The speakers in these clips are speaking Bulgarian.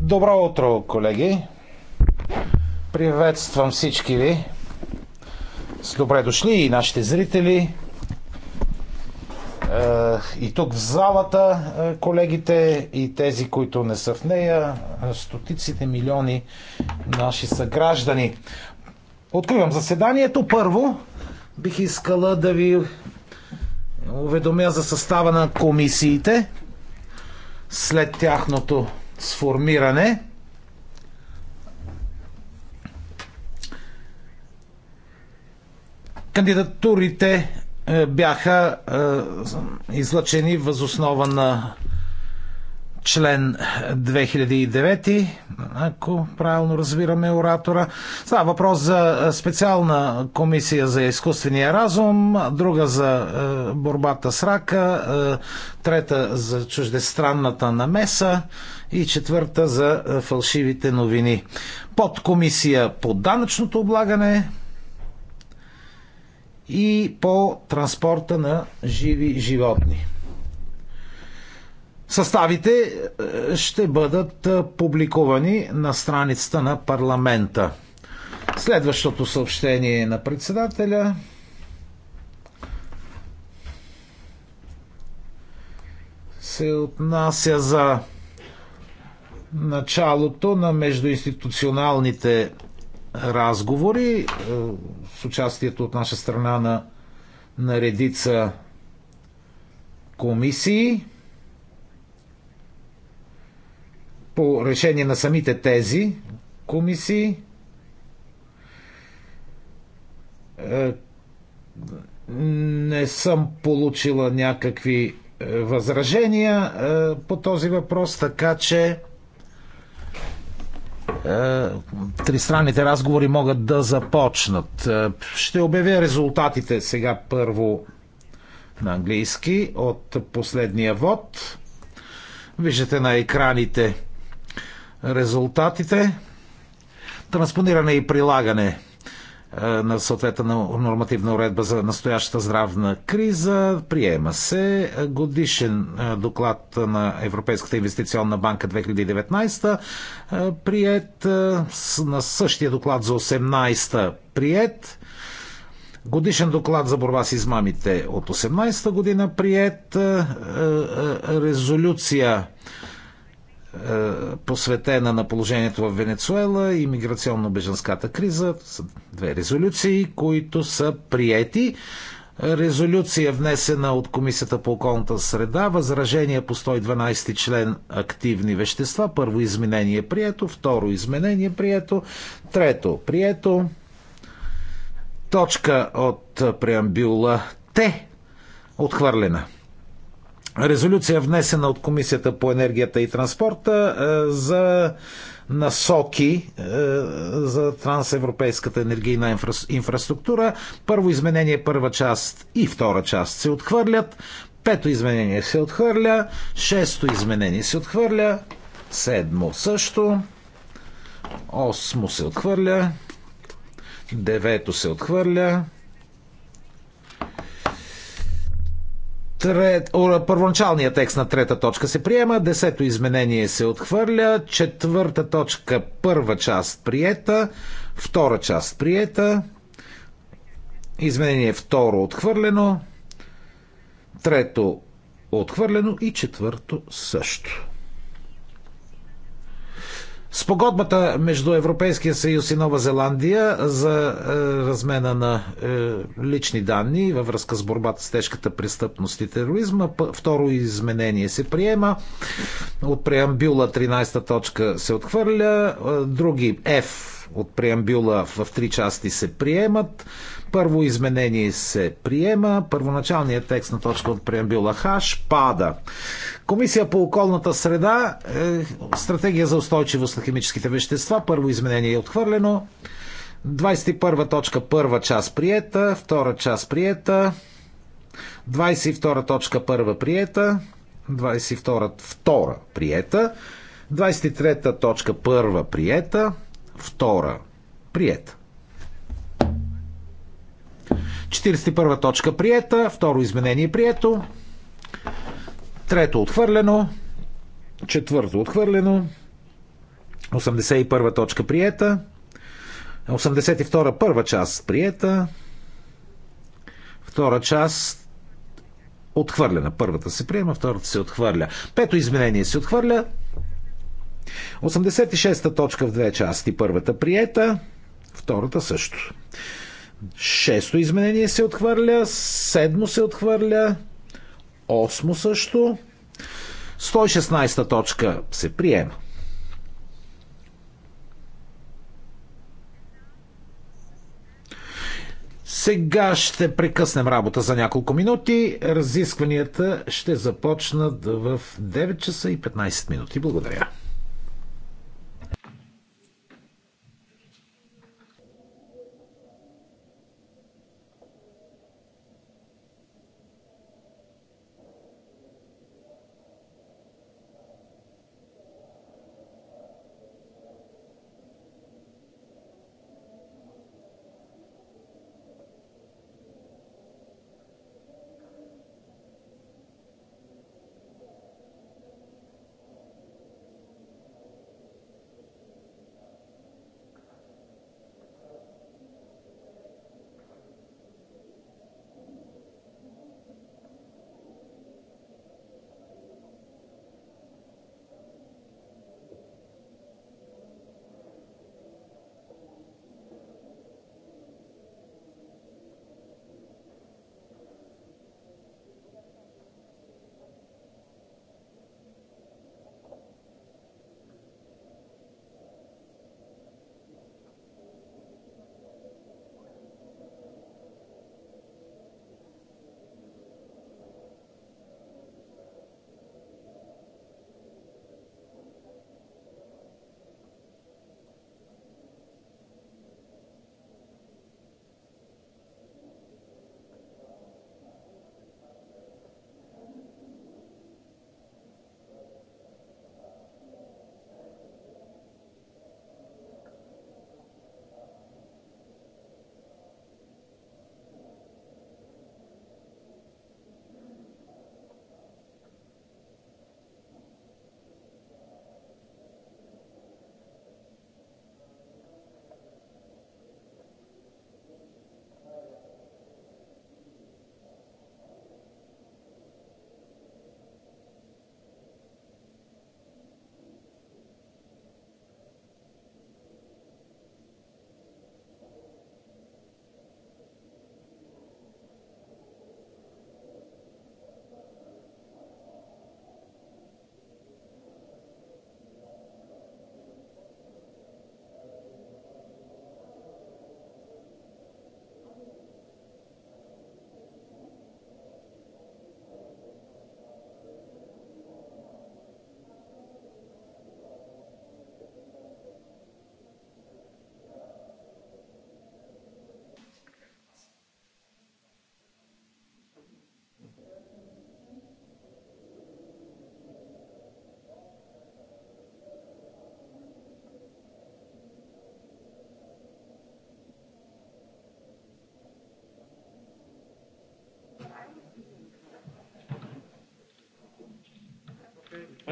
Добро утро, колеги! Приветствам всички ви! С добре дошли и нашите зрители, е, и тук в залата, е, колегите, и тези, които не са в нея, е, стотиците милиони наши съграждани. Откривам заседанието. Първо, бих искала да ви уведомя за състава на комисиите – след тяхното сформиране. Кандидатурите е, бяха е, излъчени възоснова на член 2009, ако правилно разбираме оратора. е въпрос за специална комисия за изкуствения разум, друга за борбата с рака, трета за чуждестранната намеса и четвърта за фалшивите новини. Под комисия по данъчното облагане и по транспорта на живи животни. Съставите е, ще бъдат е, публикувани на страницата на парламента. Следващото съобщение е на председателя. се отнася за началото на междуинституционалните разговори с участието от наша страна на, на редица комисии. по решение на самите тези комисии, е, не съм получила някакви е, възражения е, по този въпрос, така че тристранните разговори могат да започнат. Ще обявя резултатите сега първо на английски от последния вод. Виждате на екраните резултатите. Транспониране и прилагане е, на съответна нормативна уредба за настоящата здравна криза. Приема се годишен е, доклад на Европейската инвестиционна банка 2019, е, прият на същия доклад за 18 та прият. Годишен доклад за борба с измамите от 18-та година прият. Резолюция е, посветена на положението в Венецуела и миграционно-беженската криза. Са две резолюции, които са приети. Резолюция внесена от Комисията по околната среда, възражение по 112 член активни вещества, първо изменение прието, второ изменение прието, трето прието, точка от преамбюла Т отхвърлена резолюция, внесена от Комисията по енергията и транспорта е, за насоки е, за трансевропейската енергийна инфра... инфраструктура. Първо изменение, първа част и втора част се отхвърлят. Пето изменение се отхвърля. Шесто изменение се отхвърля. Седмо също. Осмо се отхвърля. Девето се отхвърля. Трет, първоначалният текст на трета точка се приема, десето изменение се отхвърля, четвърта точка, първа част приета, втора част приета, изменение второ отхвърлено, трето отхвърлено и четвърто също. Спогодбата между Европейския съюз и Нова Зеландия за е, размена на е, лични данни във връзка с борбата с тежката престъпност и тероризма. Второ изменение се приема. От преамбюла 13-та точка се отхвърля. Е, други F от преамбюла в три части се приемат. Първо изменение се приема. Първоначалният текст на точка от преамбюла ХАШ пада. Комисия по околната среда, е, стратегия за устойчивост на химическите вещества. Първо изменение е отхвърлено. 21 точка, първа част приета, втора част приета, 22 точка, първа приета, 22 втора приета, 23 точка, първа приета, втора приета. 41 точка приета, второ изменение прието, трето отхвърлено, четвърто отхвърлено, 81 точка приета, 82 първа част приета, втора част отхвърлена. Първата се приема, втората се отхвърля. Пето изменение се отхвърля. 86-та точка в две части. Първата приета, втората също. Шесто изменение се отхвърля, седмо се отхвърля, осмо също. 116 точка се приема. Сега ще прекъснем работа за няколко минути. Разискванията ще започнат в 9 часа и 15 минути. Благодаря.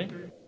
Hey?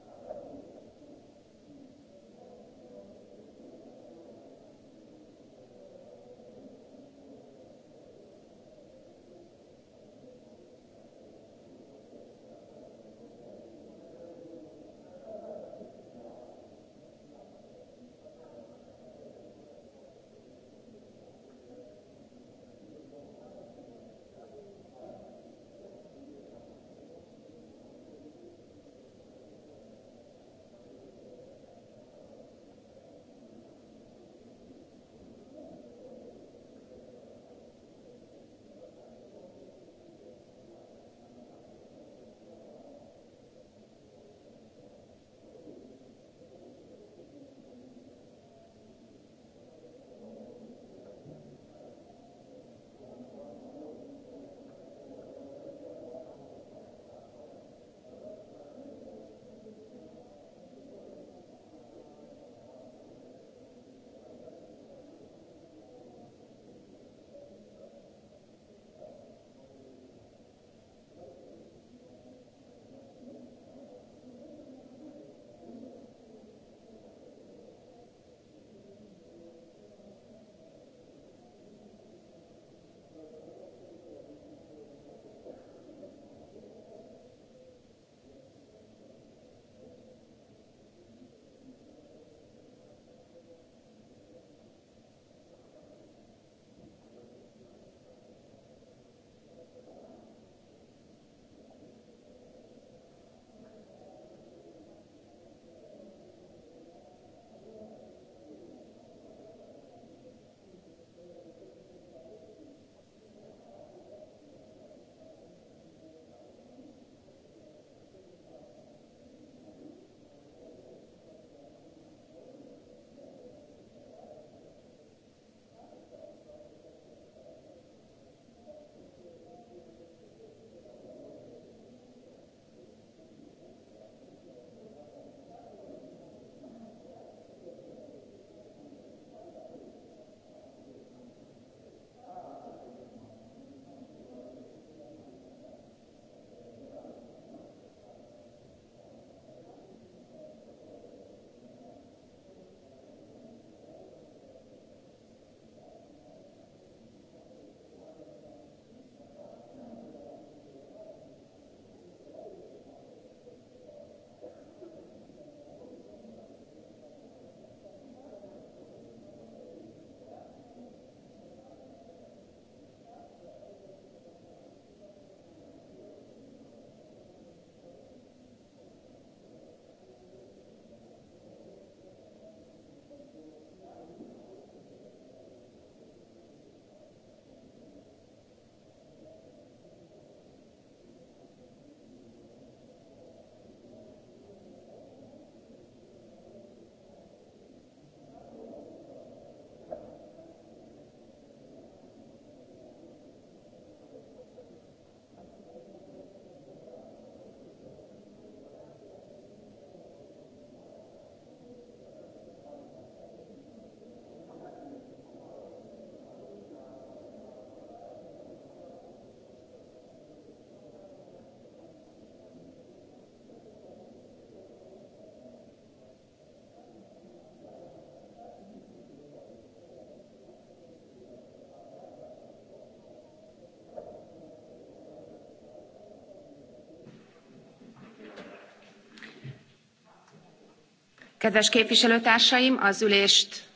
Kedves képviselőtársaim, az ülést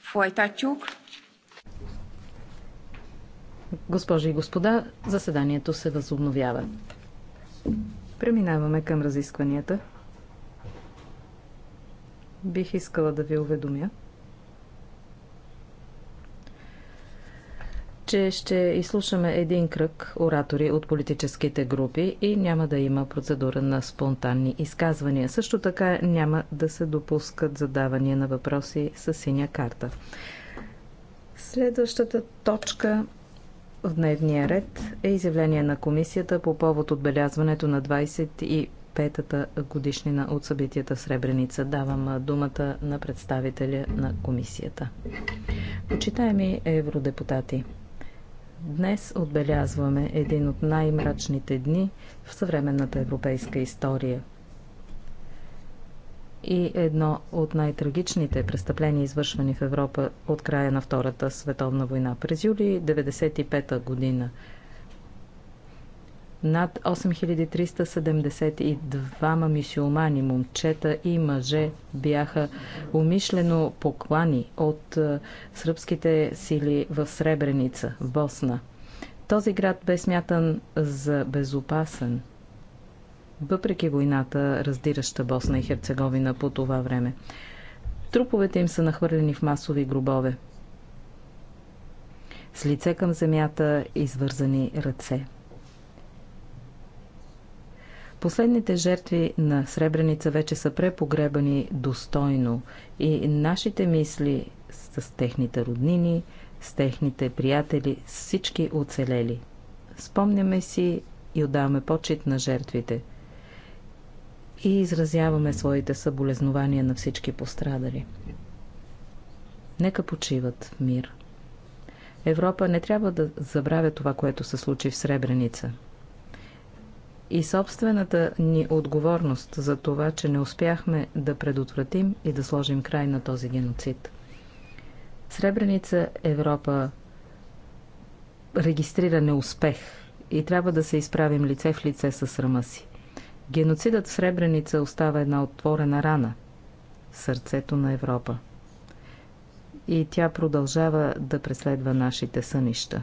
folytatjuk. Госпожи и господа, заседанието се възобновява. Преминаваме към разискванията. Бих искала да ви уведомя, че ще изслушаме един кръг оратори от политическите групи и няма да има процедура на спонтанни изказвания. Също така няма да се допускат задавания на въпроси с синя карта. Следващата точка в дневния ред е изявление на комисията по повод отбелязването на 25-та годишнина от събитията в Сребреница. Давам думата на представителя на комисията. Почитаеми евродепутати, Днес отбелязваме един от най-мрачните дни в съвременната европейска история и едно от най-трагичните престъпления, извършвани в Европа от края на Втората световна война. През юли 1995 година над 8372 мисюлмани, момчета и мъже бяха умишлено поклани от е, сръбските сили в Сребреница, в Босна. Този град бе смятан за безопасен, въпреки войната, раздираща Босна и Херцеговина по това време. Труповете им са нахвърлени в масови гробове. С лице към земята извързани ръце – Последните жертви на Сребреница вече са препогребани достойно и нашите мисли с техните роднини, с техните приятели, с всички оцелели. Спомняме си и отдаваме почет на жертвите и изразяваме своите съболезнования на всички пострадали. Нека почиват мир. Европа не трябва да забравя това, което се случи в Сребреница – и собствената ни отговорност за това, че не успяхме да предотвратим и да сложим край на този геноцид. Сребреница Европа регистрира неуспех и трябва да се изправим лице в лице със срама си. Геноцидът в Сребреница остава една отворена рана в сърцето на Европа. И тя продължава да преследва нашите сънища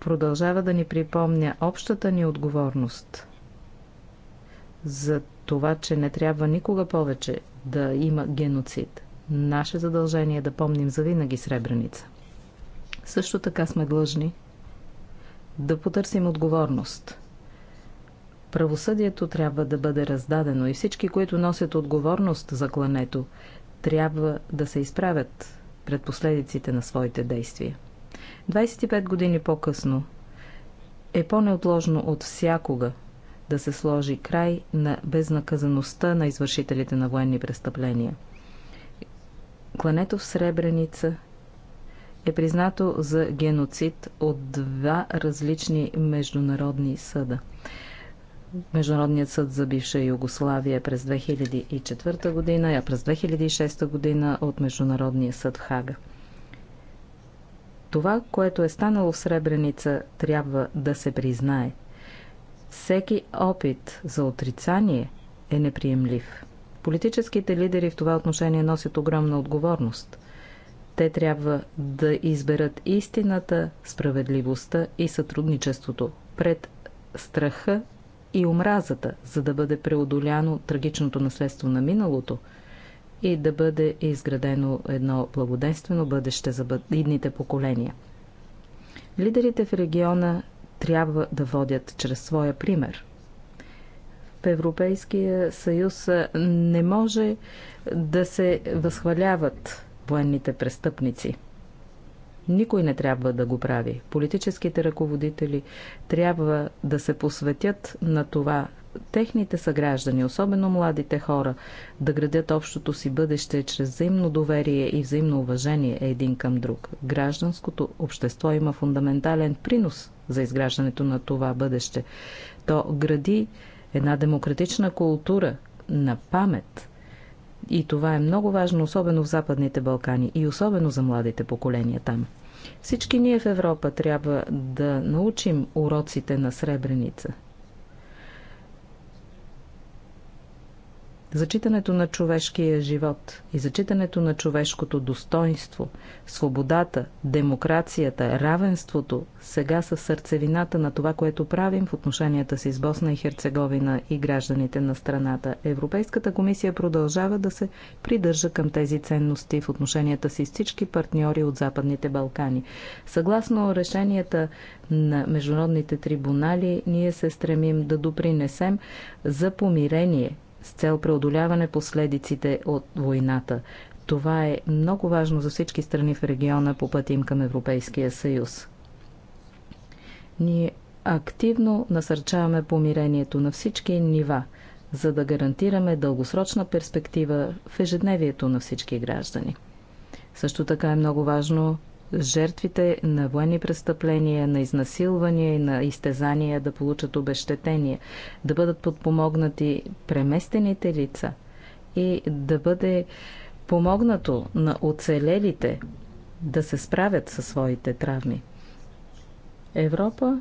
продължава да ни припомня общата ни отговорност за това, че не трябва никога повече да има геноцид. Наше задължение е да помним за винаги Сребреница. Също така сме длъжни да потърсим отговорност. Правосъдието трябва да бъде раздадено и всички, които носят отговорност за клането, трябва да се изправят пред последиците на своите действия. 25 години по-късно е по-неотложно от всякога да се сложи край на безнаказаността на извършителите на военни престъпления. Клането в Сребреница е признато за геноцид от два различни международни съда. Международният съд за бивша Югославия е през 2004 година, а през 2006 година от Международния съд в Хага. Това, което е станало в Сребреница, трябва да се признае. Всеки опит за отрицание е неприемлив. Политическите лидери в това отношение носят огромна отговорност. Те трябва да изберат истината, справедливостта и сътрудничеството пред страха и омразата, за да бъде преодоляно трагичното наследство на миналото – и да бъде изградено едно благоденствено бъдеще за идните поколения. Лидерите в региона трябва да водят чрез своя пример. В Европейския съюз не може да се възхваляват военните престъпници. Никой не трябва да го прави. Политическите ръководители трябва да се посветят на това техните съграждани, особено младите хора, да градят общото си бъдеще чрез взаимно доверие и взаимно уважение един към друг. Гражданското общество има фундаментален принос за изграждането на това бъдеще. То гради една демократична култура на памет. И това е много важно, особено в Западните Балкани и особено за младите поколения там. Всички ние в Европа трябва да научим уроците на Сребреница Зачитането на човешкия живот и зачитането на човешкото достоинство, свободата, демокрацията, равенството сега са сърцевината на това, което правим в отношенията си с Босна и Херцеговина и гражданите на страната. Европейската комисия продължава да се придържа към тези ценности в отношенията си с всички партньори от Западните Балкани. Съгласно решенията на международните трибунали, ние се стремим да допринесем за помирение с цел преодоляване последиците от войната. Това е много важно за всички страни в региона по пътя им към Европейския съюз. Ние активно насърчаваме помирението на всички нива, за да гарантираме дългосрочна перспектива в ежедневието на всички граждани. Също така е много важно жертвите на военни престъпления, на изнасилвания и на изтезания да получат обещетение, да бъдат подпомогнати преместените лица и да бъде помогнато на оцелелите да се справят със своите травми. Европа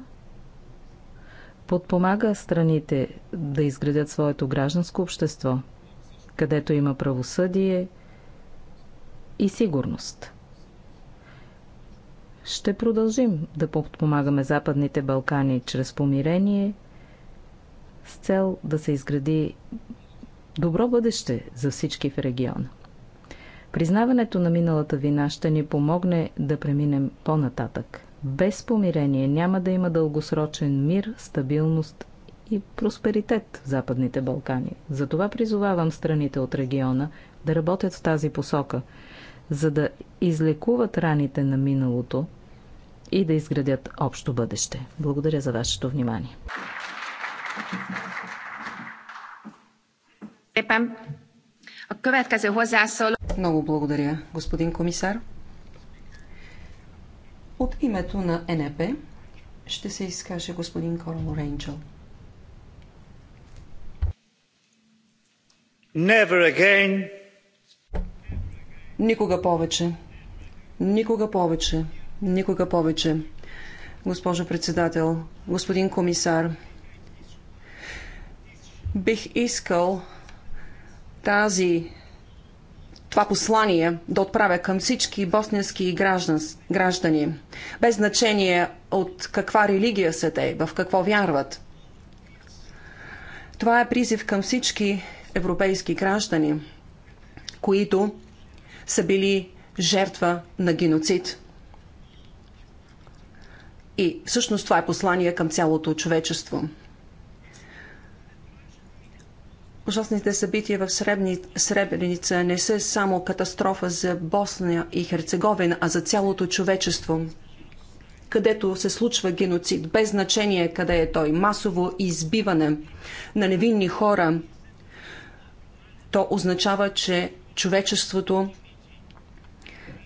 подпомага страните да изградят своето гражданско общество, където има правосъдие и сигурност. Ще продължим да подпомагаме Западните Балкани чрез помирение с цел да се изгради добро бъдеще за всички в региона. Признаването на миналата вина ще ни помогне да преминем по-нататък. Без помирение няма да има дългосрочен мир, стабилност и просперитет в Западните Балкани. Затова призовавам страните от региона да работят в тази посока, за да излекуват раните на миналото – и да изградят общо бъдеще. Благодаря за вашето внимание. Много благодаря, господин комисар. От името на НЕП ще се изкаже господин Корно Рейнджел. Never again. Никога повече. Никога повече Никога повече. Госпожо председател, господин комисар, бих искал тази това послание да отправя към всички босненски граждан, граждани, без значение от каква религия са те, в какво вярват. Това е призив към всички европейски граждани, които са били жертва на геноцид. И всъщност това е послание към цялото човечество. Ужасните събития в Сребреница не са само катастрофа за Босния и Херцеговина, а за цялото човечество, където се случва геноцид, без значение къде е той, масово избиване на невинни хора, то означава, че човечеството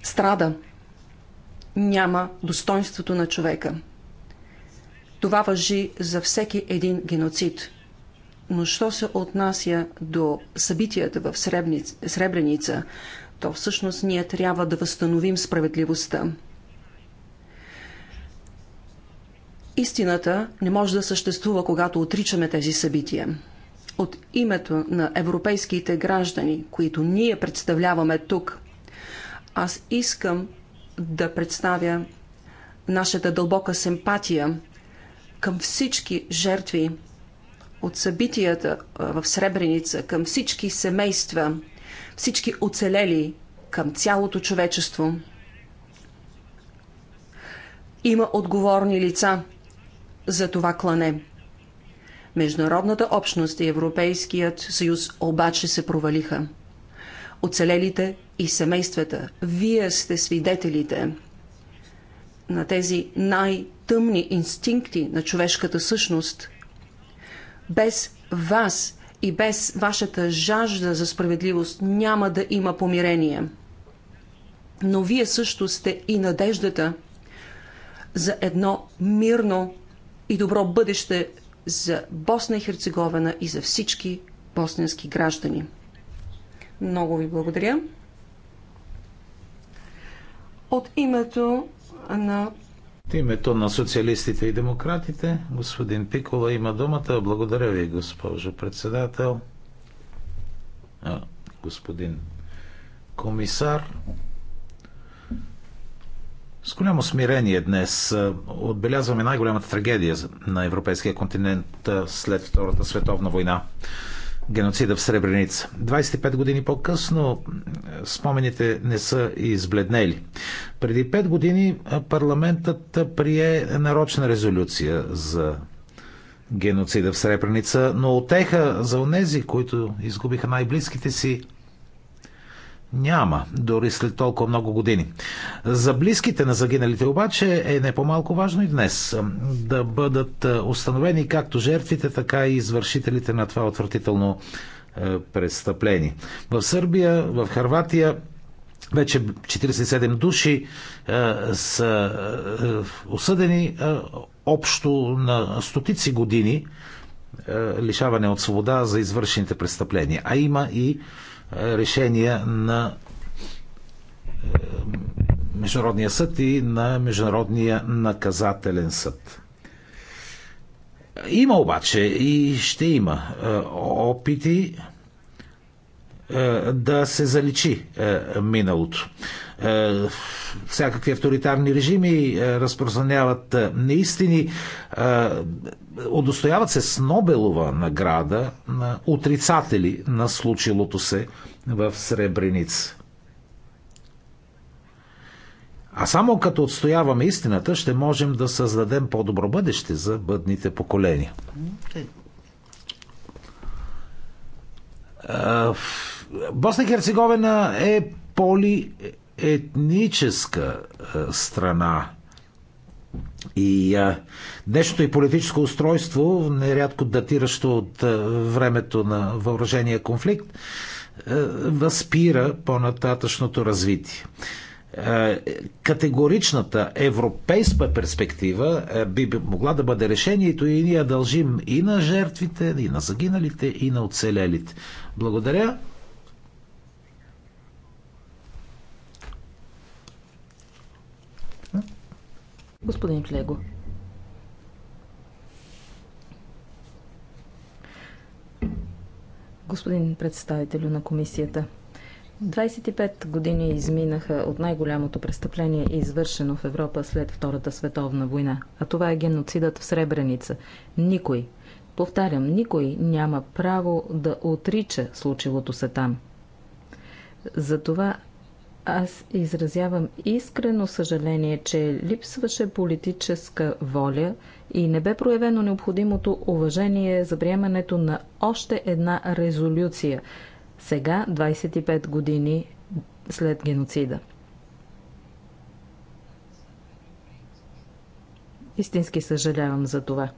страда няма достоинството на човека. Това въжи за всеки един геноцид. Но що се отнася до събитията в Сребреница, то всъщност ние трябва да възстановим справедливостта. Истината не може да съществува, когато отричаме тези събития. От името на европейските граждани, които ние представляваме тук, аз искам да представя нашата дълбока симпатия към всички жертви от събитията в Сребреница, към всички семейства, всички оцелели, към цялото човечество. Има отговорни лица за това клане. Международната общност и Европейският съюз обаче се провалиха оцелелите и семействата. Вие сте свидетелите на тези най-тъмни инстинкти на човешката същност. Без вас и без вашата жажда за справедливост няма да има помирение. Но вие също сте и надеждата за едно мирно и добро бъдеще за Босна и Херцеговина и за всички босненски граждани. Много ви благодаря. От името на от името на социалистите и демократите, господин Пикола има думата. Благодаря ви, госпожо председател. А, господин комисар. С голямо смирение днес отбелязваме най-голямата трагедия на европейския континент след Втората световна война геноцида в Сребреница. 25 години по-късно е, спомените не са избледнели. Преди 5 години е, парламентът е, прие нарочна резолюция за геноцида в Сребреница, но отеха за онези, които изгубиха най-близките си, няма, дори след толкова много години. За близките на загиналите обаче е не по-малко важно и днес да бъдат установени както жертвите, така и извършителите на това отвратително престъпление. В Сърбия, в Харватия вече 47 души е, са е, осъдени е, общо на стотици години е, лишаване от свобода за извършените престъпления. А има и е, решения на е, Международния съд и на Международния наказателен съд. Има обаче и ще има е, опити е, да се заличи миналото. Е, всякакви авторитарни режими е, разпространяват е, неистини, удостояват се с Нобелова награда на отрицатели на случилото се в Сребреница. А само като отстояваме истината, ще можем да създадем по-добро бъдеще за бъдните поколения. Босна и Херцеговина е поли етническа е, страна. И а, е, днешното и политическо устройство, нерядко датиращо от а, е, времето на въоръжения конфликт, а, възпира по-нататъчното развитие. А, категоричната европейска перспектива а, би могла да бъде решението и ние дължим и на жертвите, и на загиналите, и на оцелелите. Благодаря. Господин Флего. Господин представителю на комисията, 25 години изминаха от най-голямото престъпление, извършено в Европа след Втората световна война, а това е геноцидът в Сребреница. Никой, повтарям, никой няма право да отрича случилото се там. Затова аз изразявам искрено съжаление, че липсваше политическа воля и не бе проявено необходимото уважение за приемането на още една резолюция. Сега, 25 години след геноцида. Истински съжалявам за това.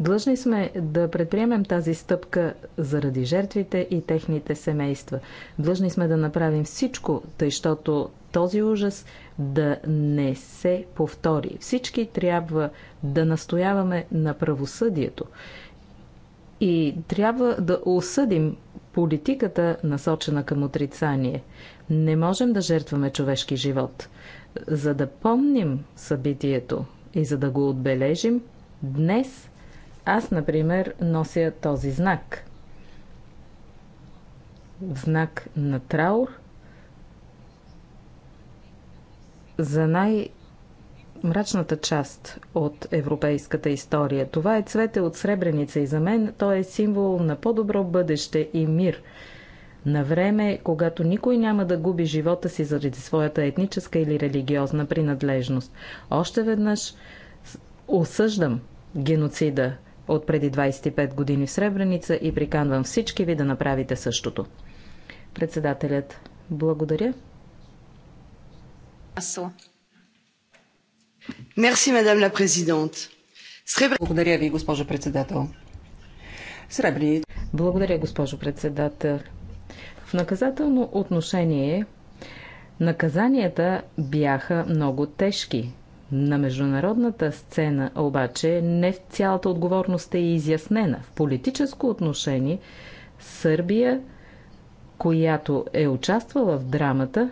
Длъжни сме да предприемем тази стъпка заради жертвите и техните семейства. Длъжни сме да направим всичко, тъй щото този ужас да не се повтори. Всички трябва да настояваме на правосъдието и трябва да осъдим политиката, насочена към отрицание. Не можем да жертваме човешки живот. За да помним събитието и за да го отбележим, днес аз, например, нося този знак. Знак на траур за най-мрачната част от европейската история. Това е цвете от Сребреница и за мен той е символ на по-добро бъдеще и мир на време, когато никой няма да губи живота си заради своята етническа или религиозна принадлежност. Още веднъж осъждам геноцида от преди 25 години в Сребреница и приканвам всички ви да направите същото. Председателят, благодаря. Мерси, мадам ла президент. Благодаря ви, госпожо председател. Сребреница. Благодаря, госпожо председател. В наказателно отношение наказанията бяха много тежки. На международната сцена обаче не цялата отговорност е изяснена. В политическо отношение Сърбия, която е участвала в драмата,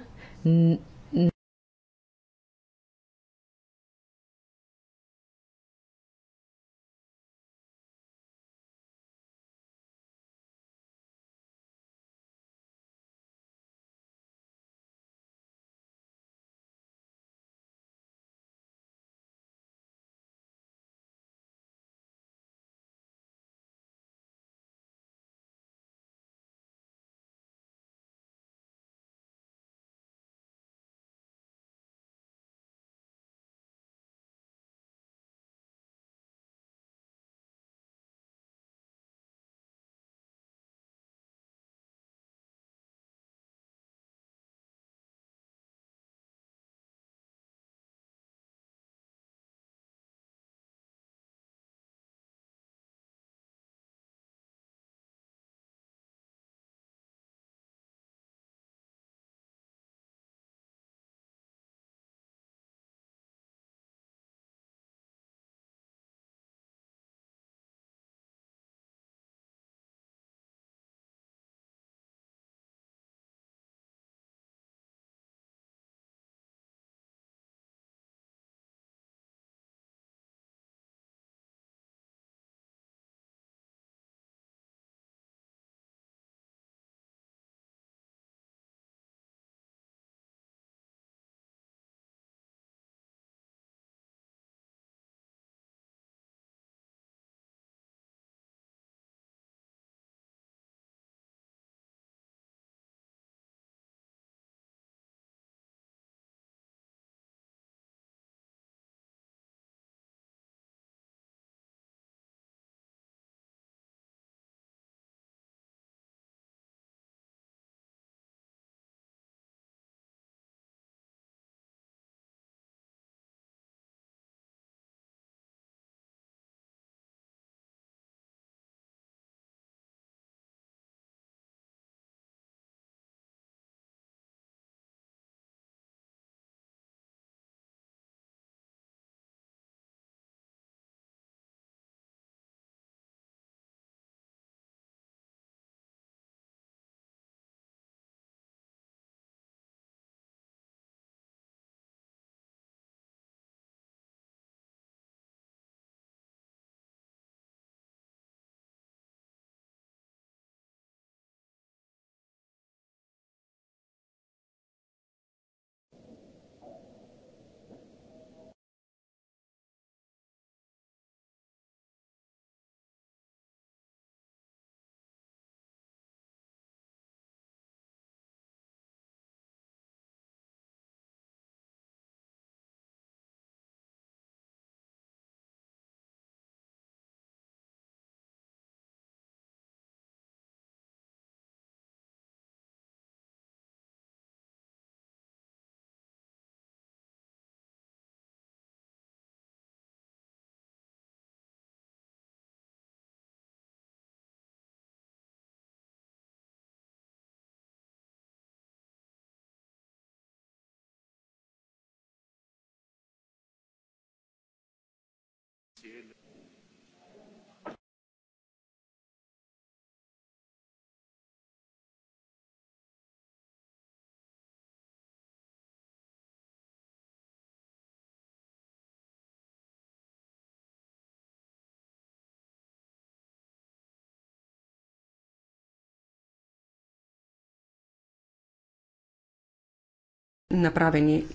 направени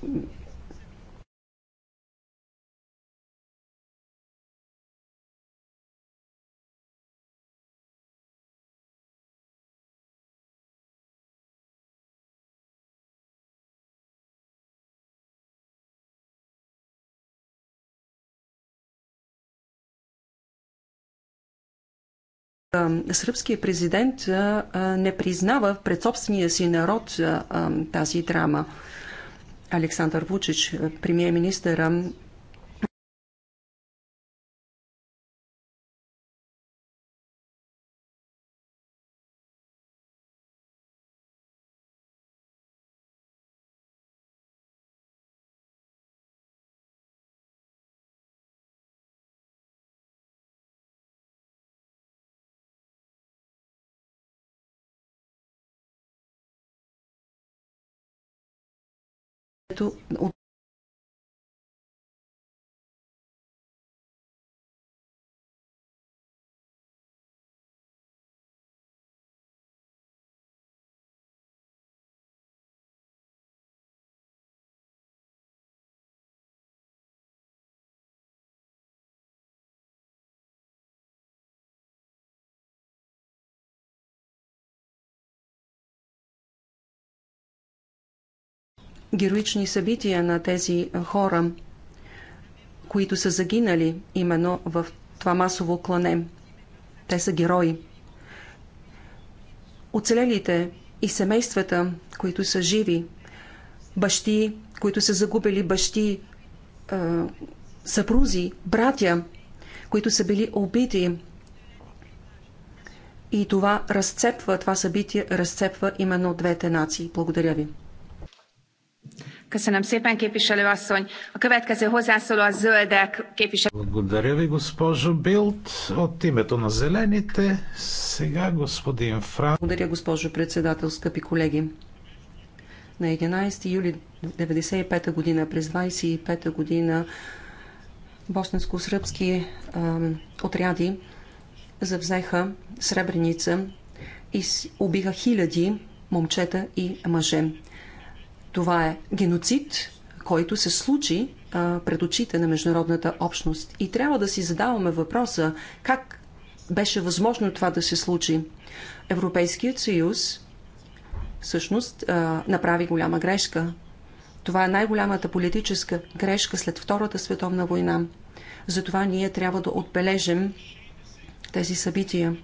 сръбският президент не признава пред собствения си народ тази драма. Александър Вучич, премиер-министъра, от героични събития на тези хора, които са загинали именно в това масово клане. Те са герои. Оцелелите и семействата, които са живи, бащи, които са загубили бащи, съпрузи, братя, които са били убити. И това разцепва, това събитие разцепва именно двете нации. Благодаря ви. Благодаря ви, госпожо Билт. От името на зелените, сега господин Фран. Благодаря, госпожо председател, скъпи колеги. На 11 юли 1995 година, през 25 година, босненско-сръбски отряди завзеха Сребреница и убиха хиляди момчета и мъже. Това е геноцид, който се случи а, пред очите на международната общност. И трябва да си задаваме въпроса как беше възможно това да се случи. Европейският съюз всъщност а, направи голяма грешка. Това е най-голямата политическа грешка след Втората световна война. Затова ние трябва да отбележим тези събития.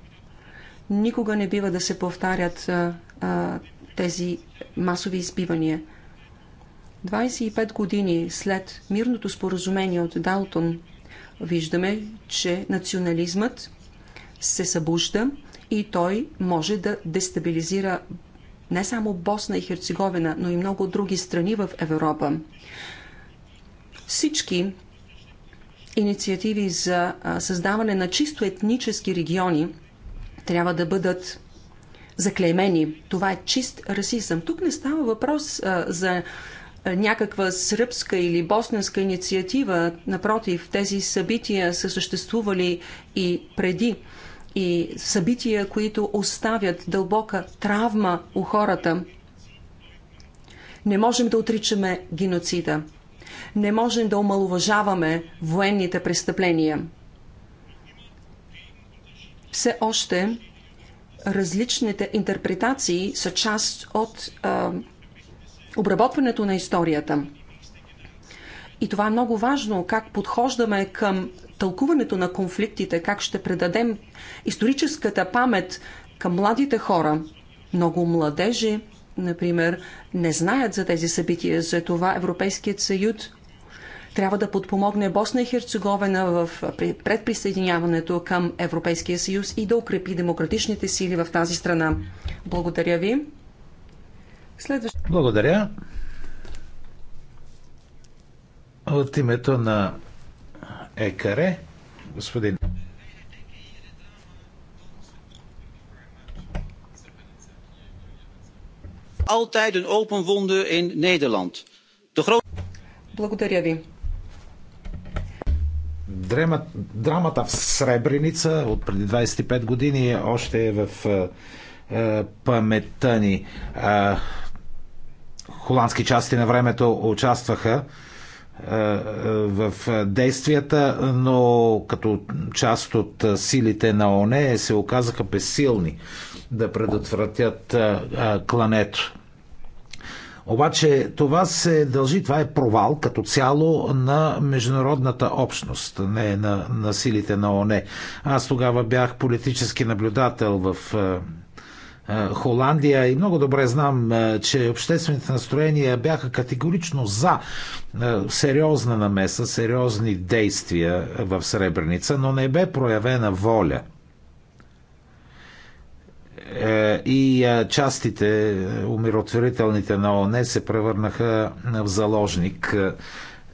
Никога не бива да се повтарят а, а, тези масови избивания. 25 години след мирното споразумение от Далтон виждаме, че национализмът се събужда и той може да дестабилизира не само Босна и Херцеговина, но и много други страни в Европа. Всички инициативи за създаване на чисто етнически региони трябва да бъдат заклеймени. Това е чист расизъм. Тук не става въпрос а, за е, някаква сръбска или босненска инициатива. Напротив, тези събития са съществували и преди. И събития, които оставят дълбока травма у хората. Не можем да отричаме геноцида. Не можем да омалуважаваме военните престъпления. Все още различните интерпретации са част от а, обработването на историята. И това е много важно, как подхождаме към тълкуването на конфликтите, как ще предадем историческата памет към младите хора. Много младежи, например, не знаят за тези събития, за това Европейският съюз трябва да подпомогне Босна и Херцеговина в предприсъединяването към Европейския съюз и да укрепи демократичните сили в тази страна. Благодаря ви. Следващ... Благодаря. От името на ЕКАРЕ, господин altijd een open wonde in Nederland. De groot... Благодаря ви. драмата в Сребреница от преди 25 години още е в е, е паметта ни. Е, холандски части на времето участваха е, е, в действията, но като част от силите на ОНЕ се оказаха безсилни да предотвратят е, клането. Обаче това се дължи, това е провал като цяло на международната общност, не на, на силите на ОНЕ. Аз тогава бях политически наблюдател в Холандия и много добре знам, че обществените настроения бяха категорично за сериозна намеса, сериозни действия в Сребреница, но не бе проявена воля. Е, и частите, е, умиротворителните на ООН се превърнаха в заложник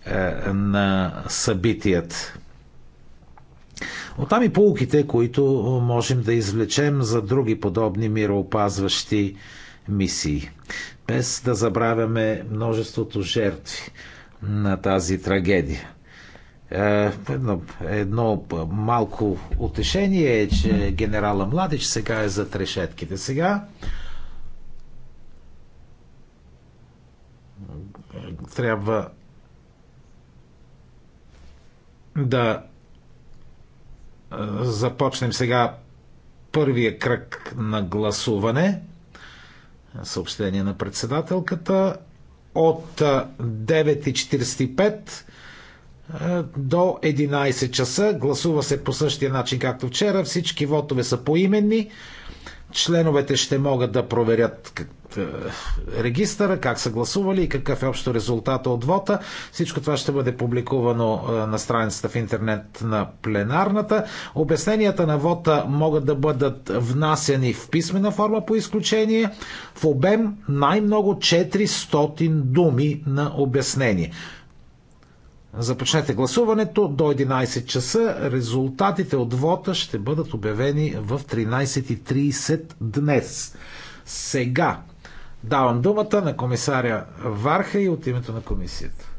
е, на събитият. Оттам и полуките, които можем да извлечем за други подобни мироопазващи мисии. Без да забравяме множеството жертви на тази трагедия. Е, едно, едно малко утешение е, че генерала Младич сега е за трешетките. Сега е, трябва да Започнем сега първия кръг на гласуване. Съобщение на председателката. От 9.45 до 11 часа. Гласува се по същия начин, както вчера. Всички вотове са поименни. Членовете ще могат да проверят е, регистъра, как са гласували и какъв е общо резултата от вота. Всичко това ще бъде публикувано е, на страницата в интернет на пленарната. Обясненията на вота могат да бъдат внасяни в писмена форма по изключение в обем най-много 400 думи на обяснение. Започнете гласуването до 11 часа. Резултатите от вота ще бъдат обявени в 13.30 днес. Сега давам думата на комисаря Варха и от името на комисията.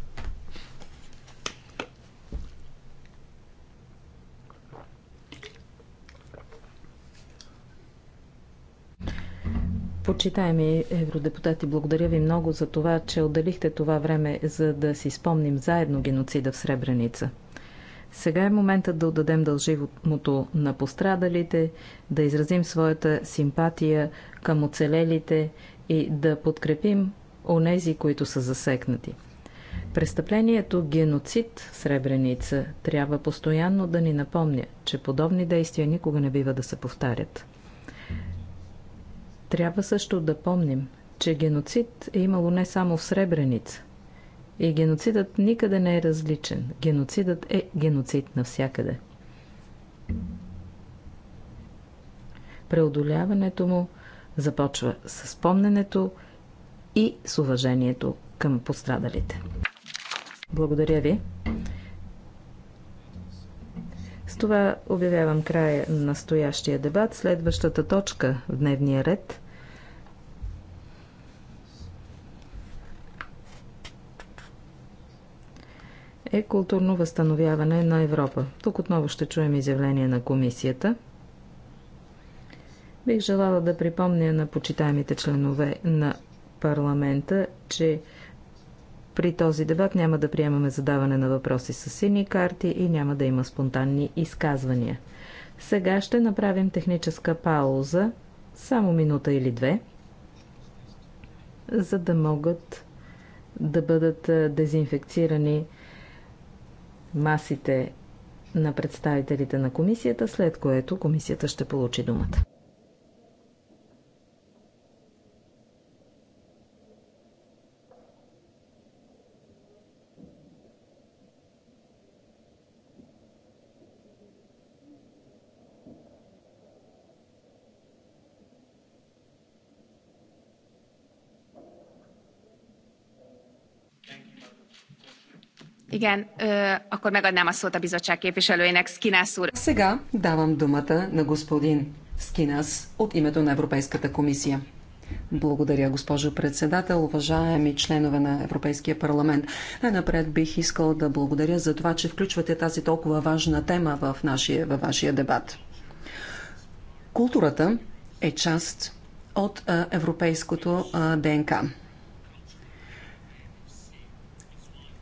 Почитаеми евродепутати, благодаря ви много за това, че отделихте това време, за да си спомним заедно геноцида в Сребреница. Сега е моментът да отдадем дълживото на пострадалите, да изразим своята симпатия към оцелелите и да подкрепим онези, които са засекнати. Престъплението геноцид в Сребреница трябва постоянно да ни напомня, че подобни действия никога не бива да се повтарят. Трябва също да помним, че геноцид е имало не само в Сребреница. И геноцидът никъде не е различен. Геноцидът е геноцид навсякъде. Преодоляването му започва с спомненето и с уважението към пострадалите. Благодаря ви. С това обявявам края на настоящия дебат. Следващата точка в дневния ред – е културно възстановяване на Европа. Тук отново ще чуем изявление на комисията. Бих желала да припомня на почитаемите членове на парламента, че при този дебат няма да приемаме задаване на въпроси с сини карти и няма да има спонтанни изказвания. Сега ще направим техническа пауза, само минута или две, за да могат да бъдат дезинфекцирани масите на представителите на комисията, след което комисията ще получи думата. Igen, ö, akkor megadnám a szót a bizottság képviselőjének, úr. Сега давам думата на господин Скинас от името на Европейската комисия. Благодаря, госпожо председател, уважаеми членове на Европейския парламент. Най-напред бих искал да благодаря за това, че включвате тази толкова важна тема в нашия, във вашия дебат. Културата е част от европейското ДНК.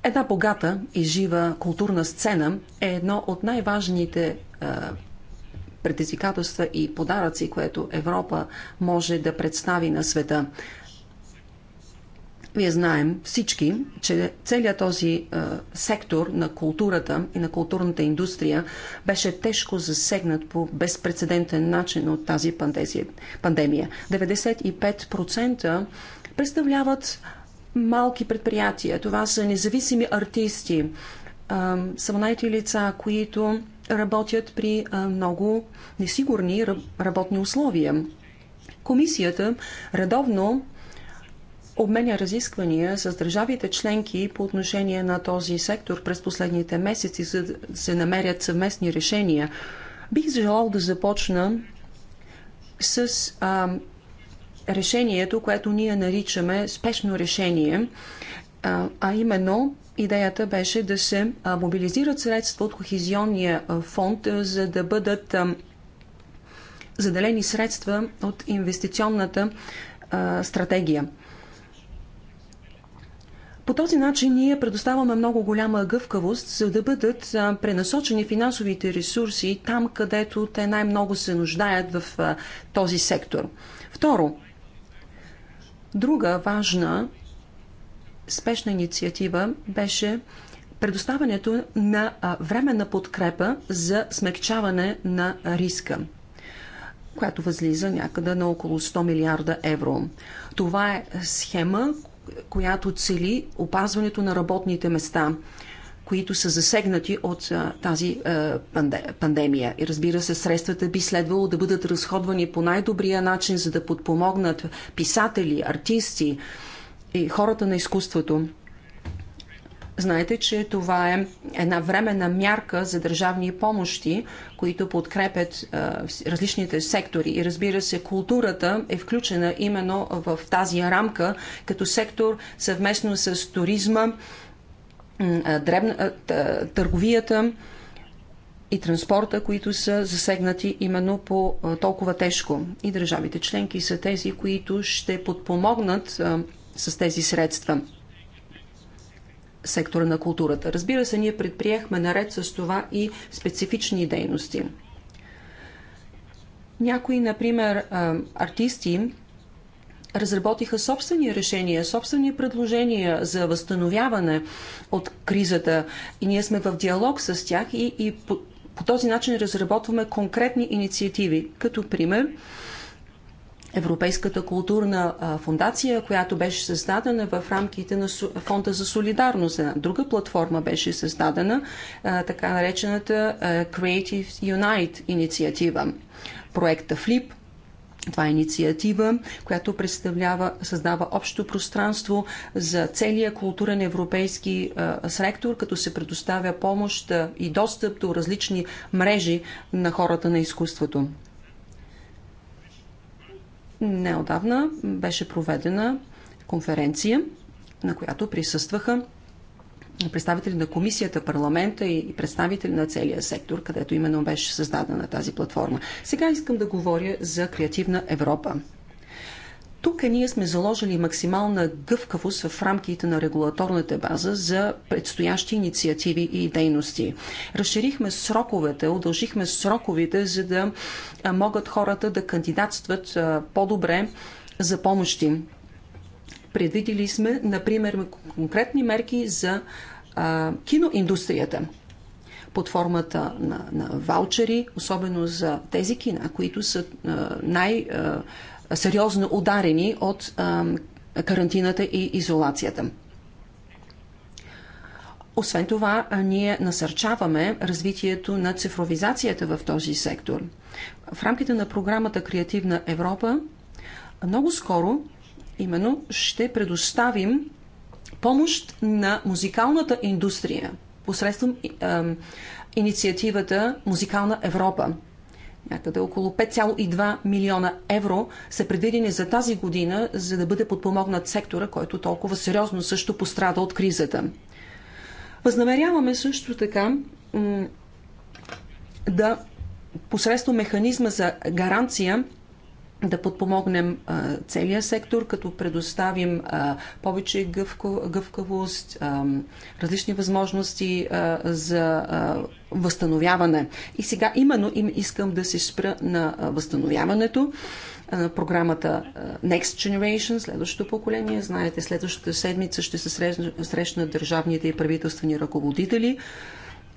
Една богата и жива културна сцена е едно от най-важните предизвикателства и подаръци, което Европа може да представи на света. Вие знаем всички, че целият този е, сектор на културата и на културната индустрия беше тежко засегнат по безпредседентен начин от тази пандемия. 95% представляват малки предприятия. Това са независими артисти, самонайти лица, които работят при много несигурни работни условия. Комисията редовно обменя разисквания с държавите членки по отношение на този сектор през последните месеци, за да се намерят съвместни решения. Бих желал да започна с а, решението, което ние наричаме спешно решение, а именно идеята беше да се мобилизират средства от Кохизионния фонд, за да бъдат заделени средства от инвестиционната стратегия. По този начин ние предоставяме много голяма гъвкавост, за да бъдат пренасочени финансовите ресурси там, където те най-много се нуждаят в този сектор. Второ, Друга важна спешна инициатива беше предоставянето на временна подкрепа за смягчаване на риска която възлиза някъде на около 100 милиарда евро. Това е схема, която цели опазването на работните места, които са засегнати от а, тази а, пандемия. И разбира се, средствата би следвало да бъдат разходвани по най-добрия начин, за да подпомогнат писатели, артисти и хората на изкуството. Знаете, че това е една временна мярка за държавни помощи, които подкрепят а, различните сектори. И разбира се, културата е включена именно в тази рамка като сектор съвместно с туризма, дребна, търговията и транспорта, които са засегнати именно по толкова тежко. И държавите членки са тези, които ще подпомогнат с тези средства сектора на културата. Разбира се, ние предприехме наред с това и специфични дейности. Някои, например, артисти разработиха собствени решения, собствени предложения за възстановяване от кризата и ние сме в диалог с тях и, и по, по този начин разработваме конкретни инициативи. Като пример, Европейската културна фундация, която беше създадена в рамките на Фонда за солидарност. Една друга платформа беше създадена, така наречената Creative Unite инициатива. Проекта Flip – това е инициатива, която представлява, създава общо пространство за целия културен европейски сектор, като се предоставя помощ и достъп до различни мрежи на хората на изкуството. Неодавна беше проведена конференция, на която присъстваха представители на комисията, парламента и представители на целия сектор, където именно беше създадена тази платформа. Сега искам да говоря за Креативна Европа. Тук ние сме заложили максимална гъвкавост в рамките на регулаторната база за предстоящи инициативи и дейности. Разширихме сроковете, удължихме сроковите, за да могат хората да кандидатстват по-добре за помощи Предвидили сме, например, конкретни мерки за а, киноиндустрията под формата на, на ваучери, особено за тези кина, които са най-сериозно ударени от а, карантината и изолацията. Освен това, ние насърчаваме развитието на цифровизацията в този сектор. В рамките на програмата Креативна Европа много скоро именно ще предоставим помощ на музикалната индустрия посредством а, инициативата Музикална Европа. Някъде около 5,2 милиона евро са предвидени за тази година, за да бъде подпомогнат сектора, който толкова сериозно също пострада от кризата. Възнамеряваме също така да посредством механизма за гаранция да подпомогнем а, целия сектор, като предоставим а, повече гъвко, гъвкавост, а, различни възможности а, за а, възстановяване. И сега именно им искам да се спра на а, възстановяването на програмата Next Generation, следващото поколение. Знаете, следващата седмица ще се срещнат държавните и правителствени ръководители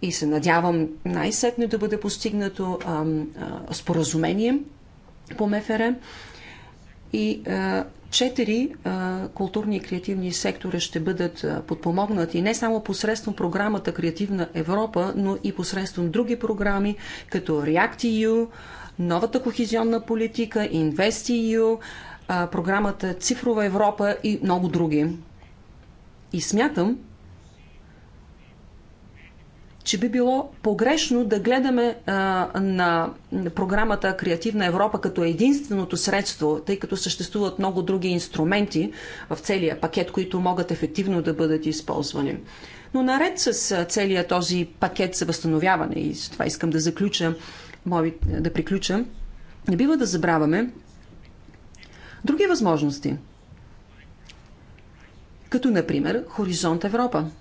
и се надявам най-сетне да бъде постигнато а, а, споразумение по МФР и четири културни и креативни сектора ще бъдат подпомогнати не само посредством програмата Креативна Европа, но и посредством други програми, като REACT-EU, новата кохезионна политика, InvestEU, програмата Цифрова Европа и много други. И смятам, че би било погрешно да гледаме а, на програмата Креативна Европа като единственото средство, тъй като съществуват много други инструменти в целия пакет, които могат ефективно да бъдат използвани. Но наред с целия този пакет за възстановяване, и с това искам да заключа, моби, да приключа, не бива да забравяме други възможности. Като, например, Хоризонт Европа –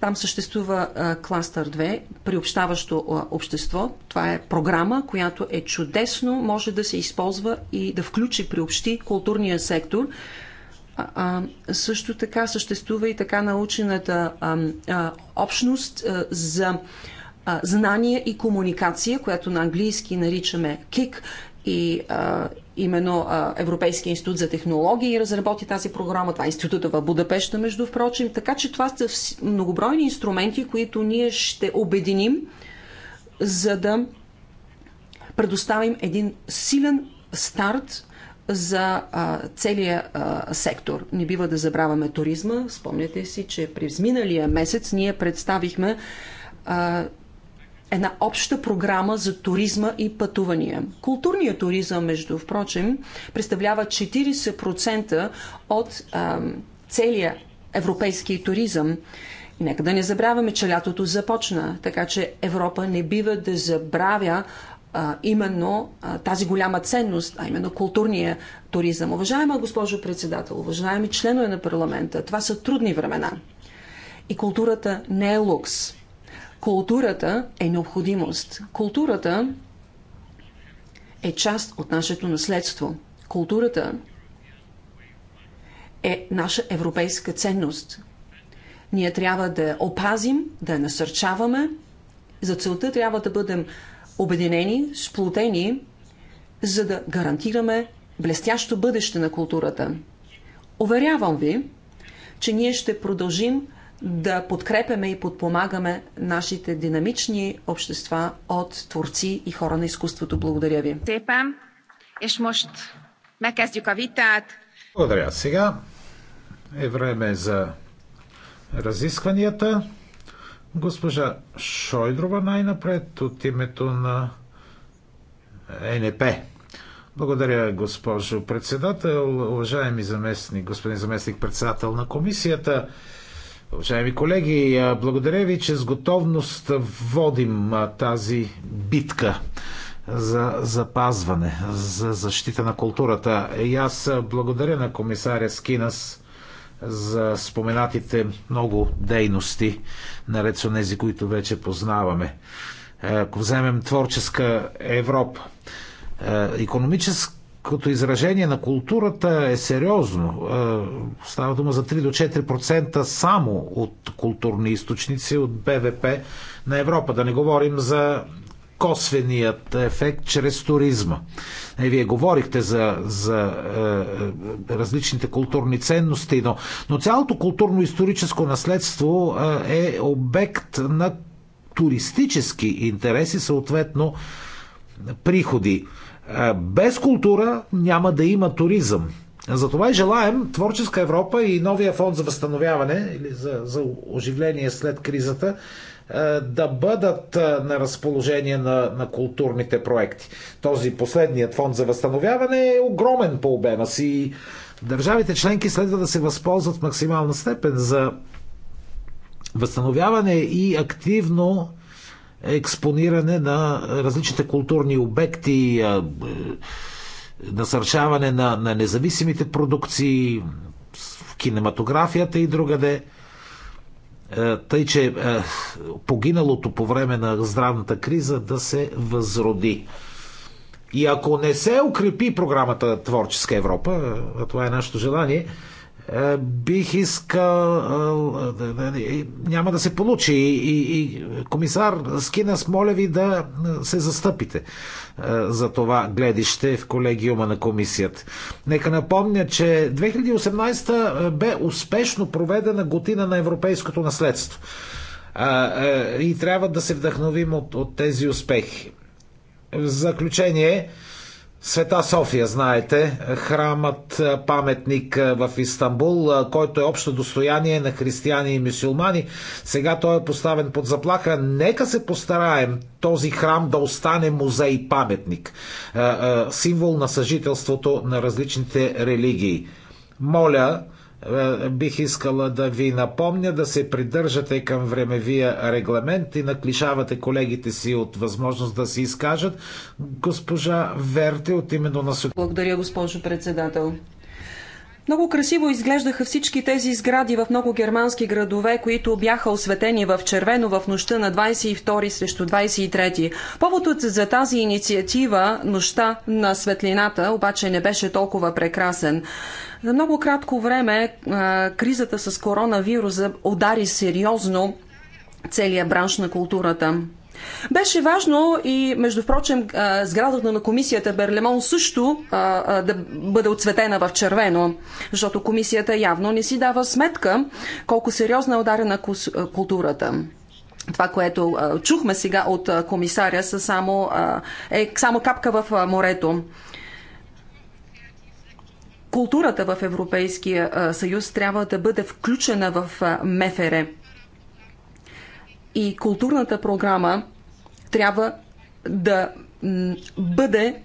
там съществува кластър 2, приобщаващо общество. Това е програма, която е чудесно, може да се използва и да включи, приобщи културния сектор. А, също така съществува и така научената а, а, общност а, за а, знания и комуникация, която на английски наричаме КИК и а, именно Европейския институт за технологии разработи тази програма, това е института в Будапешта, между впрочем. Така че това са многобройни инструменти, които ние ще обединим, за да предоставим един силен старт за а, целия а, сектор. Не бива да забравяме туризма. Спомняте си, че през миналия месец ние представихме а, една обща програма за туризма и пътувания. Културният туризъм, между впрочем, представлява 40% от а, целия европейски туризъм. Нека да не забравяме, че лятото започна, така че Европа не бива да забравя а, именно а, тази голяма ценност, а именно културния туризъм. Уважаема госпожо председател, уважаеми членове на парламента, това са трудни времена. И културата не е лукс. Културата е необходимост. Културата е част от нашето наследство. Културата е наша европейска ценност. Ние трябва да я опазим, да я насърчаваме. За целта трябва да бъдем обединени, сплутени, за да гарантираме блестящо бъдеще на културата. Уверявам ви, че ние ще продължим да подкрепяме и подпомагаме нашите динамични общества от творци и хора на изкуството. Благодаря ви. Благодаря. Сега е време за разискванията. Госпожа Шойдрова най-напред от името на е НП. Благодаря, госпожо председател. Уважаеми заместник, господин заместник председател на комисията, Уважаеми колеги, благодаря ви, че с готовност водим тази битка за запазване, за защита на културата. И аз благодаря на комисаря Скинас за споменатите много дейности, наред с тези, които вече познаваме. Ако вземем творческа Европа, економическа като изражение на културата е сериозно. Е, става дума за 3 до 4% само от културни източници, от БВП на Европа. Да не говорим за косвеният ефект чрез туризма. Е, вие говорихте за, за е, е различните културни ценности, но, но цялото културно-историческо наследство е, е обект на туристически интереси, съответно приходи. Е, без култура няма да има туризъм. Затова и желаем Творческа Европа и новия фонд за възстановяване или за, за оживление след кризата е, да бъдат е, на разположение на, на културните проекти. Този последният фонд за възстановяване е огромен по обема си. Държавите членки следва да се възползват в максимална степен за възстановяване и активно експониране на различните културни обекти, е, насърчаване на, на независимите продукции в кинематографията и другаде. Е, тъй, че е, погиналото по време на здравната криза да се възроди. И ако не се укрепи програмата Творческа Европа, а това е нашето желание, е, бих искал. Е, е, няма да се получи. И, и, и комисар Скинас, моля ви да се застъпите за това гледище в колегиума на комисията. Нека напомня, че 2018 бе успешно проведена година на европейското наследство. И трябва да се вдъхновим от, от тези успехи. В заключение, Света София, знаете, храмът, е, паметник е, в Истанбул, е, който е общо достояние на християни и мусулмани. Сега той е поставен под заплаха. Нека се постараем този храм да остане музей паметник, символ на съжителството на различните религии. Моля, е, бих искала да ви напомня да се придържате към времевия регламент и наклишавате колегите си от възможност да се изкажат. Госпожа Верте от именно на... Благодаря, госпожо председател. Много красиво изглеждаха всички тези сгради в много германски градове, които бяха осветени в червено в нощта на 22 срещу 23. Поводът за тази инициатива, нощта на светлината, обаче не беше толкова прекрасен. За много кратко време кризата с коронавируса удари сериозно целият бранш на културата. Беше важно и, между прочим, сградата на комисията Берлемон също да бъде отцветена в червено, защото комисията явно не си дава сметка колко сериозна е ударена културата. Това, което чухме сега от комисаря, са само, е само капка в морето културата в Европейския съюз трябва да бъде включена в МФР. И културната програма трябва да бъде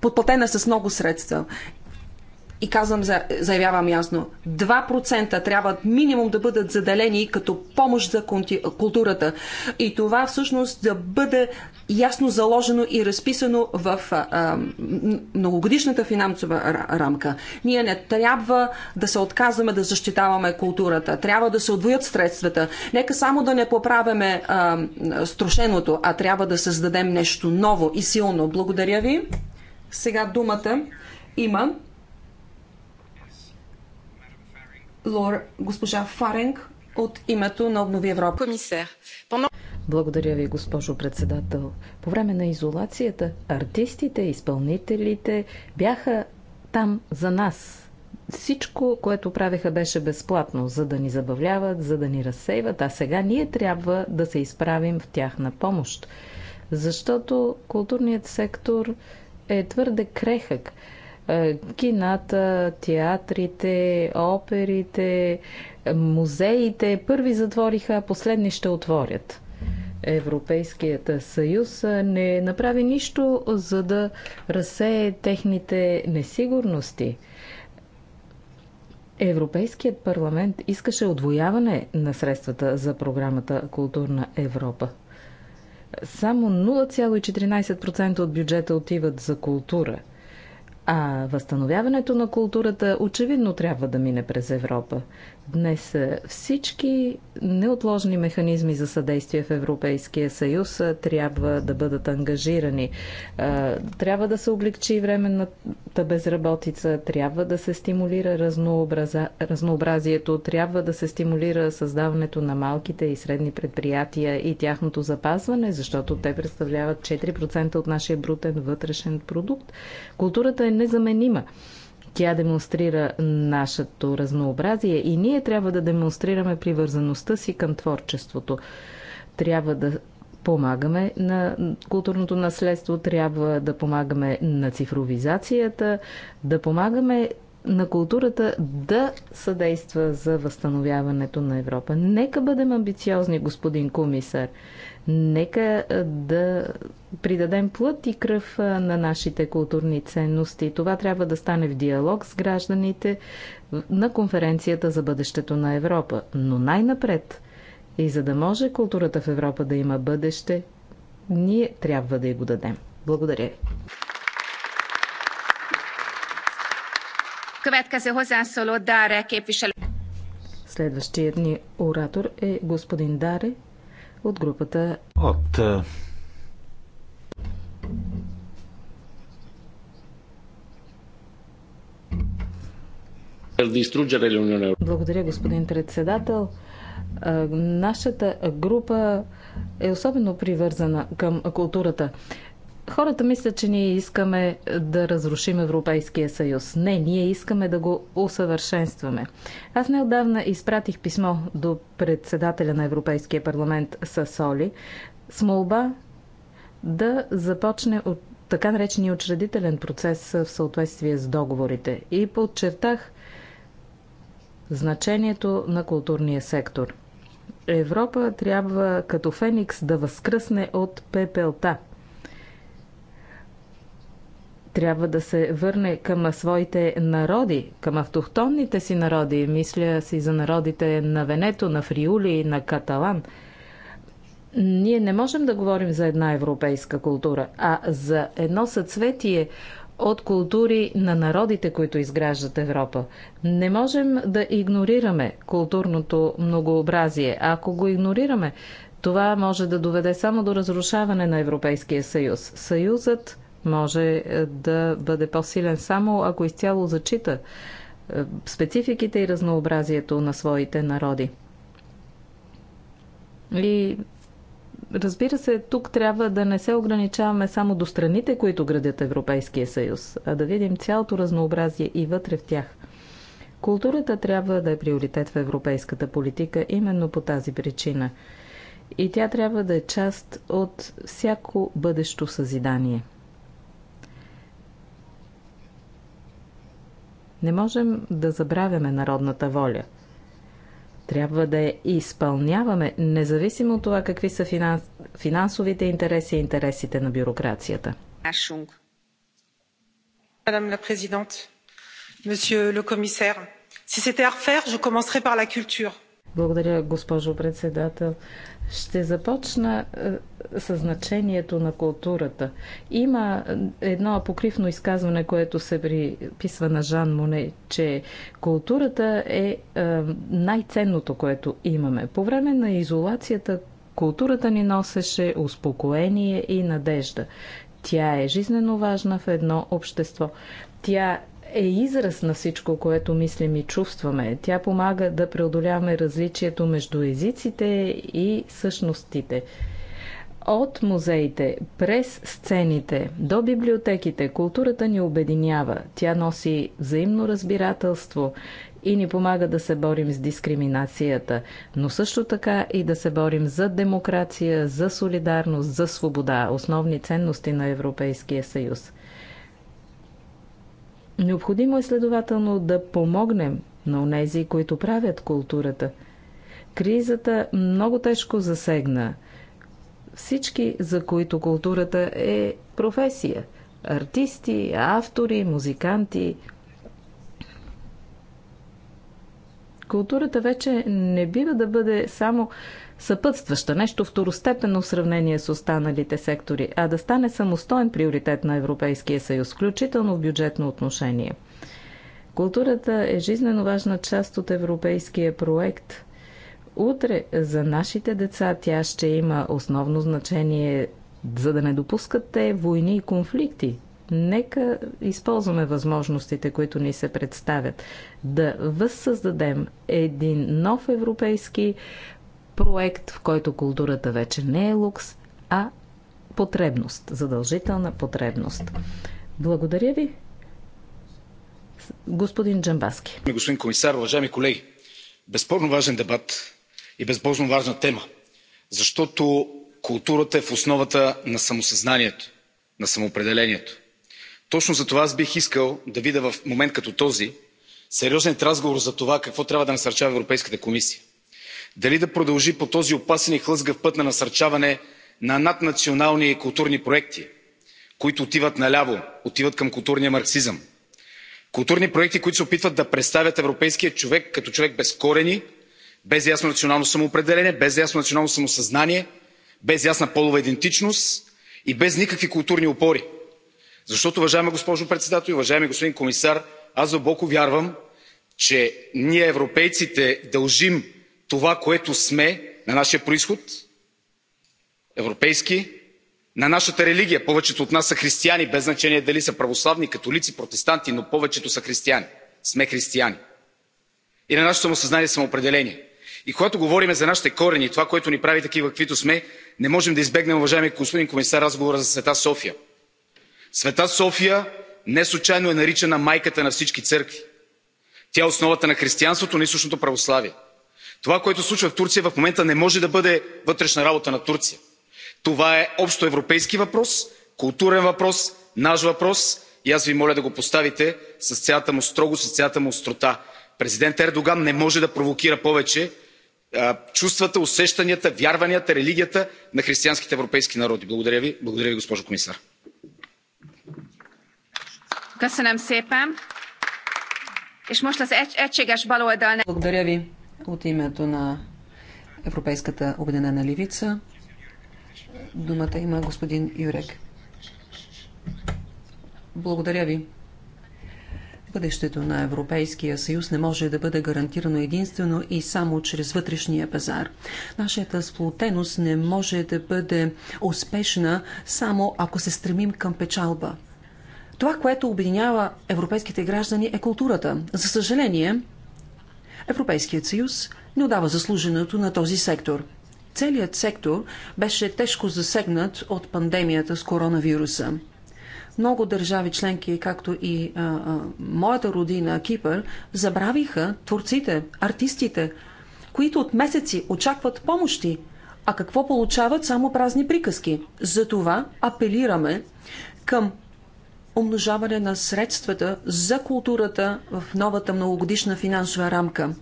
подплатена с много средства и казвам, заявявам ясно, 2% трябва минимум да бъдат заделени като помощ за културата. И това всъщност да бъде ясно заложено и разписано в а, многогодишната финансова рамка. Ние не трябва да се отказваме да защитаваме културата. Трябва да се отвоят средствата. Нека само да не поправяме а, струшеното, а трябва да създадем нещо ново и силно. Благодаря ви. Сега думата има лор госпожа Фаренг от името на Обнови Европа. Комисар, благодаря ви, госпожо председател. По време на изолацията артистите, изпълнителите бяха там за нас. Всичко, което правеха, беше безплатно, за да ни забавляват, за да ни разсейват, а сега ние трябва да се изправим в тяхна помощ. Защото културният сектор е твърде крехък. Е, кината, театрите, оперите, музеите. Първи затвориха, последни ще отворят. Европейският съюз е, не направи нищо, за да разсее техните несигурности. Европейският парламент искаше отвояване на средствата за програмата Културна Европа. Само 0,14% от бюджета отиват за култура – а възстановяването на културата очевидно трябва да мине през Европа. Днес е, всички неотложни механизми за съдействие в Европейския съюз е, трябва да бъдат ангажирани. Е, трябва да се облегчи временната безработица, трябва да се стимулира разнообразието, трябва да се стимулира създаването на малките и средни предприятия и тяхното запазване, защото те представляват 4% от нашия брутен вътрешен продукт. Културата е незаменима. Тя демонстрира нашето разнообразие и ние трябва да демонстрираме привързаността си към творчеството. Трябва да помагаме на културното наследство, трябва да помагаме на цифровизацията, да помагаме на културата да съдейства за възстановяването на Европа. Нека бъдем амбициозни, господин комисар. Нека да придадем плът и кръв на нашите културни ценности. Това трябва да стане в диалог с гражданите на конференцията за бъдещето на Европа. Но най-напред и за да може културата в Европа да има бъдеще, ние трябва да й го дадем. Благодаря ви. Следващият ни оратор е господин Даре от групата. От. Е, Благодаря, господин председател. Е, нашата група е особено привързана към културата. Хората мислят, че ние искаме да разрушим Европейския съюз. Не, ние искаме да го усъвършенстваме. Аз неодавна изпратих писмо до председателя на Европейския парламент Сасоли с молба да започне от така наречения учредителен процес в съответствие с договорите и подчертах значението на културния сектор. Европа трябва като Феникс да възкръсне от пепелта – трябва да се върне към своите народи, към автохтонните си народи. Мисля си за народите на Венето, на Фриули, на Каталан. Ние не можем да говорим за една европейска култура, а за едно съцветие от култури на народите, които изграждат Европа. Не можем да игнорираме културното многообразие. Ако го игнорираме, това може да доведе само до разрушаване на Европейския съюз. Съюзът може е, да бъде по-силен само ако изцяло зачита е, спецификите и разнообразието на своите народи. И разбира се, тук трябва да не се ограничаваме само до страните, които градят Европейския съюз, а да видим цялото разнообразие и вътре в тях. Културата трябва да е приоритет в европейската политика именно по тази причина. И тя трябва да е част от всяко бъдещо съзидание. Не можем да забравяме народната воля. Трябва да я изпълняваме, независимо от това какви са финанс... финансовите интереси и интересите на бюрокрацията. Madame la Présidente, Monsieur le Commissaire, si c'était à refaire, je commencerais par la culture. Благодаря, госпожо председател. Ще започна е, със значението на културата. Има е, едно покривно изказване, което се приписва на Жан Моне, че културата е, е най-ценното, което имаме. По време на изолацията културата ни носеше успокоение и надежда. Тя е жизнено важна в едно общество. Тя е израз на всичко, което мислим и чувстваме. Тя помага да преодоляваме различието между езиците и същностите. От музеите, през сцените, до библиотеките, културата ни обединява. Тя носи взаимно разбирателство и ни помага да се борим с дискриминацията, но също така и да се борим за демокрация, за солидарност, за свобода, основни ценности на Европейския съюз. Необходимо е следователно да помогнем на онези, които правят културата. Кризата много тежко засегна всички, за които културата е професия. Артисти, автори, музиканти. Културата вече не бива да бъде само съпътстваща, нещо второстепенно в сравнение с останалите сектори, а да стане самостоен приоритет на Европейския съюз, включително в бюджетно отношение. Културата е жизненно важна част от европейския проект. Утре за нашите деца тя ще има основно значение, за да не допускат те войни и конфликти, нека използваме възможностите, които ни се представят, да възсъздадем един нов европейски проект, в който културата вече не е лукс, а потребност, задължителна потребност. Благодаря ви. Господин Джамбаски. Господин комисар, уважаеми колеги, безспорно важен дебат и безспорно важна тема, защото културата е в основата на самосъзнанието, на самоопределението. Точно за това аз бих искал да видя в момент като този сериозен разговор за това какво трябва да насърчава Европейската комисия дали да продължи по този опасен и хлъзгав път на насърчаване на наднационални и културни проекти които отиват наляво отиват към културния марксизъм културни проекти които се опитват да представят европейския човек като човек без корени без ясно национално самоопределение без ясно национално самосъзнание без ясна полова идентичност и без никакви културни опори. защото уважаема госпожо председател и уважаеми господин комисар аз дълбоко вярвам че ние европейците дължим това което сме на нашия произход европейски на нашата религия повечето от нас са християни без значение дали са православни католици протестанти но повечето са християни сме християни и на нашето самосъзнание и е самоопределение. И когато говорим за нашите корени и това, което ни прави такива, каквито сме, не можем да избегнем, уважаеми господин комисар, разговора за Света София. Света София неслучайно е наричана майката на всички църкви. Тя е основата на християнството, на източното православие това което се случва в турция в момента не може да бъде вътрешна работа на турция. това е общоевропейски въпрос културен въпрос наш въпрос и аз ви моля да го поставите с цялата му строгост и с цялата му острота. президент ердоган не може да провокира повече чувствата усещанията вярванията религията на християнските европейски народи. благодаря ви. благодаря ви госпожо комисар. Благодаря ви. От името на Европейската обединена левица думата има господин Юрек. Благодаря ви. Бъдещето на Европейския съюз не може да бъде гарантирано единствено и само чрез вътрешния пазар. Нашата сплотеност не може да бъде успешна само ако се стремим към печалба. Това, което обединява европейските граждани е културата. За съжаление, Европейският съюз не отдава заслуженото на този сектор. Целият сектор беше тежко засегнат от пандемията с коронавируса. Много държави членки, както и а, а, моята родина Кипър, забравиха творците, артистите, които от месеци очакват помощи, а какво получават само празни приказки. Затова апелираме към умножаване на средствата за културата в новата многогодишна финансова рамка.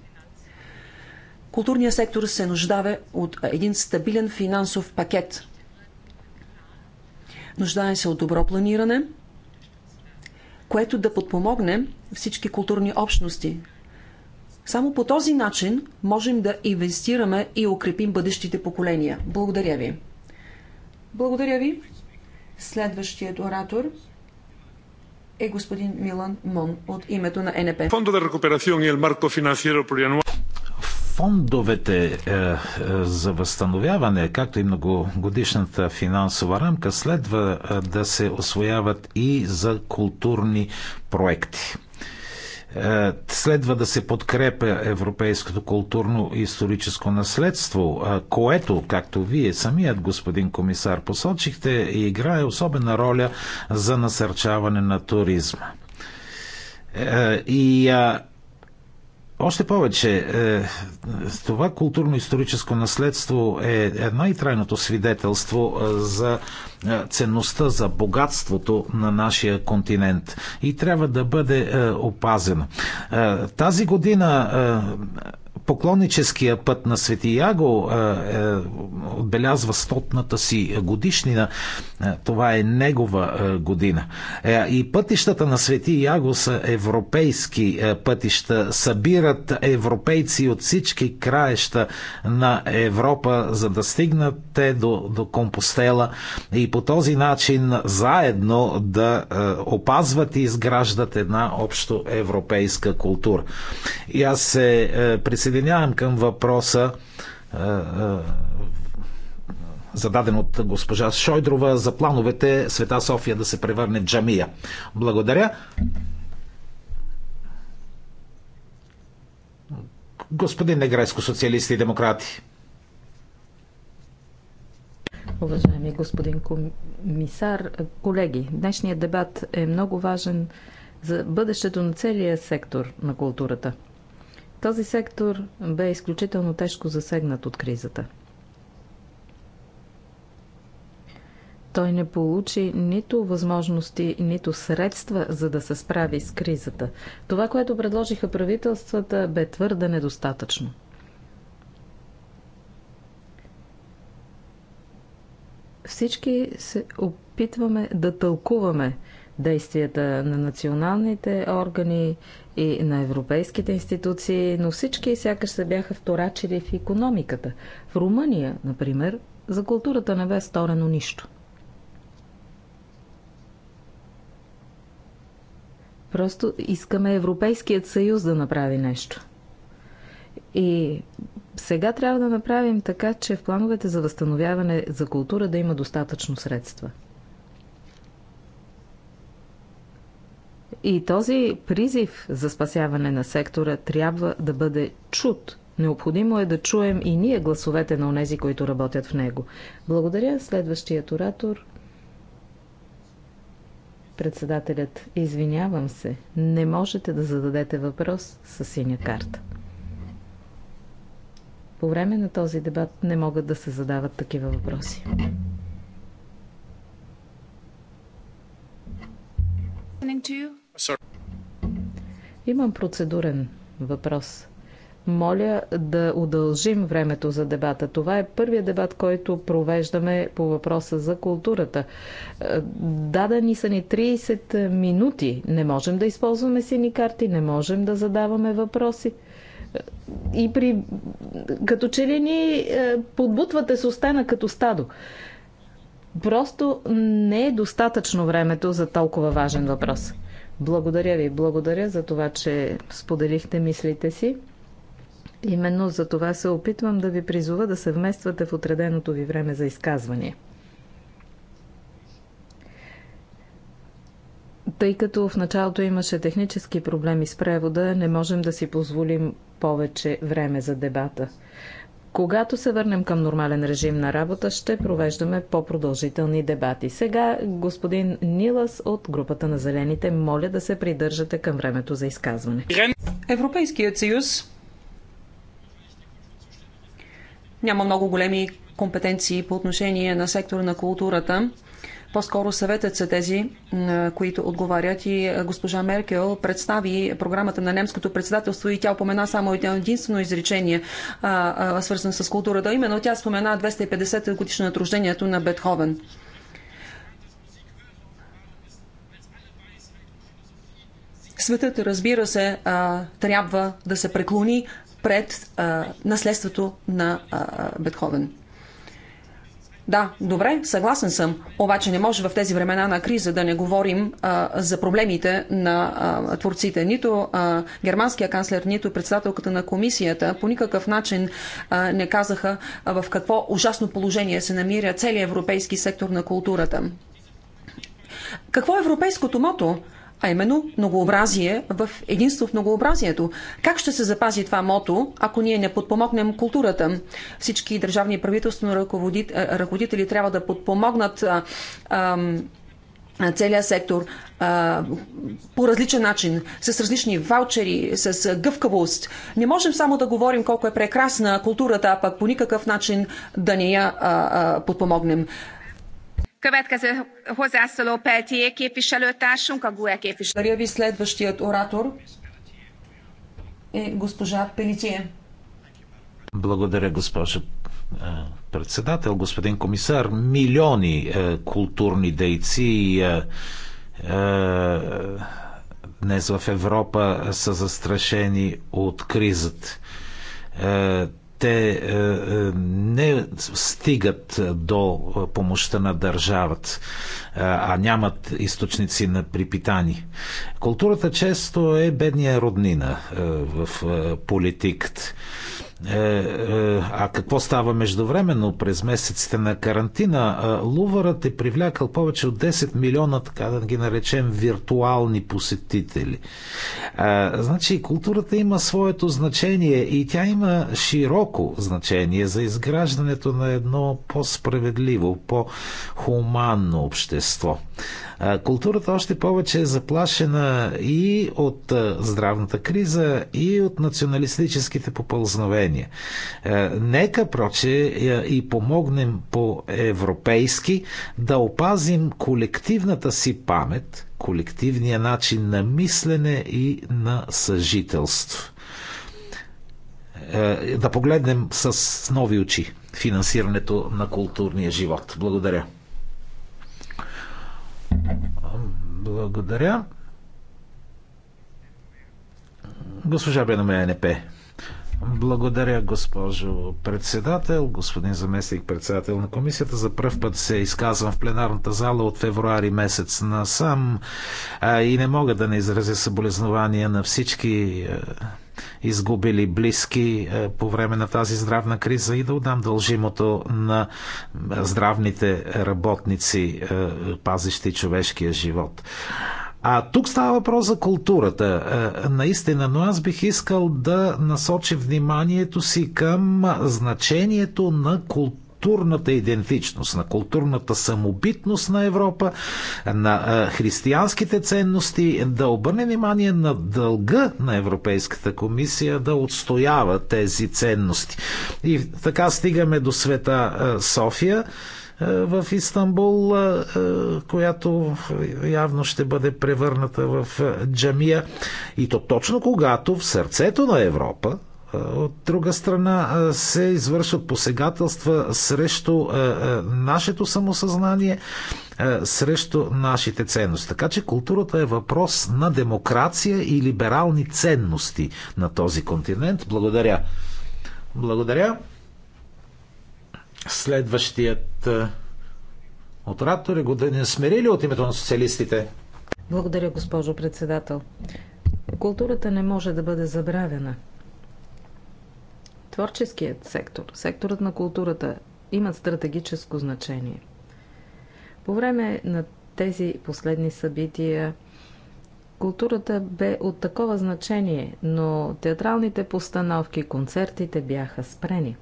Културният сектор се нуждае от един стабилен финансов пакет. Нуждае се от добро планиране, което да подпомогне всички културни общности. Само по този начин можем да инвестираме и укрепим бъдещите поколения. Благодаря ви. Благодаря ви. Следващият оратор е господин Милан Мон от името на НП. Фондо за recuperación и el marco financiero plurianual фондовете е, е, за възстановяване, както и многогодишната финансова рамка, следва е, да се освояват и за културни проекти. Е, следва да се подкрепя европейското културно и историческо наследство, е, което, както вие самият господин комисар посочихте, играе особена роля за насърчаване на туризма. Е, и а, още повече, е, това културно-историческо наследство е най-трайното свидетелство е, за е, ценността, за богатството на нашия континент и трябва да бъде опазено. Тази година поклонническия път на Свети Яго е, е, отбелязва стотната си годишнина. Е, това е негова година. и пътищата на Свети Яго са европейски пътища. Събират европейци от всички краища на Европа, за да стигнат те до, до Компостела и по този начин заедно да опазват и изграждат една общо европейска култура. И аз се присъединявам към въпроса е, е, зададен от госпожа Шойдрова за плановете Света София да се превърне в джамия. Благодаря. Господин Негреско, социалисти и демократи. Уважаеми господин комисар, колеги, днешният дебат е много важен за бъдещето на целия сектор на културата – този сектор бе изключително тежко засегнат от кризата. Той не получи нито възможности, нито средства, за да се справи с кризата. Това, което предложиха правителствата, бе твърде недостатъчно. Всички се опитваме да тълкуваме действията на националните органи и на европейските институции, но всички сякаш се бяха вторачили в економиката. В Румъния, например, за културата не бе сторено нищо. Просто искаме Европейският съюз да направи нещо. И сега трябва да направим така, че в плановете за възстановяване за култура да има достатъчно средства – И този призив за спасяване на сектора трябва да бъде чут. Необходимо е да чуем и ние гласовете на онези, които работят в него. Благодаря. Следващият оратор. Председателят, извинявам се, не можете да зададете въпрос с синя карта. По време на този дебат не могат да се задават такива въпроси. Thank you. Имам процедурен въпрос. Моля да удължим времето за дебата. Това е първият дебат, който провеждаме по въпроса за културата. Дадени са ни 30 минути. Не можем да използваме сини карти, не можем да задаваме въпроси. И при... като че ли ни е, подбутвате с остана като стадо. Просто не е достатъчно времето за толкова важен въпрос. Благодаря ви. Благодаря за това, че споделихте мислите си. Именно за това се опитвам да ви призова да се вмествате в отреденото ви време за изказване. Тъй като в началото имаше технически проблеми с превода, не можем да си позволим повече време за дебата. Когато се върнем към нормален режим на работа, ще провеждаме по-продължителни дебати. Сега господин Нилас от групата на Зелените моля да се придържате към времето за изказване. Европейският съюз няма много големи компетенции по отношение на сектора на културата по-скоро съветът са тези, които отговарят и госпожа Меркел представи програмата на немското председателство и тя упомена само единствено изречение, свързано с културата. Именно тя спомена 250 годишно от рождението на Бетховен. Светът, разбира се, трябва да се преклони пред наследството на Бетховен. Да, добре, съгласен съм. Обаче не може в тези времена на криза да не говорим а, за проблемите на а, творците. Нито а, германския канцлер, нито председателката на комисията по никакъв начин а, не казаха а, в какво ужасно положение се намира целият европейски сектор на културата. Какво е европейското мото? а именно многообразие в единство в многообразието. Как ще се запази това мото, ако ние не подпомогнем културата? Всички държавни и правителствени е, ръководители трябва да подпомогнат целият сектор по различен начин, с различни ваучери, с гъвкавост. Не можем само да говорим колко е прекрасна културата, а пък по никакъв начин да не я подпомогнем. Благодаря ви. Следващият оратор е госпожа Пелитие. Благодаря, госпожа е, председател, господин комисар. Милиони е, културни дейци е, е, днес в Европа са застрашени от кризата е, те е, е, не стигат до помощта на държавата, е, а нямат източници на припитани. Културата често е бедния роднина в политиката. Е, е, а какво става междувременно през месеците на карантина? Е, Луварът е привлякал повече от 10 милиона, така да ги наречем, виртуални посетители. Значи културата има своето значение и тя има широко значение за изграждането на едно по-справедливо, по-хуманно общество. Културата още повече е заплашена и от здравната криза, и от националистическите попълзновения. Нека, проче, и помогнем по-европейски да опазим колективната си памет, колективния начин на мислене и на съжителство да погледнем с нови очи финансирането на културния живот. Благодаря. Благодаря. Госпожа Бенаме НП. Благодаря, госпожо председател, господин заместник председател на комисията. За първ път се изказвам в пленарната зала от февруари месец насам а, и не мога да не изразя съболезнования на всички а, изгубили близки е, по време на тази здравна криза и да отдам дължимото на здравните работници, е, пазещи човешкия живот. А тук става въпрос за културата, е, наистина, но аз бих искал да насочи вниманието си към значението на културата културната идентичност, на културната самобитност на Европа, на християнските ценности, да обърне внимание на дълга на Европейската комисия да отстоява тези ценности. И така стигаме до света София в Истанбул, която явно ще бъде превърната в джамия. И то точно когато в сърцето на Европа, от друга страна се извършват посегателства срещу нашето самосъзнание, срещу нашите ценности. Така че културата е въпрос на демокрация и либерални ценности на този континент. Благодаря. Благодаря. Следващият оратор е Годенен Смирили от името на социалистите. Благодаря, госпожо председател. Културата не може да бъде забравена – Творческият сектор, секторът на културата имат стратегическо значение. По време на тези последни събития културата бе от такова значение, но театралните постановки, концертите бяха спрени.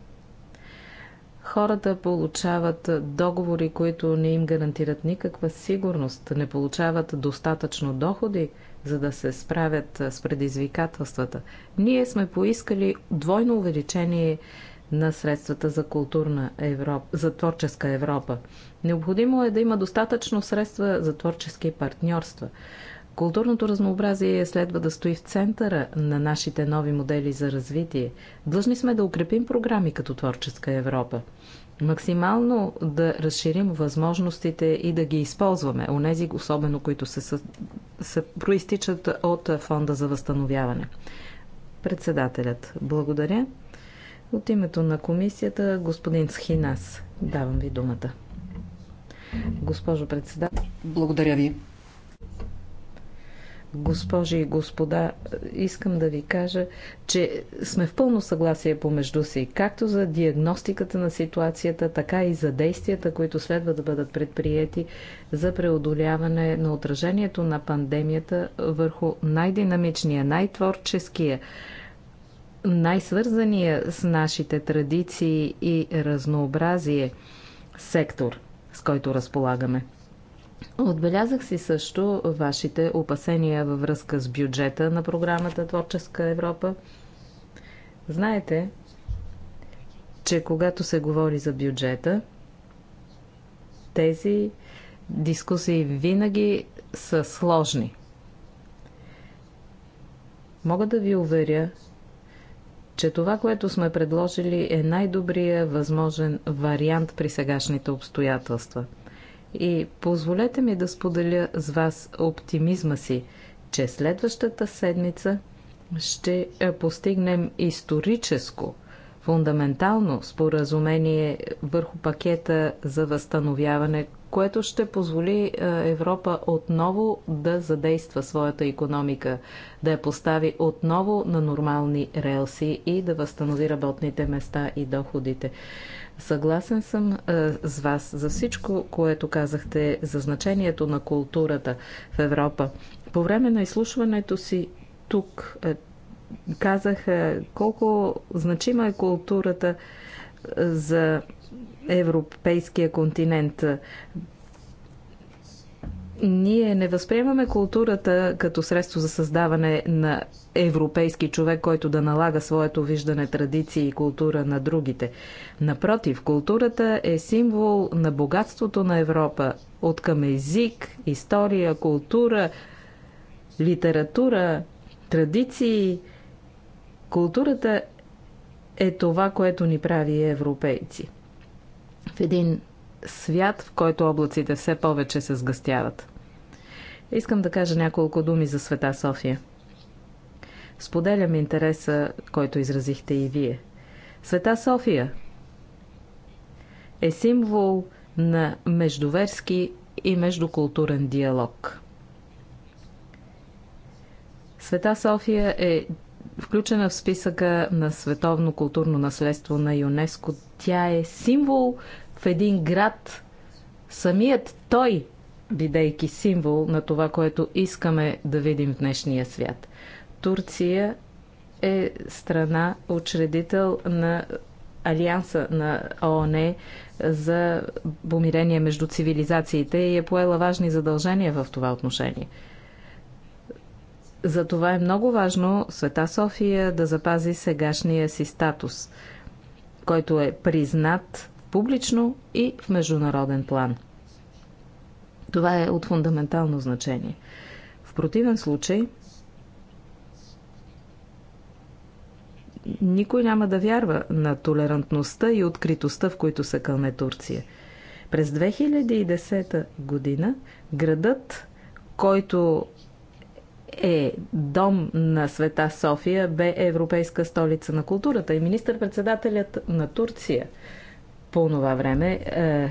Хората получават договори, които не им гарантират никаква сигурност, не получават достатъчно доходи – за да се справят с предизвикателствата. Ние сме поискали двойно увеличение на средствата за културна Европа, за творческа Европа. Необходимо е да има достатъчно средства за творчески партньорства. Културното разнообразие следва да стои в центъра на нашите нови модели за развитие. Длъжни сме да укрепим програми като Творческа Европа максимално да разширим възможностите и да ги използваме, онези особено, които се, се проистичат от Фонда за възстановяване. Председателят, благодаря. От името на комисията, господин Схинас, давам ви думата. Госпожо председател. Благодаря ви. Госпожи и господа, искам да ви кажа, че сме в пълно съгласие помежду си, както за диагностиката на ситуацията, така и за действията, които следва да бъдат предприяти за преодоляване на отражението на пандемията върху най-динамичния, най-творческия, най-свързания с нашите традиции и разнообразие сектор, с който разполагаме. Отбелязах си също вашите опасения във връзка с бюджета на програмата Творческа Европа. Знаете, че когато се говори за бюджета, тези дискусии винаги са сложни. Мога да ви уверя, че това, което сме предложили, е най-добрия възможен вариант при сегашните обстоятелства – и позволете ми да споделя с вас оптимизма си, че следващата седмица ще е, постигнем историческо, фундаментално споразумение върху пакета за възстановяване, което ще позволи е, Европа отново да задейства своята економика, да я постави отново на нормални релси и да възстанови работните места и доходите. Съгласен съм а, е, с вас за всичко, което казахте за значението на културата в Европа. По време на изслушването си тук а, е, казах а, е, колко значима е културата за европейския континент. Ние не възприемаме културата като средство за създаване на европейски човек, който да налага своето виждане, традиции и култура на другите. Напротив, културата е символ на богатството на Европа от към език, история, култура, литература, традиции. Културата е това, което ни прави европейци. В един свят, в който облаците все повече се сгъстяват. Искам да кажа няколко думи за света София. Споделям интереса, който изразихте и вие. Света София е символ на междуверски и междукултурен диалог. Света София е включена в списъка на световно културно наследство на ЮНЕСКо. Тя е символ в един град, самият той, бидейки символ на това, което искаме да видим в днешния свят. Турция е страна, учредител на Алианса на ООН за помирение между цивилизациите и е поела важни задължения в това отношение. Затова е много важно Света София да запази сегашния си статус, който е признат публично и в международен план. Това е от фундаментално значение. В противен случай, никой няма да вярва на толерантността и откритостта, в които се кълне Турция. През 2010 година градът, който е дом на света София, бе Европейска столица на културата и министър-председателят на Турция – по това време е,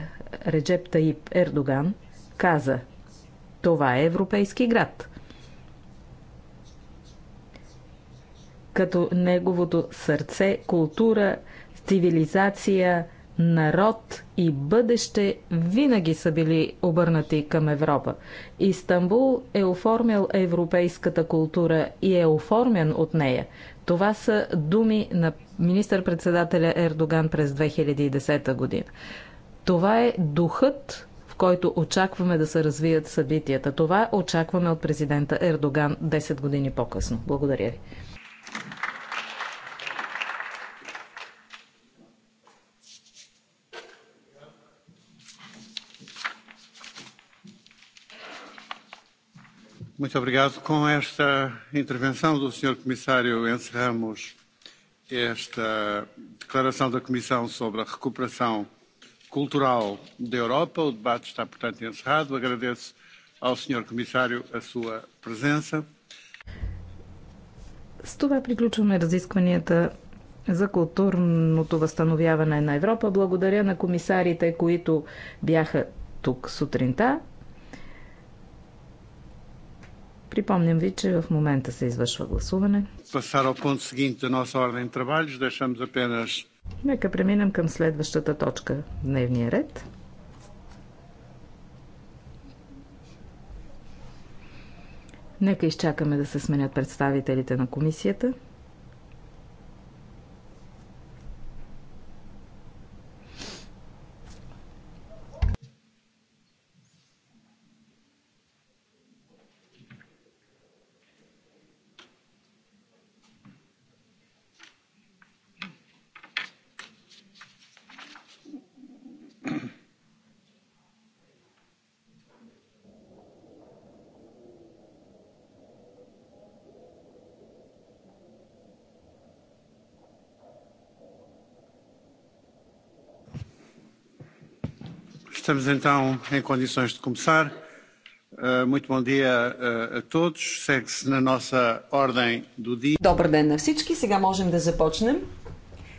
Реджеп Таип Ердоган каза това е европейски град. Като неговото сърце, култура, цивилизация, народ и бъдеще винаги са били обърнати към Европа. Истанбул е оформил европейската култура и е оформен от нея. Това са думи на министър-председателя Ердоган през 2010 година. Това е духът, в който очакваме да се развият събитията. Това очакваме от президента Ердоган 10 години по-късно. Благодаря ви. Muito obrigado. Com esta intervenção do Sr. Comissário, encerramos esta declaração da Comissão sobre a recuperação cultural da Europa. O debate está, portanto, encerrado. Agradeço ao Sr. Comissário a sua presença. С това приключваме разискванията за културното възстановяване на Европа. Благодаря на комисарите, които бяха тук сутринта. Припомням ви, че в момента се извършва гласуване. Нека преминем към следващата точка в дневния ред. Нека изчакаме да се сменят представителите на комисията. Estamos então em condições de começar. Eh, muito bom dia eh, a todos. Segue-se na nossa ordem do dia. Добър ден на всички. Сега можем да започнем.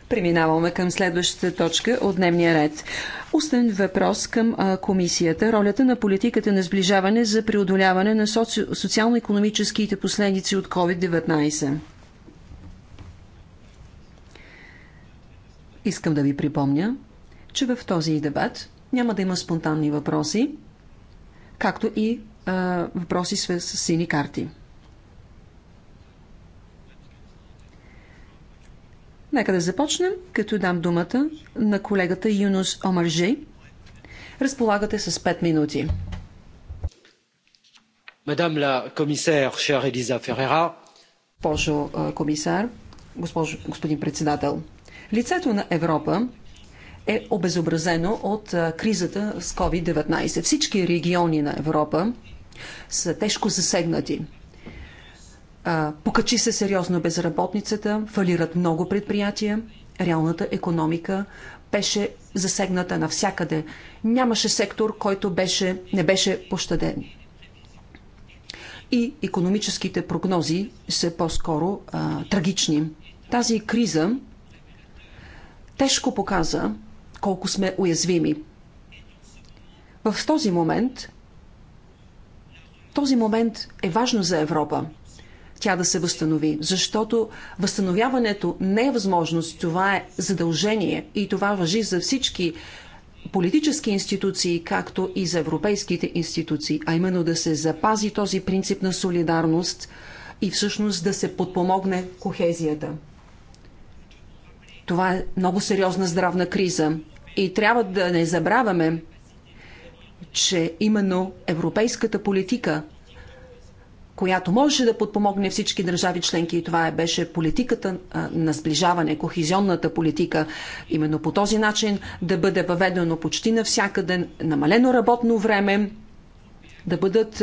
Преминаваме към следващата точка от дневния ред. Устен въпрос към а, комисията. Ролята на политиката на сближаване за преодоляване на соци... социално-економическите последици от COVID-19. Искам да ви припомня, че в този дебат няма да има спонтанни въпроси, както и а, въпроси с, с сини карти. Нека да започнем, като дам думата на колегата Юнус Омаржи. Разполагате с 5 минути. Мадам ла комисар, шер Елиза Ферера. Госпожо комисар, госпожо, господин председател, лицето на Европа е обезобразено от кризата с COVID-19. Всички региони на Европа са тежко засегнати. Покачи се сериозно безработницата, фалират много предприятия, реалната економика беше засегната навсякъде. Нямаше сектор, който беше, не беше пощаден. И економическите прогнози са по-скоро трагични. Тази криза тежко показа колко сме уязвими. В този момент, този момент е важно за Европа. Тя да се възстанови, защото възстановяването не е възможност, това е задължение и това въжи за всички политически институции, както и за европейските институции, а именно да се запази този принцип на солидарност и всъщност да се подпомогне кохезията. Това е много сериозна здравна криза. И трябва да не забравяме, че именно европейската политика, която можеше да подпомогне всички държави членки, и това е, беше политиката на сближаване, кохизионната политика, именно по този начин да бъде въведено почти навсякъде намалено работно време, да бъдат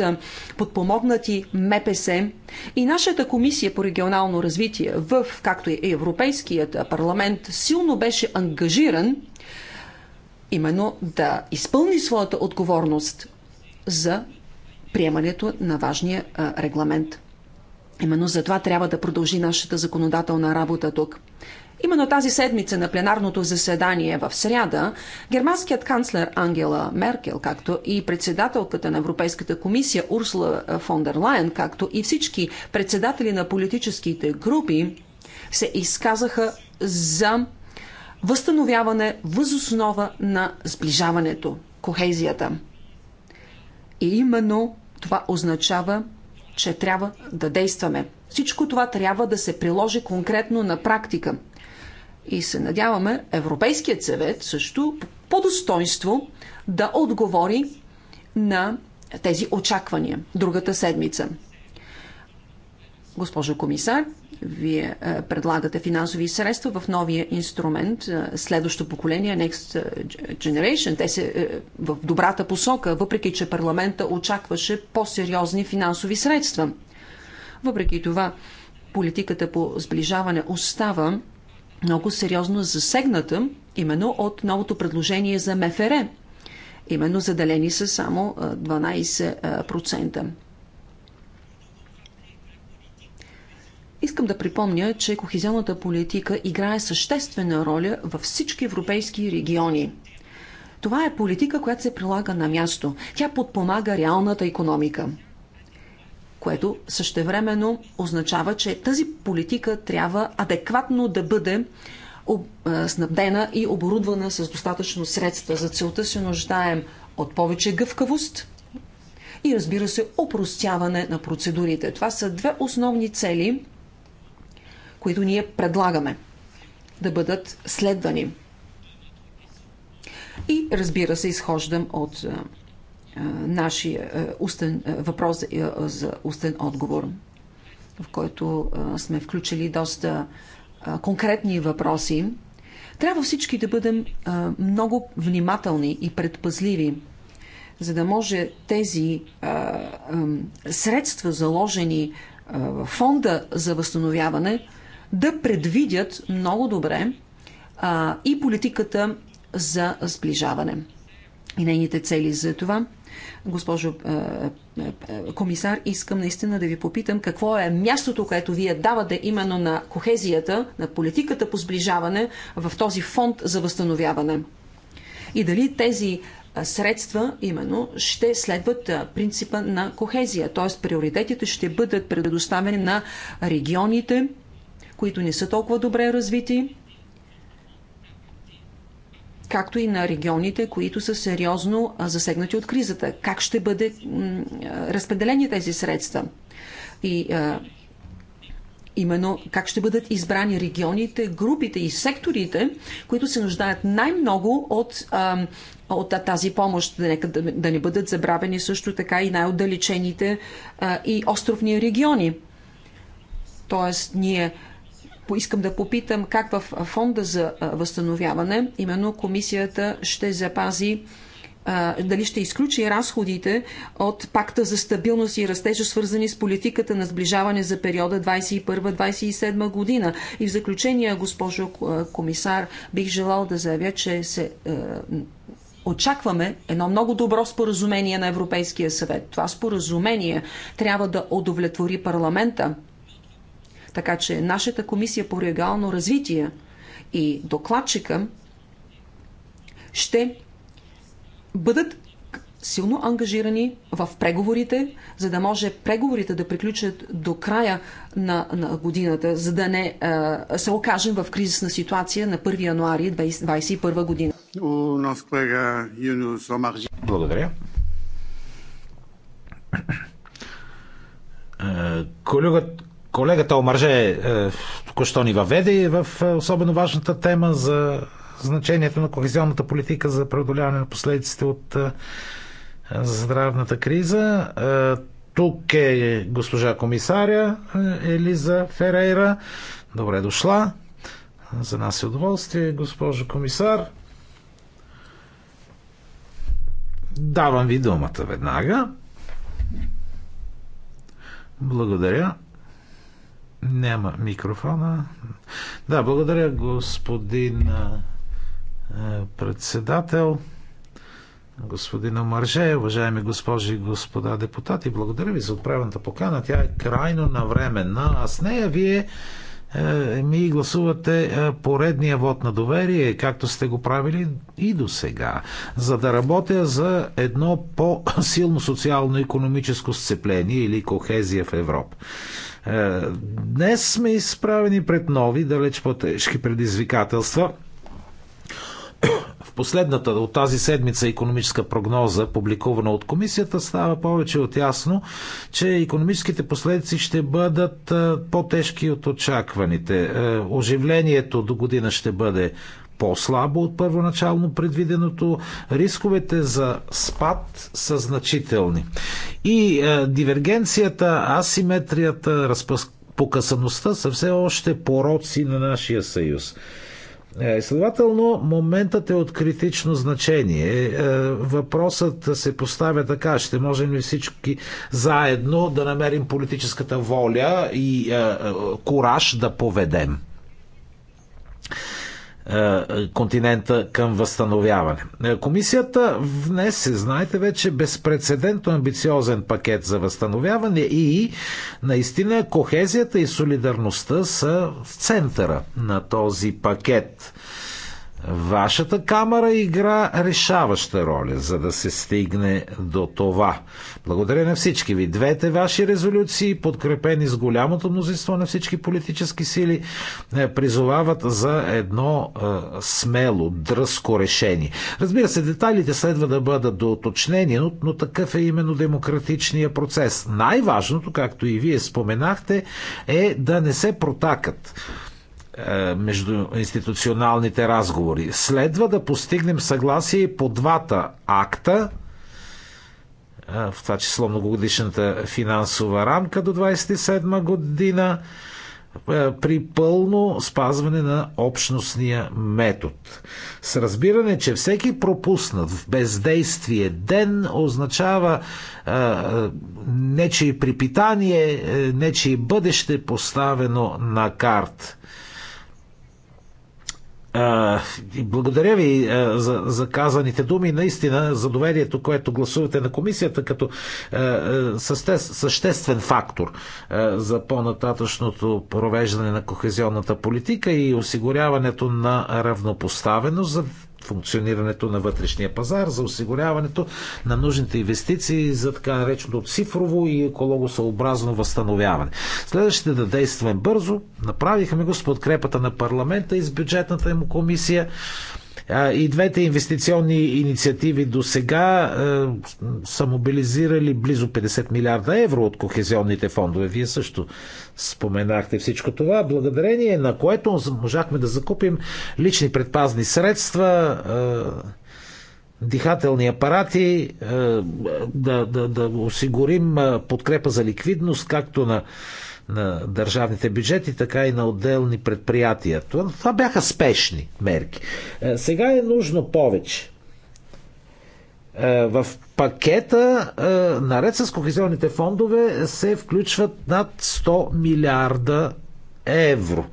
подпомогнати МПС. И нашата комисия по регионално развитие, в както и Европейският парламент, силно беше ангажиран именно да изпълни своята отговорност за приемането на важния регламент. Именно за това трябва да продължи нашата законодателна работа тук. Именно тази седмица на пленарното заседание в сряда германският канцлер Ангела Меркел, както и председателката на Европейската комисия Урсула е, фон дер Лайен, както и всички председатели на политическите групи се изказаха за възстановяване възоснова на сближаването, кохезията. И именно това означава, че трябва да действаме. Всичко това трябва да се приложи конкретно на практика. И се надяваме Европейският съвет също по достоинство да отговори на тези очаквания другата седмица. Госпожо комисар, вие е, предлагате финансови средства в новия инструмент, е, следващо поколение, Next Generation. Те са е, в добрата посока, въпреки че парламента очакваше по-сериозни финансови средства. Въпреки това, политиката по сближаване остава много сериозно засегната именно от новото предложение за МФР. Именно заделени са само 12%. Искам да припомня, че кохезионната политика играе съществена роля във всички европейски региони. Това е политика, която се прилага на място. Тя подпомага реалната економика което същевременно означава, че тази политика трябва адекватно да бъде снабдена и оборудвана с достатъчно средства. За целта се нуждаем от повече гъвкавост и разбира се, опростяване на процедурите. Това са две основни цели, които ние предлагаме да бъдат следвани. И разбира се, изхождам от нашия устен, въпрос за устен отговор, в който сме включили доста конкретни въпроси. Трябва всички да бъдем много внимателни и предпазливи, за да може тези средства, заложени в фонда за възстановяване, да предвидят много добре и политиката за сближаване и нейните цели. За това, госпожо комисар, искам наистина да ви попитам какво е мястото, което вие давате именно на кохезията, на политиката по сближаване в този фонд за възстановяване. И дали тези средства именно ще следват принципа на кохезия, т.е. приоритетите ще бъдат предоставени на регионите, които не са толкова добре развити, както и на регионите, които са сериозно засегнати от кризата. Как ще бъде разпределени тези средства? И а, именно как ще бъдат избрани регионите, групите и секторите, които се нуждаят най-много от, от тази помощ. Нека не, да не бъдат забравени също така и най-отдалечените и островни региони. Тоест, ние искам да попитам как в фонда за възстановяване именно комисията ще запази дали ще изключи разходите от пакта за стабилност и растежа, свързани с политиката на сближаване за периода 2021-2027 година. И в заключение, госпожо комисар, бих желал да заявя, че се очакваме едно много добро споразумение на Европейския съвет. Това споразумение трябва да удовлетвори парламента, така че нашата комисия по регионално развитие и докладчика ще бъдат силно ангажирани в преговорите, за да може преговорите да приключат до края на, на годината, за да не а, се окажем в кризисна ситуация на 1 януари 2021 година. Благодаря. Е, Колегът, Колегата е, току-що ни въведе в е, особено важната тема за значението на кохезионната политика за преодоляване на последиците от е, здравната криза. Е, тук е госпожа комисаря Елиза Ферейра. Добре дошла. За нас е удоволствие, госпожо комисар. Давам ви думата веднага. Благодаря. Няма микрофона. Да, благодаря, господин председател, господин Омарже, уважаеми госпожи и господа депутати, благодаря ви за отправената покана. Тя е крайно навременна, а с нея вие е, ми гласувате е, поредния вод на доверие, както сте го правили и до сега, за да работя за едно по-силно социално-економическо сцепление или кохезия в Европа. Е, днес сме изправени пред нови, далеч по-тежки предизвикателства. В последната от тази седмица економическа прогноза, публикувана от комисията, става повече от ясно, че економическите последици ще бъдат е, по-тежки от очакваните. Е, оживлението до година ще бъде по-слабо от първоначално предвиденото, рисковете за спад са значителни. И е, дивергенцията, асиметрията, разпокъсаността са все още пороци на нашия съюз. Е, следователно, моментът е от критично значение. Е, е, въпросът се поставя така, ще можем ли всички заедно да намерим политическата воля и е, е кураж да поведем. Е, континента към възстановяване. Е, комисията внесе, знаете вече, безпредседентно амбициозен пакет за възстановяване и наистина кохезията и солидарността са в центъра на този пакет. Вашата камера игра решаваща роля, за да се стигне до това. Благодаря на всички ви. Двете ваши резолюции, подкрепени с голямото мнозинство на всички политически сили, е, призовават за едно е, смело, дръско решение. Разбира се, детайлите следва да бъдат доуточнени, но, но такъв е именно демократичния процес. Най-важното, както и вие споменахте, е да не се протакат е, между институционалните разговори. Следва да постигнем съгласие по двата акта, е, в това число многогодишната финансова рамка до 27 година, е, при пълно спазване на общностния метод. С разбиране, че всеки пропуснат в бездействие ден означава нечи припитание, нечи бъдеще поставено на карт благодаря ви за, за казаните думи, наистина за доверието, което гласувате на комисията като съществен фактор за по-нататъчното провеждане на кохезионната политика и осигуряването на равнопоставеност за функционирането на вътрешния пазар, за осигуряването на нужните инвестиции за така нареченото цифрово и екологосъобразно възстановяване. Следващите да действаме бързо. Направихме го с подкрепата на парламента и с бюджетната му комисия. И двете инвестиционни инициативи до сега е, са мобилизирали близо 50 милиарда евро от кохезионните фондове. Вие също споменахте всичко това, благодарение на което можахме да закупим лични предпазни средства, е, дихателни апарати, е, да, да, да осигурим подкрепа за ликвидност, както на на държавните бюджети, така и на отделни предприятия. Това бяха спешни мерки. Е, сега е нужно повече. Е, в пакета, е, наред с кохезионните фондове, се включват над 100 милиарда евро.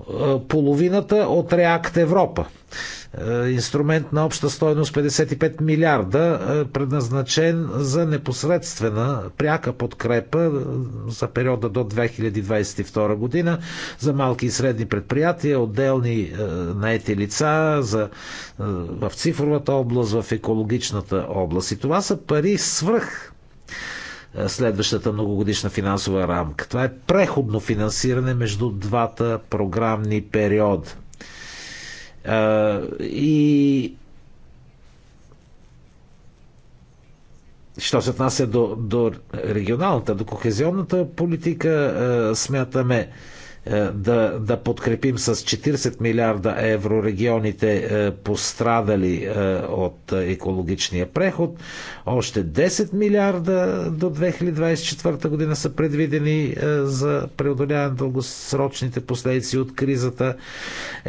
Е, половината от Реакт Европа. Е, инструмент на обща стойност 55 милиарда, е, предназначен за непосредствена пряка подкрепа за периода до 2022 година за малки и средни предприятия, отделни наети лица за, в цифровата област, в екологичната област. И това са пари свръх е, следващата многогодишна финансова рамка. Това е преходно финансиране между двата програмни периода. Е, и що се отнася до, до регионалната, до кохезионната политика, е, смятаме, е, да, да подкрепим с 40 милиарда евро регионите е, пострадали е, от екологичния преход. Още 10 милиарда до 2024 година са предвидени за преодоляване на дългосрочните последици от кризата.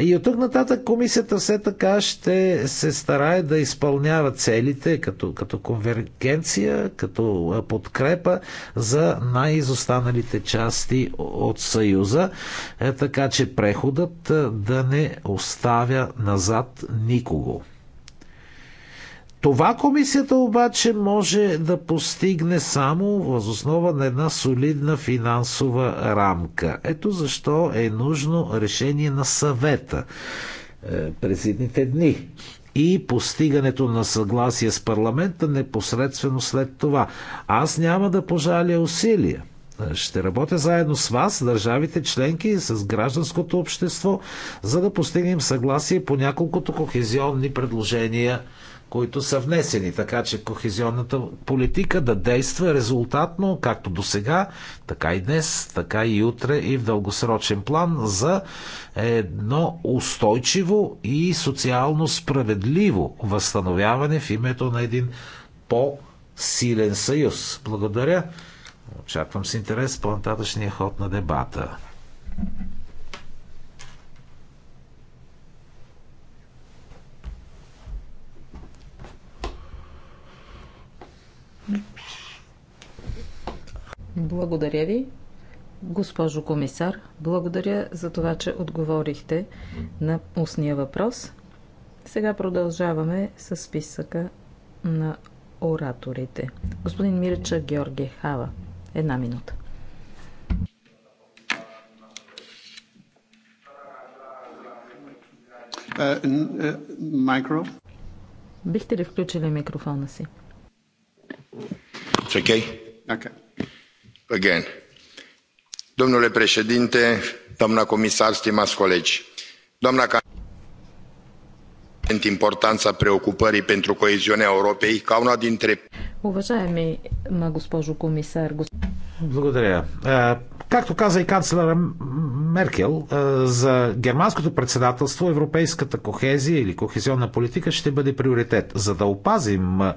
И от тук нататък комисията все така ще се старае да изпълнява целите като, като конвергенция, като подкрепа за най-изостаналите части от Съюза е, така че преходът е, да не оставя назад никого. Това комисията обаче може да постигне само въз основа на една солидна финансова рамка. Ето защо е нужно решение на съвета е, през едните дни и постигането на съгласие с парламента непосредствено след това. Аз няма да пожаля усилия ще работя заедно с вас, държавите членки и с гражданското общество, за да постигнем съгласие по няколкото кохезионни предложения, които са внесени, така че кохезионната политика да действа резултатно, както до сега, така и днес, така и утре и в дългосрочен план за едно устойчиво и социално справедливо възстановяване в името на един по-силен съюз. Благодаря. Очаквам с интерес по-нататъчния ход на дебата. Благодаря ви. Госпожо комисар, благодаря за това, че отговорихте на устния въпрос. Сега продължаваме с списъка на ораторите. Господин Мирича Георги Хава. Една минута. Майкро. Бихте ли включили микрофона си? Чекай. Okay. Again. Domnule președinte, doamna comisar, stimați colegi. Doamna Importanța preocupării pentru coeziunea Europei ca una dintre... Уважаеми госпожо комисар, Благодаря. Е, както каза и канцлера Меркел, е, за германското председателство европейската кохезия или кохезионна политика ще бъде приоритет. За да опазим е,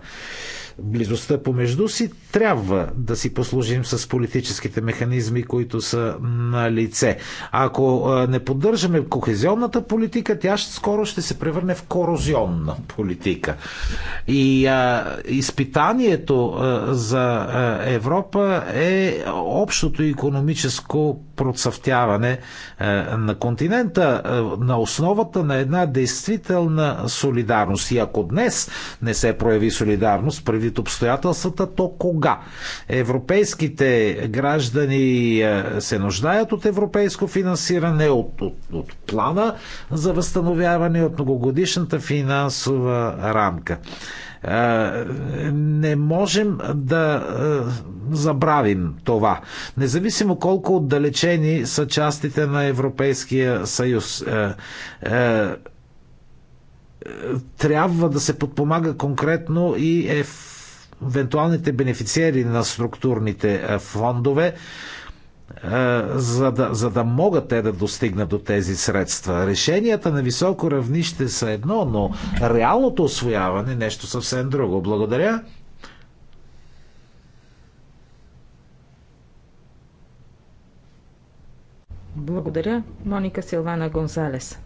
близостта помежду си, трябва да си послужим с политическите механизми, които са на лице. Ако не поддържаме кохезионната политика, тя скоро ще се превърне в корозионна политика. И а, изпитанието а, за Европа е общото економическо процъфтяване а, на континента а, на основата на една действителна солидарност. И ако днес не се прояви солидарност, предвид обстоятелствата, то кога? Европейските граждани е, се нуждаят от европейско финансиране, от, от, от плана за възстановяване, от многогодишната финансова рамка е, не можем да е, забравим това. Независимо колко отдалечени са частите на Европейския съюз, трябва да се подпомага конкретно и е евентуалните бенефициери на структурните е, фондове, е, за да, за да могат те да достигнат до тези средства. Решенията на високо равнище са едно, но реалното освояване е нещо съвсем друго. Благодаря. Благодаря, Моника Силвана Гонзалес.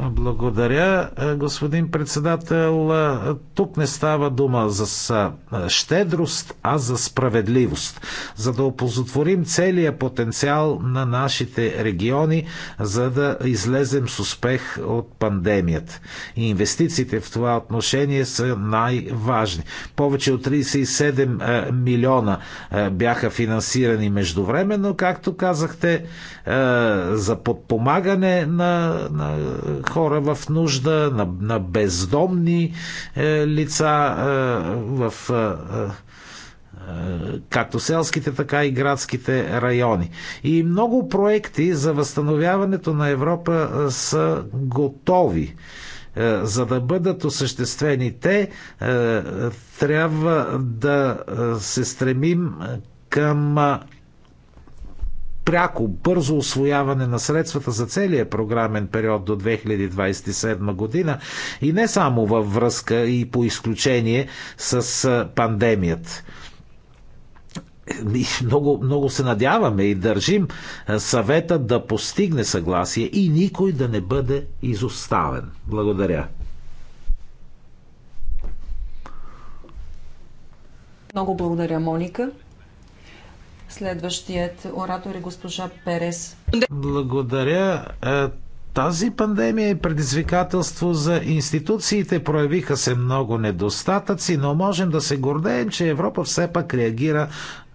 Благодаря, е, господин председател. Е, тук не става дума за е, щедрост, а за справедливост. За да опозотворим целия потенциал на нашите региони, за да излезем с успех от пандемията. И инвестициите в това отношение са най-важни. Повече от 37 милиона бяха финансирани междувременно, както казахте, за подпомагане на, на хора в нужда, на, на бездомни е, лица е, в. Е, е, както селските, така и градските райони. И много проекти за възстановяването на Европа е, са готови. Е, за да бъдат осъществени те, трябва да се стремим към пряко, бързо освояване на средствата за целия програмен период до 2027 година и не само във връзка и по изключение с пандемията много, много се надяваме и държим съвета да постигне съгласие и никой да не бъде изоставен. Благодаря. Много благодаря, Моника. Следващият оратор е госпожа Перес. Благодаря. Е, тази пандемия е предизвикателство за институциите. Проявиха се много недостатъци, но можем да се гордеем, че Европа все пак реагира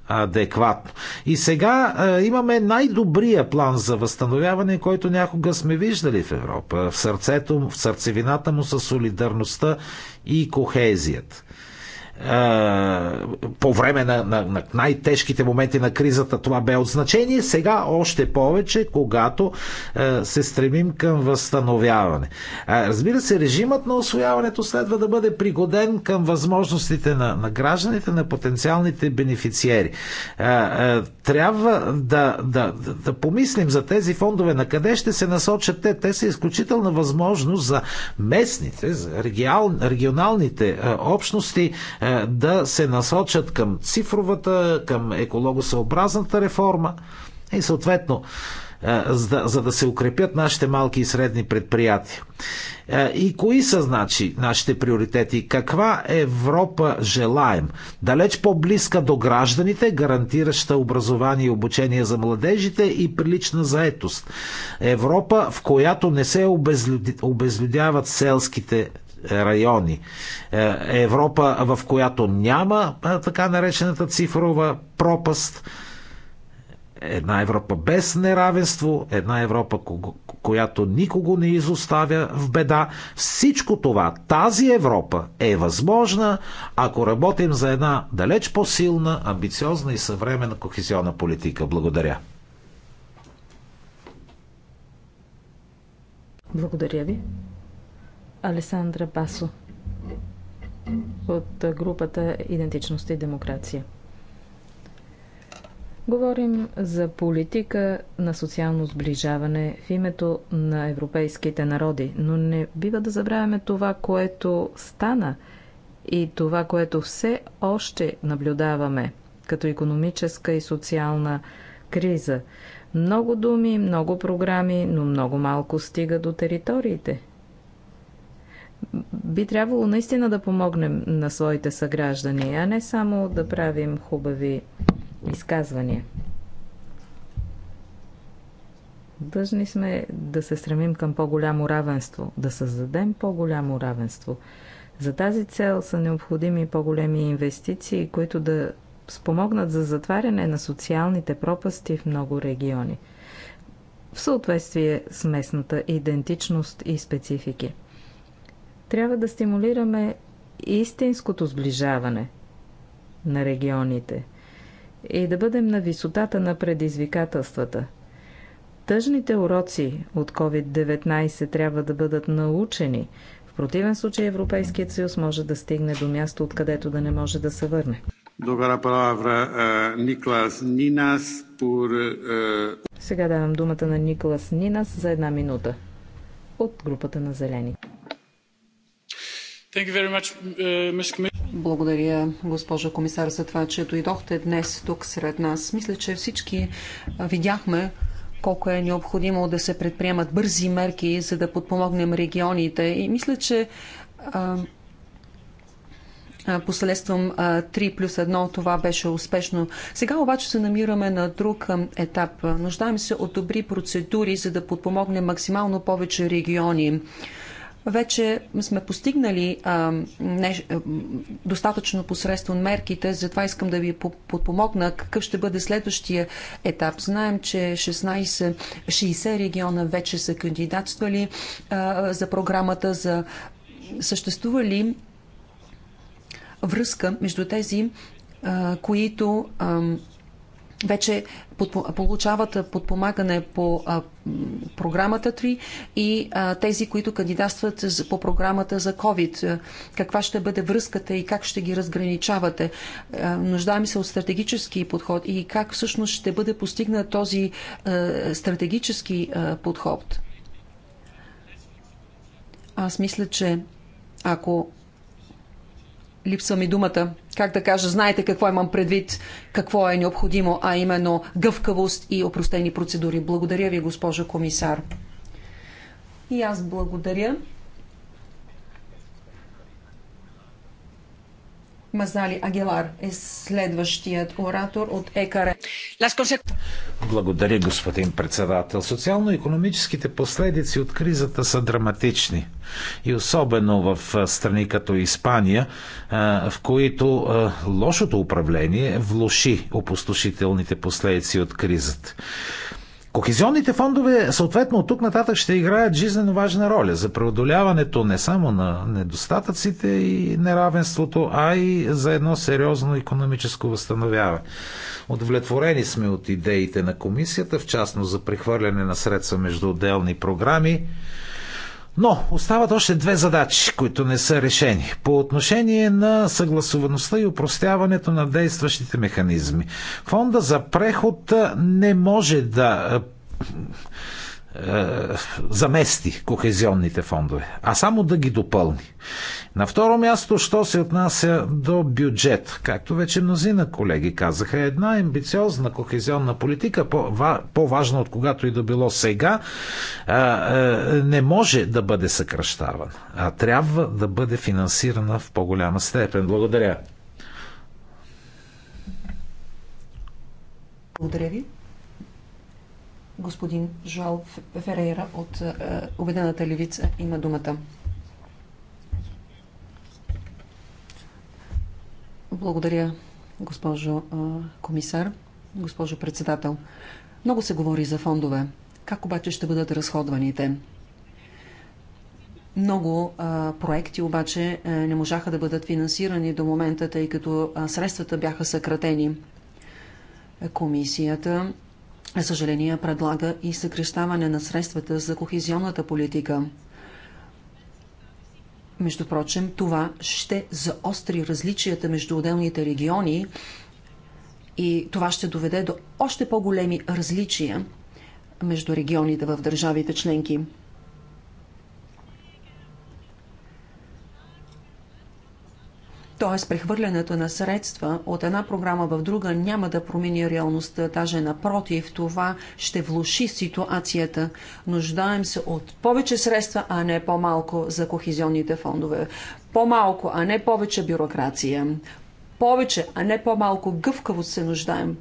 адекватно. И сега а, е, имаме най-добрия план за възстановяване, който някога сме виждали в Европа. В сърцето, в сърцевината му са солидарността и кохезията по време на, на, на най-тежките моменти на кризата това бе от значение. Сега още повече, когато е, се стремим към възстановяване. Е, разбира се, режимът на освояването следва да бъде пригоден към възможностите на, на гражданите, на потенциалните бенефициери. Е, е, трябва да, да, да, да помислим за тези фондове, на къде ще се насочат те. Те са изключителна възможност за местните, за регионалните е, общности е, да се насочат към цифровата, към екологосъобразната реформа и съответно е, за да се укрепят нашите малки и средни предприятия. Е, и кои са, значи, нашите приоритети? Каква Европа желаем? Далеч по-близка до гражданите, гарантираща образование и обучение за младежите и прилична заетост. Европа, в която не се обезлюдяват селските райони. Е, Европа, в която няма е, така наречената цифрова пропаст, една Европа без неравенство, една Европа, която никого не изоставя в беда. Всичко това, тази Европа е възможна, ако работим за една далеч по-силна, амбициозна и съвременна кохезионна политика. Благодаря. Благодаря ви. Алесандра Басо от групата Идентичност и демокрация. Говорим за политика на социално сближаване в името на европейските народи, но не бива да забравяме това, което стана и това, което все още наблюдаваме като економическа и социална криза. Много думи, много програми, но много малко стига до териториите би трябвало наистина да помогнем на своите съграждани, а не само да правим хубави изказвания. Дъжни сме да се стремим към по-голямо равенство, да създадем по-голямо равенство. За тази цел са необходими по-големи инвестиции, които да спомогнат за затваряне на социалните пропасти в много региони, в съответствие с местната идентичност и специфики. Трябва да стимулираме истинското сближаване на регионите и да бъдем на висотата на предизвикателствата. Тъжните уроци от COVID-19 трябва да бъдат научени. В противен случай Европейският съюз може да стигне до място, откъдето да не може да се върне. Добра е, Нинас е, Сега давам думата на Николас Нинас за една минута от групата на зелените. Uh, Благодаря, госпожо комисар, за това, че дойдохте днес тук сред нас. Мисля, че всички видяхме колко е необходимо да се предприемат бързи мерки, за да подпомогнем регионите. И мисля, че а, Последствам 3 плюс 1 това беше успешно. Сега обаче се намираме на друг етап. Нуждаем се от добри процедури, за да подпомогнем максимално повече региони вече сме постигнали а, не, а, достатъчно посредством мерките, затова искам да ви подпомогна какъв ще бъде следващия етап. Знаем, че 16, 60 региона вече са кандидатствали а, за програмата за съществува ли връзка между тези, а, които а, вече получават подпомагане по програмата 3 и тези, които кандидатстват по програмата за COVID. Каква ще бъде връзката и как ще ги разграничавате? Нуждаем се от стратегически подход и как всъщност ще бъде постигнат този стратегически подход? Аз мисля, че ако липсва ми думата, как да кажа, знаете какво имам предвид, какво е необходимо, а именно гъвкавост и опростени процедури. Благодаря ви, госпожо комисар. И аз благодаря. Мазали Агилар е следващият оратор от ЕКАРЕ. Благодаря, господин председател. Социално-економическите последици от кризата са драматични. И особено в страни като Испания, в които лошото управление влоши опустошителните последици от кризата. Кохезионните фондове, съответно, от тук нататък ще играят жизненно важна роля за преодоляването не само на недостатъците и неравенството, а и за едно сериозно економическо възстановяване. Удовлетворени сме от идеите на комисията, в частност за прехвърляне на средства между отделни програми но остават още две задачи, които не са решени. По отношение на съгласуваността и упростяването на действащите механизми. Фонда за преход не може да е, замести кохезионните фондове, а само да ги допълни. На второ място, що се отнася до бюджет. Както вече мнозина колеги казаха, една амбициозна кохезионна политика, по-важна от когато и да било сега, е, е, не може да бъде съкръщавана, а трябва да бъде финансирана в по-голяма степен. Благодаря. Благодаря ви. Господин Жоал Ферейра от е, Обедената левица има думата. Благодаря, госпожо е, комисар, госпожо председател. Много се говори за фондове. Как обаче ще бъдат разходваните? Много а, е, проекти обаче а, не можаха да бъдат финансирани до момента, тъй като а, средствата бяха съкратени. Комисията съжаление, предлага и съкрещаване на средствата за кохезионната политика. Между прочим, това ще заостри различията между отделните региони и това ще доведе до още по-големи различия между регионите в държавите членки. Тоест, прехвърлянето на средства от една програма в друга няма да промени реалността, даже напротив, това ще влуши ситуацията. Нуждаем се от повече средства, а не по-малко за кохизионните фондове. По-малко, а не повече бюрокрация. Повече, а не по-малко гъвкавост се нуждаем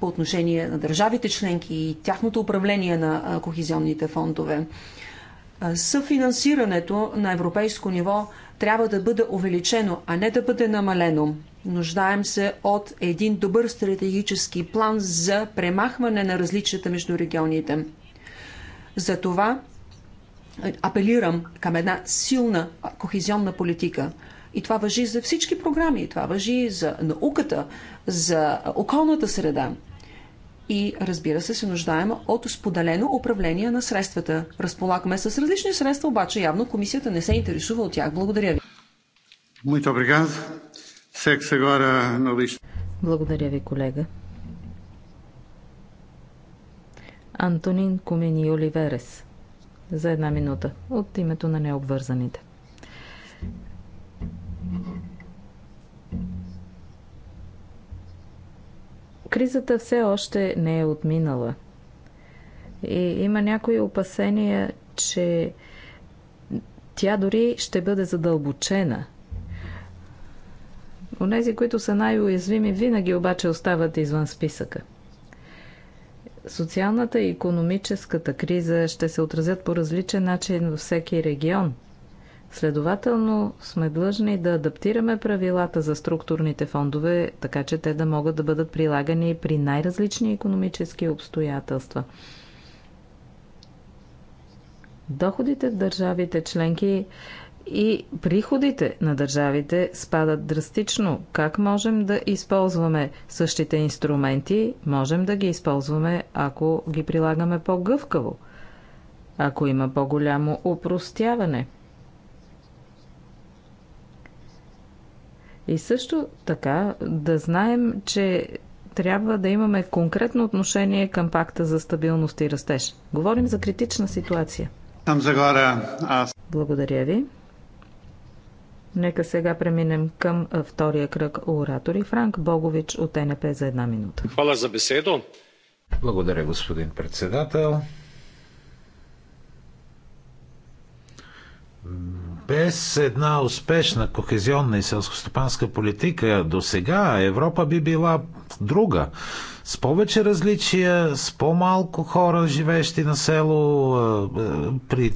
по отношение на държавите членки и тяхното управление на кохизионните фондове. Съфинансирането на европейско ниво – трябва да бъде увеличено, а не да бъде намалено. Нуждаем се от един добър стратегически план за премахване на различията между регионите. Затова е, апелирам към една силна кохезионна политика. И това въжи за всички програми. Това въжи за науката, за околната среда и разбира се, се нуждаем от споделено управление на средствата. Разполагаме с различни средства, обаче явно комисията не се интересува от тях. Благодаря ви. Благодаря ви, колега. Антонин Комини Оливерес за една минута от името на необвързаните. Кризата все още не е отминала. И има някои опасения, че тя дори ще бъде задълбочена. Онези, които са най-уязвими, винаги обаче остават извън списъка. Социалната и економическата криза ще се отразят по различен начин във всеки регион – Следователно сме длъжни да адаптираме правилата за структурните фондове, така че те да могат да бъдат прилагани при най-различни економически обстоятелства. Доходите в държавите членки и приходите на държавите спадат драстично. Как можем да използваме същите инструменти? Можем да ги използваме, ако ги прилагаме по-гъвкаво, ако има по-голямо упростяване – И също така да знаем, че трябва да имаме конкретно отношение към пакта за стабилност и растеж. Говорим за критична ситуация. Там загора аз. Благодаря ви. Нека сега преминем към втория кръг оратори. Франк Богович от НП за една минута. Хвала за беседо. Благодаря, господин председател. Без една успешна кохезионна и селскостопанска политика до сега Европа би била друга. С повече различия, с по-малко хора, живеещи на село, при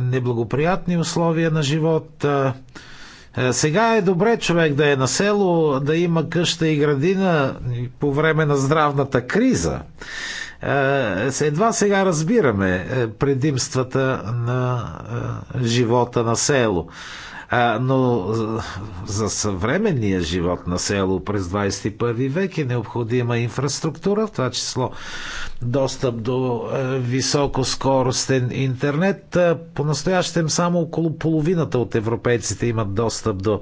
неблагоприятни условия на живот. Сега е добре човек да е на село, да има къща и градина по време на здравната криза. Е, едва сега разбираме е, предимствата на е, живота на село. Но за съвременния живот на село през 21 век е необходима инфраструктура, в това число достъп до високоскоростен интернет. По-настоящем само около половината от европейците имат достъп до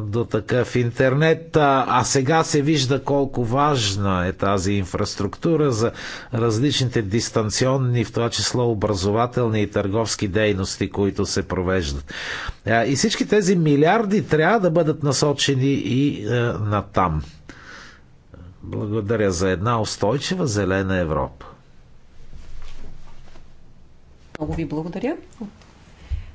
до такъв интернет. А сега се вижда колко важна е тази инфраструктура за различните дистанционни, в това число образователни и търговски дейности, които се провеждат. И всички тези милиарди трябва да бъдат насочени и на там. Благодаря за една устойчива зелена Европа. Много ви благодаря. От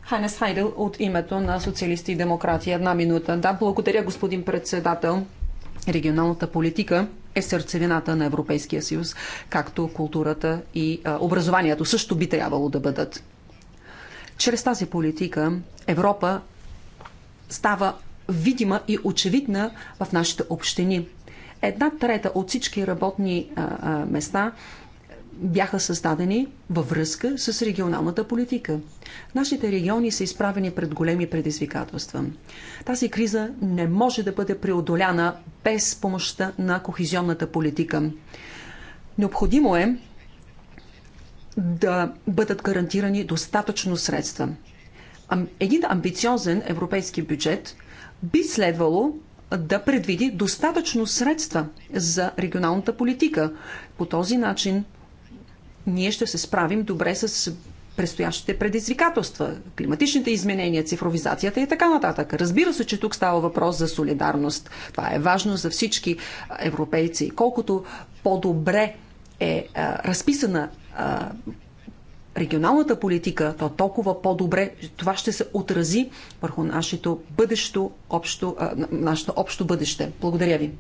Ханес Хайдел от името на социалисти и демократи. Една минута. Да, благодаря, господин председател. Регионалната политика е сърцевината на Европейския съюз, както културата и а, образованието също би трябвало да бъдат. Чрез тази политика Европа става видима и очевидна в нашите общини. Една трета от всички работни а, а, места бяха създадени във връзка с регионалната политика. Нашите региони са изправени пред големи предизвикателства. Тази криза не може да бъде преодоляна без помощта на кохезионната политика. Необходимо е да бъдат гарантирани достатъчно средства. Един амбициозен европейски бюджет би следвало да предвиди достатъчно средства за регионалната политика. По този начин ние ще се справим добре с предстоящите предизвикателства, климатичните изменения, цифровизацията и така нататък. Разбира се, че тук става въпрос за солидарност. Това е важно за всички европейци. Колкото по-добре е а, разписана а, регионалната политика, то толкова по-добре това ще се отрази върху нашето бъдещо, общо, а, нашето общо бъдеще. Благодаря ви.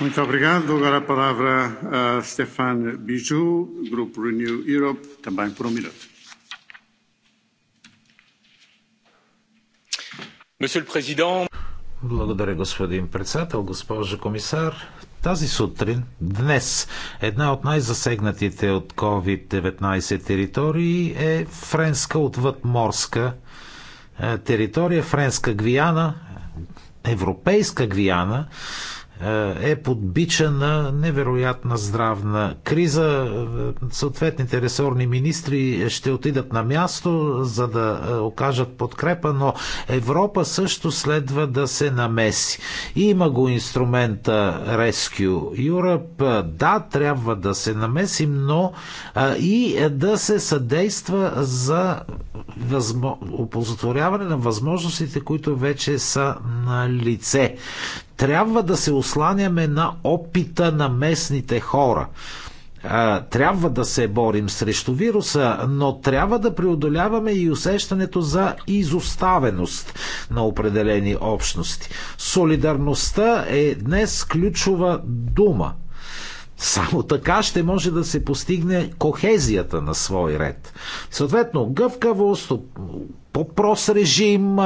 Благодаря, господин председател, госпожо комисар. Тази сутрин, днес, една от най-засегнатите от COVID-19 територии е френска отвъдморска е, територия, френска Гвиана, европейска Гвиана, е подбичана невероятна здравна криза. Съответните ресорни министри ще отидат на място, за да е, окажат подкрепа, но Европа също следва да се намеси. Има го инструмента Rescue Europe. Да, трябва да се намесим, но е, и да се съдейства за възмо... оползотворяване на възможностите, които вече са на лице. Трябва да се осланяме на опита на местните хора трябва да се борим срещу вируса, но трябва да преодоляваме и усещането за изоставеност на определени общности. Солидарността е днес ключова дума. Само така ще може да се постигне кохезията на свой ред. Съответно, гъвкавост, по-прост режим,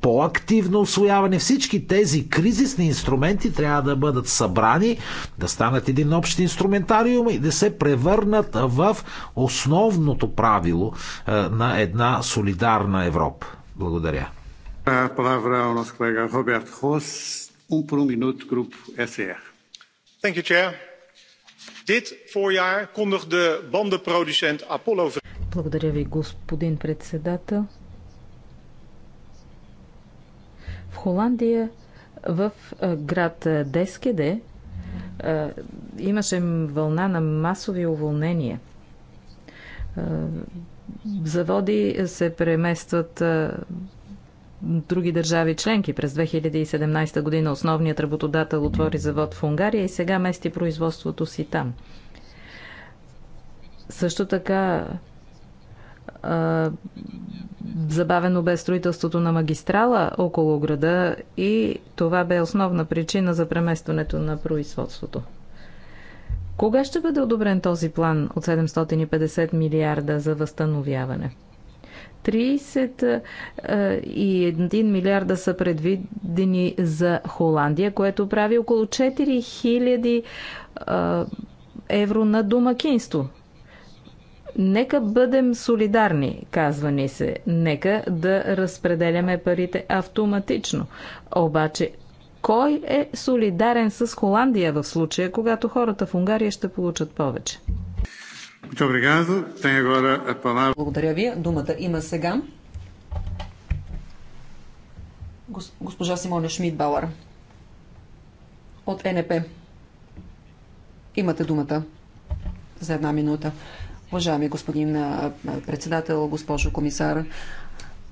по-активно освояване. Всички тези кризисни инструменти трябва да бъдат събрани, да станат един общ инструментариум и да се превърнат в основното правило е, на една солидарна Европа. Благодаря. Thank you, Chair. Dit voorjaar kondigde bandenproducent Apollo. Благодаря ви, господин председател. Холандия в град Дескеде имаше вълна на масови уволнения. Заводи се преместват други държави членки. През 2017 година основният работодател отвори завод в Унгария и сега мести производството си там. Също така Забавено бе строителството на магистрала около града и това бе основна причина за преместването на производството. Кога ще бъде одобрен този план от 750 милиарда за възстановяване? 31 милиарда са предвидени за Холандия, което прави около 4000 евро на домакинство. Нека бъдем солидарни, казва ни се. Нека да разпределяме парите автоматично. Обаче, кой е солидарен с Холандия в случая, когато хората в Унгария ще получат повече? Благодаря ви. Думата има сега госпожа Симоне Шмидбауър от НП. Имате думата за една минута. Уважаеми господин председател, госпожо комисар,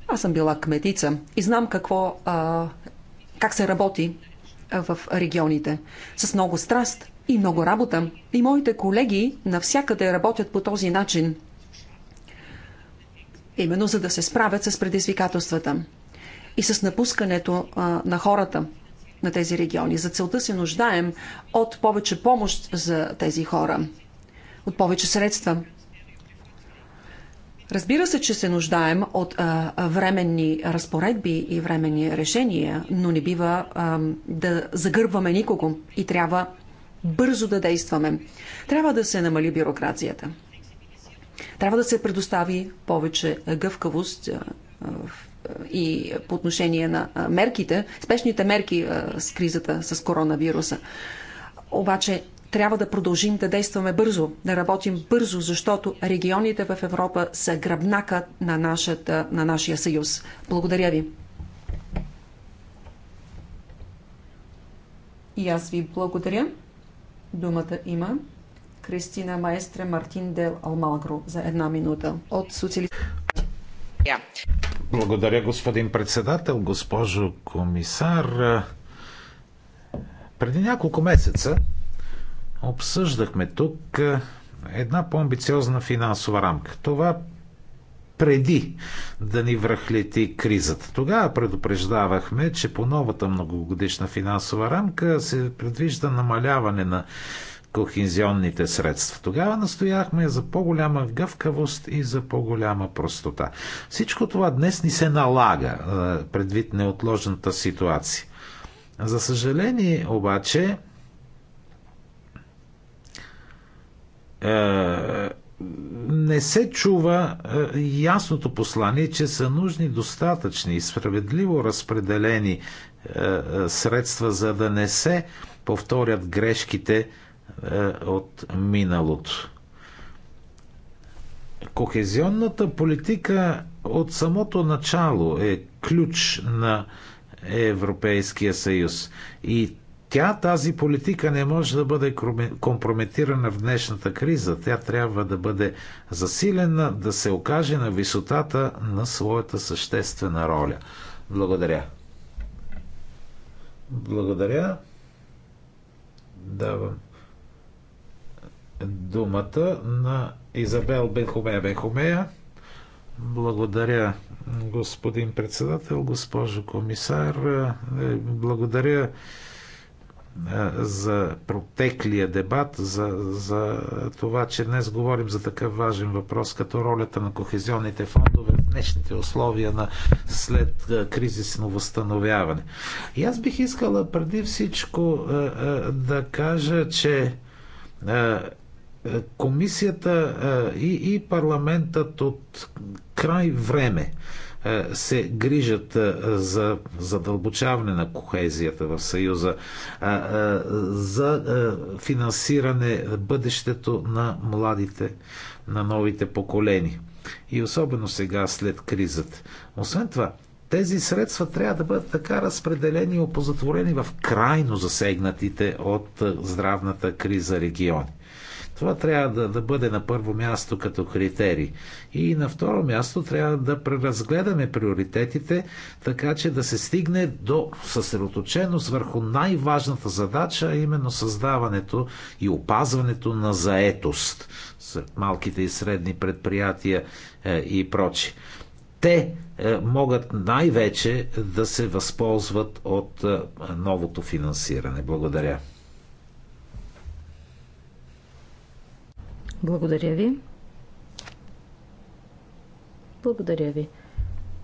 аз съм била кметица и знам какво, а, как се работи в регионите. С много страст и много работа. И моите колеги навсякъде работят по този начин. Именно за да се справят с предизвикателствата и с напускането а, на хората на тези региони. За целта се нуждаем от повече помощ за тези хора, от повече средства. Разбира се, че се нуждаем от а, временни разпоредби и временни решения, но не бива а, да загърбваме никого и трябва бързо да действаме. Трябва да се намали бюрокрацията. Трябва да се предостави повече гъвкавост и по отношение на мерките, спешните мерки с кризата с коронавируса. Обаче трябва да продължим да действаме бързо, да работим бързо, защото регионите в Европа са гръбнака на, нашата, на нашия съюз. Благодаря ви. И аз ви благодаря. Думата има Кристина Маестре Мартин Дел Алмагро за една минута от социалист. Благодаря, господин председател, госпожо комисар. Преди няколко месеца обсъждахме тук е, една по-амбициозна финансова рамка. Това преди да ни връхлети кризата. Тогава предупреждавахме, че по новата многогодишна финансова рамка се предвижда намаляване на кохинзионните средства. Тогава настояхме за по-голяма гъвкавост и за по-голяма простота. Всичко това днес ни се налага е, предвид неотложната ситуация. За съжаление обаче, Е, не се чува е, ясното послание, че са нужни достатъчни и справедливо разпределени е, средства, за да не се повторят грешките от миналото. Кохезионната политика от самото начало е ключ на Европейския съюз и тя, тази политика, не може да бъде компрометирана в днешната криза. Тя трябва да бъде засилена, да се окаже на висотата на своята съществена роля. Благодаря. Благодаря. Давам думата на Изабел Бенхомея Бенхомея. Благодаря, господин председател, госпожо комисар. Благодаря е, за протеклия дебат, за, за това, че днес говорим за такъв важен въпрос, като ролята на кохезионните фондове в днешните условия на след е, кризисно възстановяване. И аз бих искала преди всичко е, да кажа, че комисията и парламентът от край време е, се грижат е, за задълбочаване на кохезията в Съюза, е, за финансиране бъдещето на младите, на новите поколения. И особено сега след кризата. Освен това, тези средства трябва да бъдат така разпределени и опозатворени в крайно засегнатите от здравната криза региони. Това трябва да, да бъде на първо място като критерий. И на второ място трябва да преразгледаме приоритетите, така че да се стигне до съсредоточеност върху най-важната задача, а именно създаването и опазването на заетост с малките и средни предприятия е, и прочи. Те е, могат най-вече да се възползват от е, новото финансиране. Благодаря. Благодаря ви. Благодаря ви.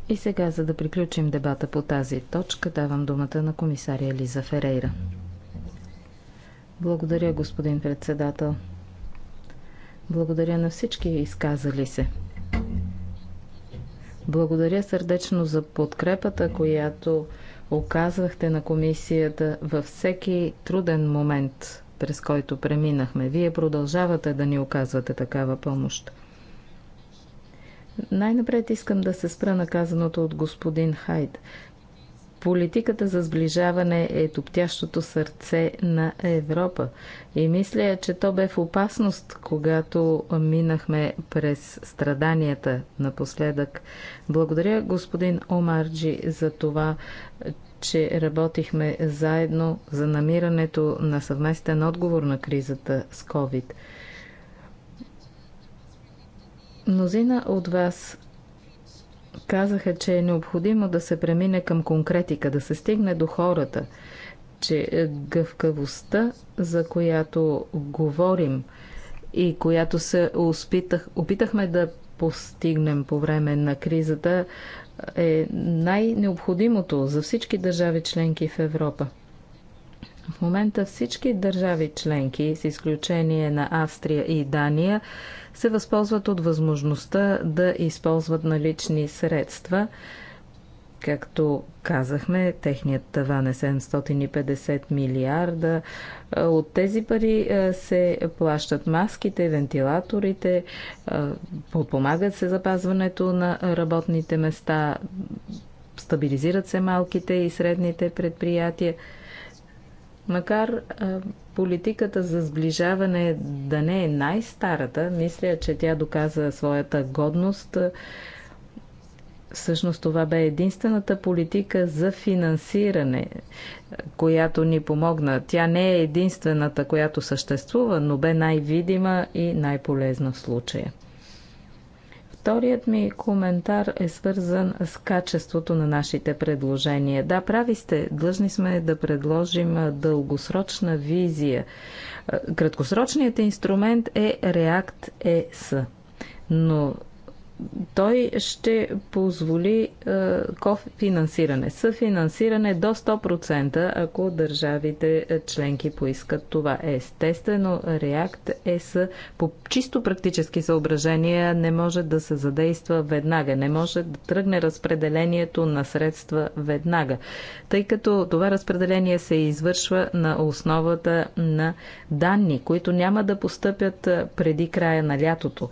И сега, за да приключим дебата по тази точка, давам думата на комисария Лиза Ферейра. Благодаря, господин председател. Благодаря на всички изказали се. Благодаря сърдечно за подкрепата, която оказвахте на комисията във всеки труден момент през който преминахме. Вие продължавате да ни оказвате такава помощ. Най-напред искам да се спра на казаното от господин Хайд. Политиката за сближаване е топтящото сърце на Европа. И мисля, че то бе в опасност, когато минахме през страданията напоследък. Благодаря господин Омарджи за това, че работихме заедно за намирането на съвместен отговор на кризата с COVID. Мнозина от вас казаха, че е необходимо да се премине към конкретика, да се стигне до хората, че гъвкавостта, за която говорим и която се успитах, опитахме да постигнем по време на кризата, е най-необходимото за всички държави членки в Европа. В момента всички държави членки, с изключение на Австрия и Дания, се възползват от възможността да използват налични средства Както казахме, техният таван е 750 милиарда. От тези пари се плащат маските, вентилаторите, подпомагат се запазването на работните места, стабилизират се малките и средните предприятия. Макар политиката за сближаване да не е най-старата, мисля, че тя доказа своята годност Всъщност това бе единствената политика за финансиране, която ни помогна. Тя не е единствената, която съществува, но бе най-видима и най-полезна в случая. Вторият ми коментар е свързан с качеството на нашите предложения. Да, прави сте. Длъжни сме да предложим дългосрочна визия. Краткосрочният инструмент е React ES. Но той ще позволи е, кофинансиране, съфинансиране до 100%, ако държавите е, членки поискат това. Естествено, React ЕС по чисто практически съображения не може да се задейства веднага, не може да тръгне разпределението на средства веднага, тъй като това разпределение се извършва на основата на данни, които няма да постъпят е, преди края на лятото.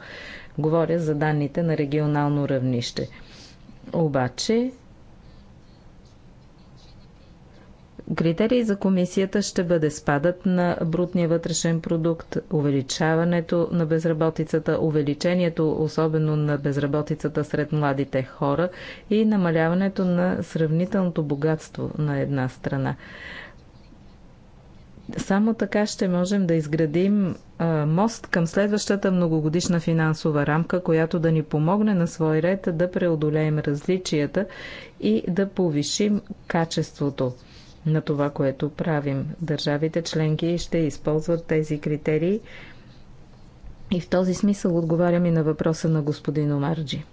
Говоря за данните на регионално равнище. Обаче, Критерии за комисията ще бъде спадът на брутния вътрешен продукт, увеличаването на безработицата, увеличението особено на безработицата сред младите хора и намаляването на сравнителното богатство на една страна. Само така ще можем да изградим мост към следващата многогодишна финансова рамка, която да ни помогне на свой ред да преодолеем различията и да повишим качеството на това, което правим. Държавите членки ще използват тези критерии. И в този смисъл отговарям и на въпроса на господин Омарджи.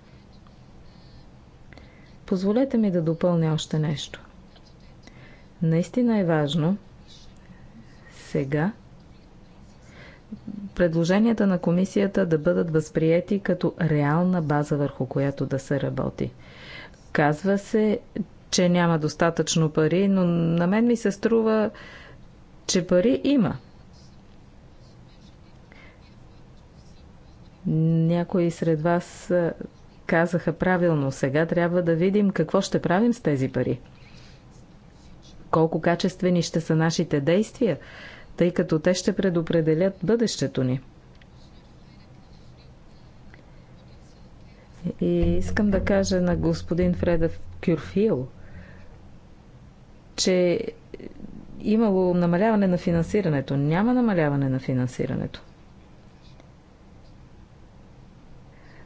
Позволете ми да допълня още нещо. Наистина е важно – сега предложенията на комисията да бъдат възприяти като реална база върху която да се работи. Казва се, че няма достатъчно пари, но на мен ми се струва, че пари има. Някои сред вас казаха правилно, сега трябва да видим какво ще правим с тези пари. Колко качествени ще са нашите действия, тъй като те ще предопределят бъдещето ни. И искам да кажа на господин Фреда Кюрфил, че имало намаляване на финансирането. Няма намаляване на финансирането.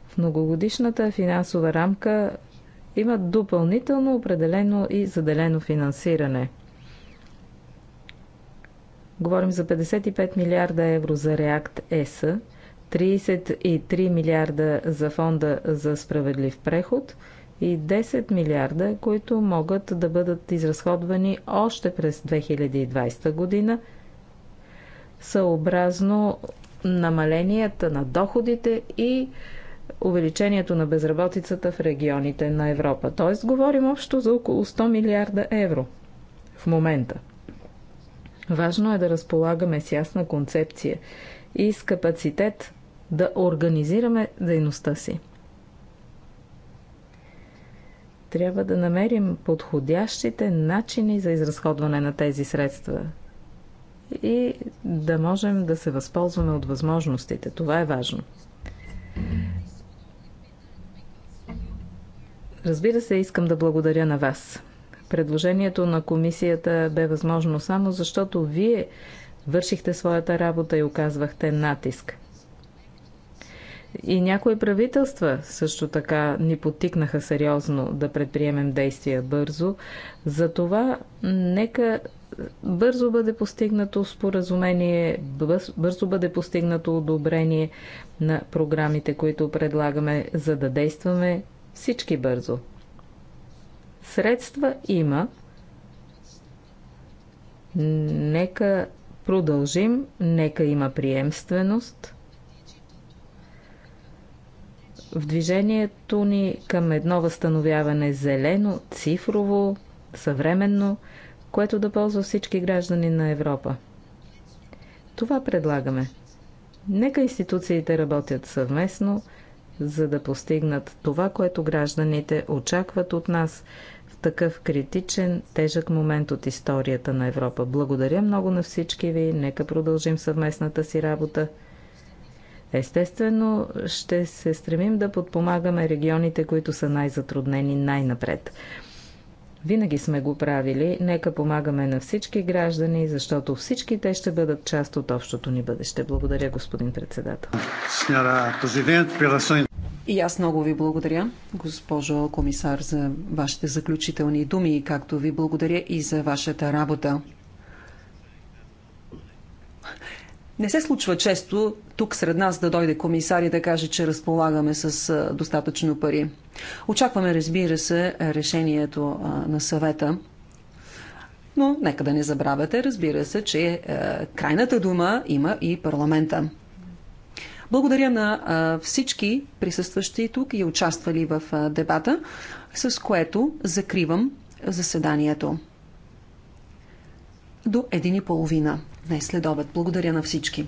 В многогодишната финансова рамка има допълнително определено и заделено финансиране – Говорим за 55 милиарда евро за Реакт ЕС, 33 милиарда за фонда за справедлив преход и 10 милиарда, които могат да бъдат изразходвани още през 2020 година, съобразно намаленията на доходите и увеличението на безработицата в регионите на Европа. Тоест, говорим общо за около 100 милиарда евро в момента. Важно е да разполагаме с ясна концепция и с капацитет да организираме дейността си. Трябва да намерим подходящите начини за изразходване на тези средства и да можем да се възползваме от възможностите. Това е важно. Разбира се, искам да благодаря на вас. Предложението на комисията бе възможно само защото вие вършихте своята работа и оказвахте натиск. И някои правителства също така ни потикнаха сериозно да предприемем действия бързо. Затова нека бързо бъде постигнато споразумение, бързо бъде постигнато одобрение на програмите, които предлагаме, за да действаме всички бързо. Средства има. Нека продължим, нека има приемственост. В движението ни към едно възстановяване зелено, цифрово, съвременно, което да ползва всички граждани на Европа. Това предлагаме. Нека институциите работят съвместно, за да постигнат това, което гражданите очакват от нас такъв критичен, тежък момент от историята на Европа. Благодаря много на всички ви. Нека продължим съвместната си работа. Естествено, ще се стремим да подпомагаме регионите, които са най-затруднени най-напред. Винаги сме го правили. Нека помагаме на всички граждани, защото всички те ще бъдат част от общото ни бъдеще. Благодаря, господин председател. И аз много ви благодаря, госпожо комисар, за вашите заключителни думи, както ви благодаря и за вашата работа. Не се случва често тук сред нас да дойде комисар и да каже, че разполагаме с достатъчно пари. Очакваме, разбира се, решението на съвета. Но нека да не забравяте, разбира се, че е, крайната дума има и парламента. Благодаря на всички присъстващи тук и участвали в дебата, с което закривам заседанието до половина днес следобед. Благодаря на всички.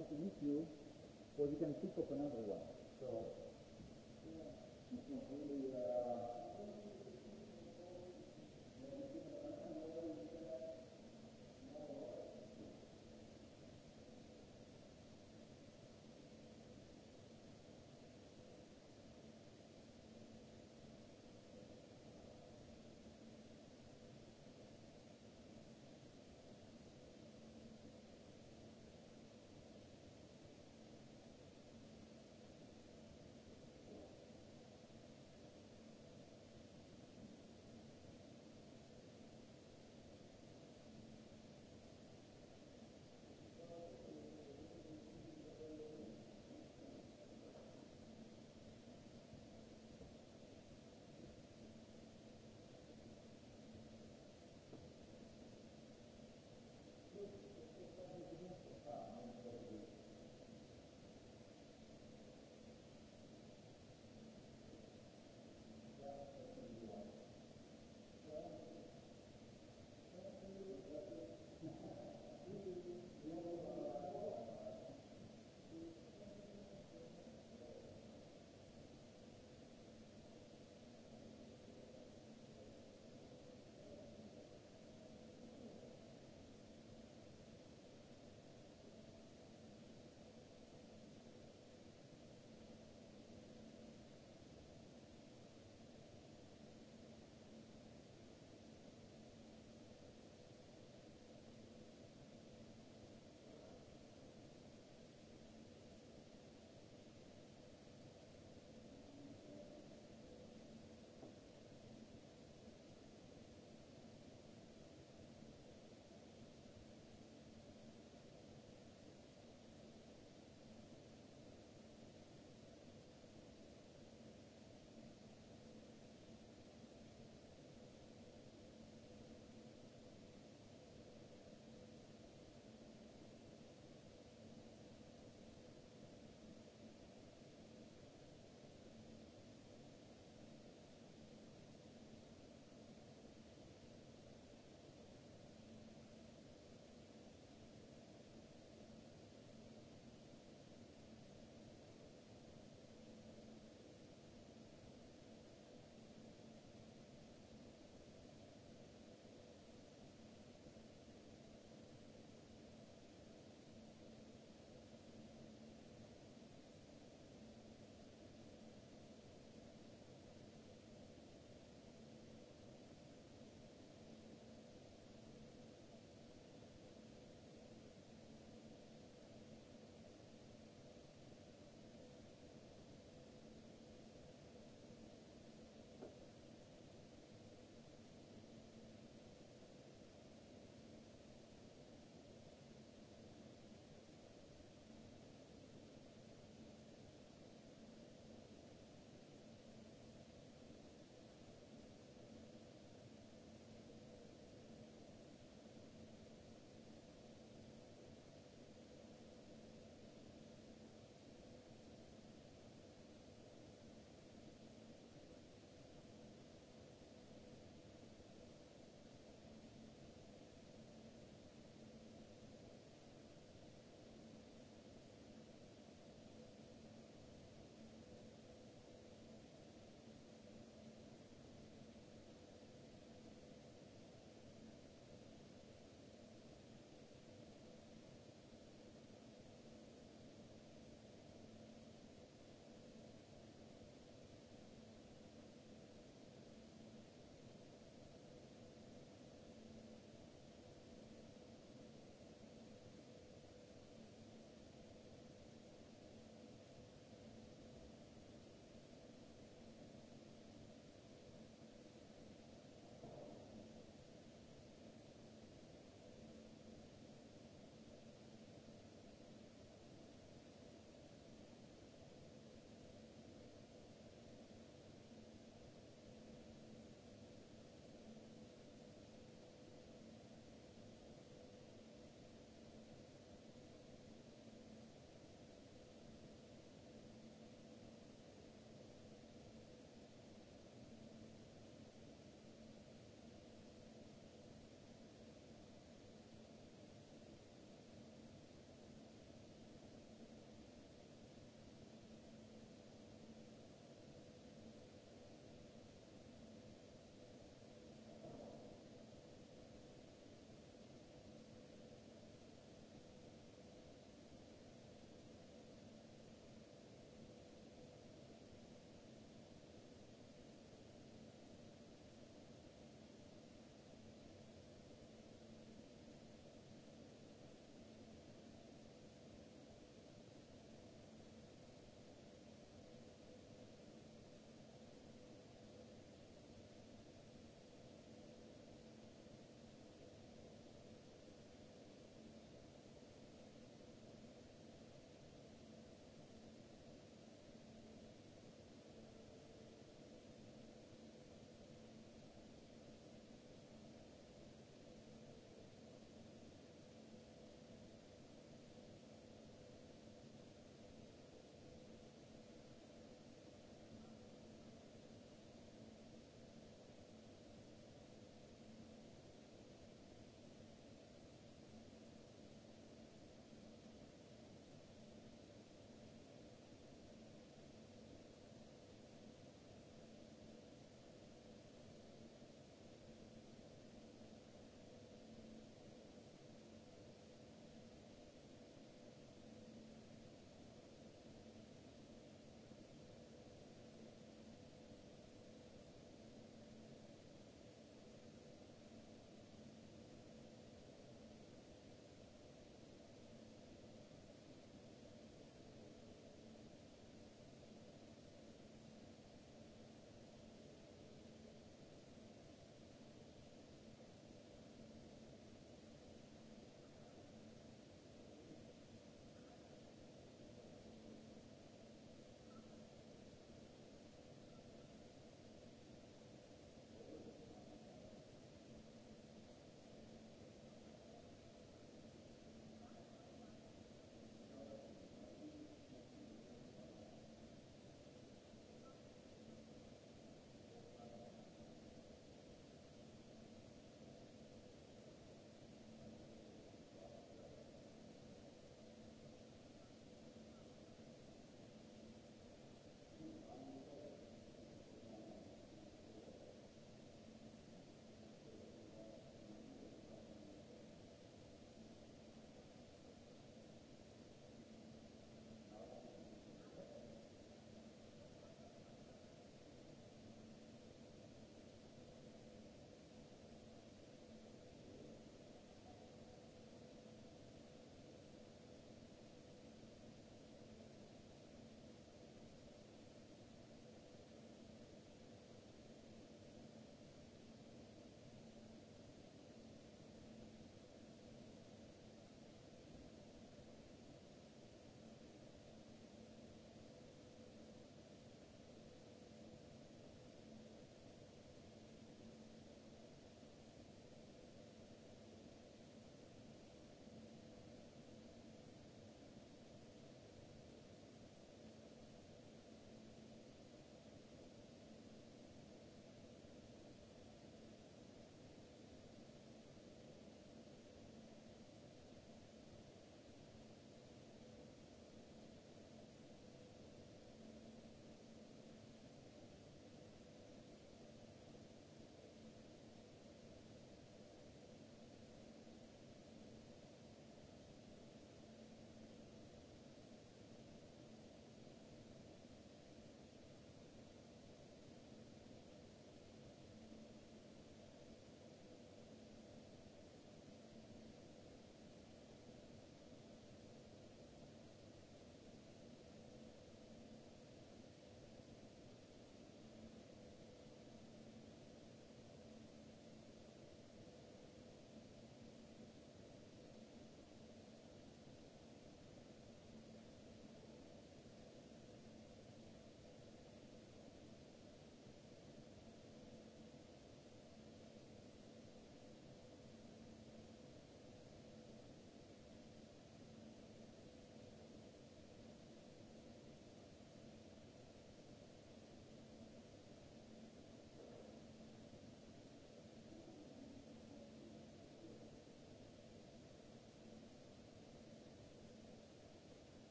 has an issue where you can pick up another one. So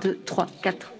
deux, trois, quatre.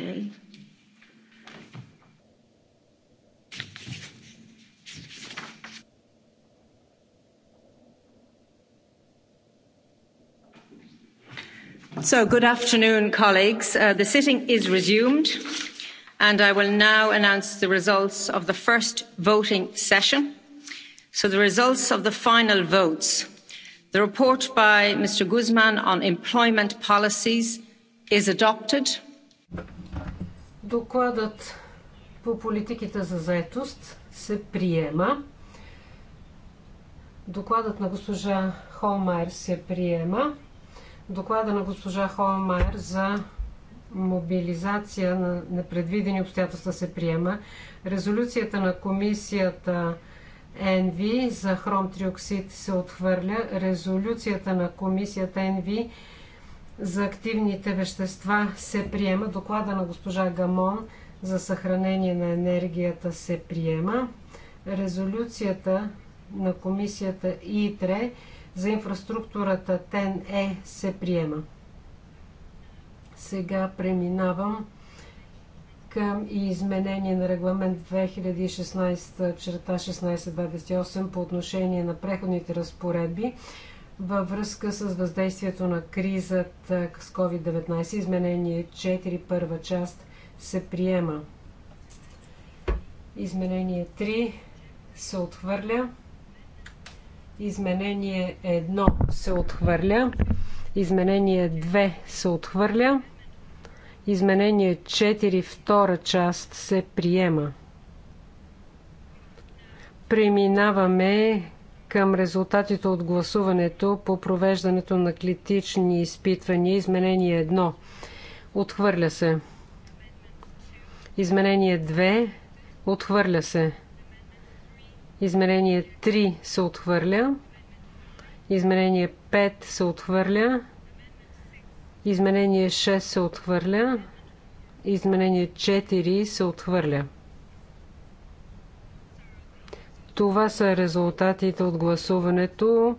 okay. So, good afternoon, colleagues. Uh, the sitting is resumed, and I will now announce the results of the first voting session. So, the results of the final votes. The report by Mr. Guzman on employment policies is adopted. Докладът по политиките за заетост се приема. Докладът на госпожа Холмайер се приема. Доклада на госпожа Холмайер за мобилизация на непредвидени обстоятелства се приема. Резолюцията на комисията НВ за хром триоксид се отхвърля. Резолюцията на комисията НВ за активните вещества се приема. Доклада на госпожа Гамон за съхранение на енергията се приема. Резолюцията на комисията ИТРЕ за инфраструктурата ТЕН-Е се приема. Сега преминавам към изменение на регламент 2016 черта 1628 по отношение на преходните разпоредби във връзка с въздействието на кризата с COVID-19. Изменение 4, първа част се приема. Изменение 3 се отхвърля. Изменение 1 се отхвърля. Изменение 2 се отхвърля. Изменение 4, втора част се приема. Преминаваме към резултатите от гласуването по провеждането на клетични изпитвания. Изменение 1. Отхвърля се. Изменение 2. Отхвърля се. Изменение 3 се отхвърля. Изменение 5 се отхвърля. Изменение 6 се отхвърля. Изменение 4 се отхвърля. Това са резултатите от гласуването.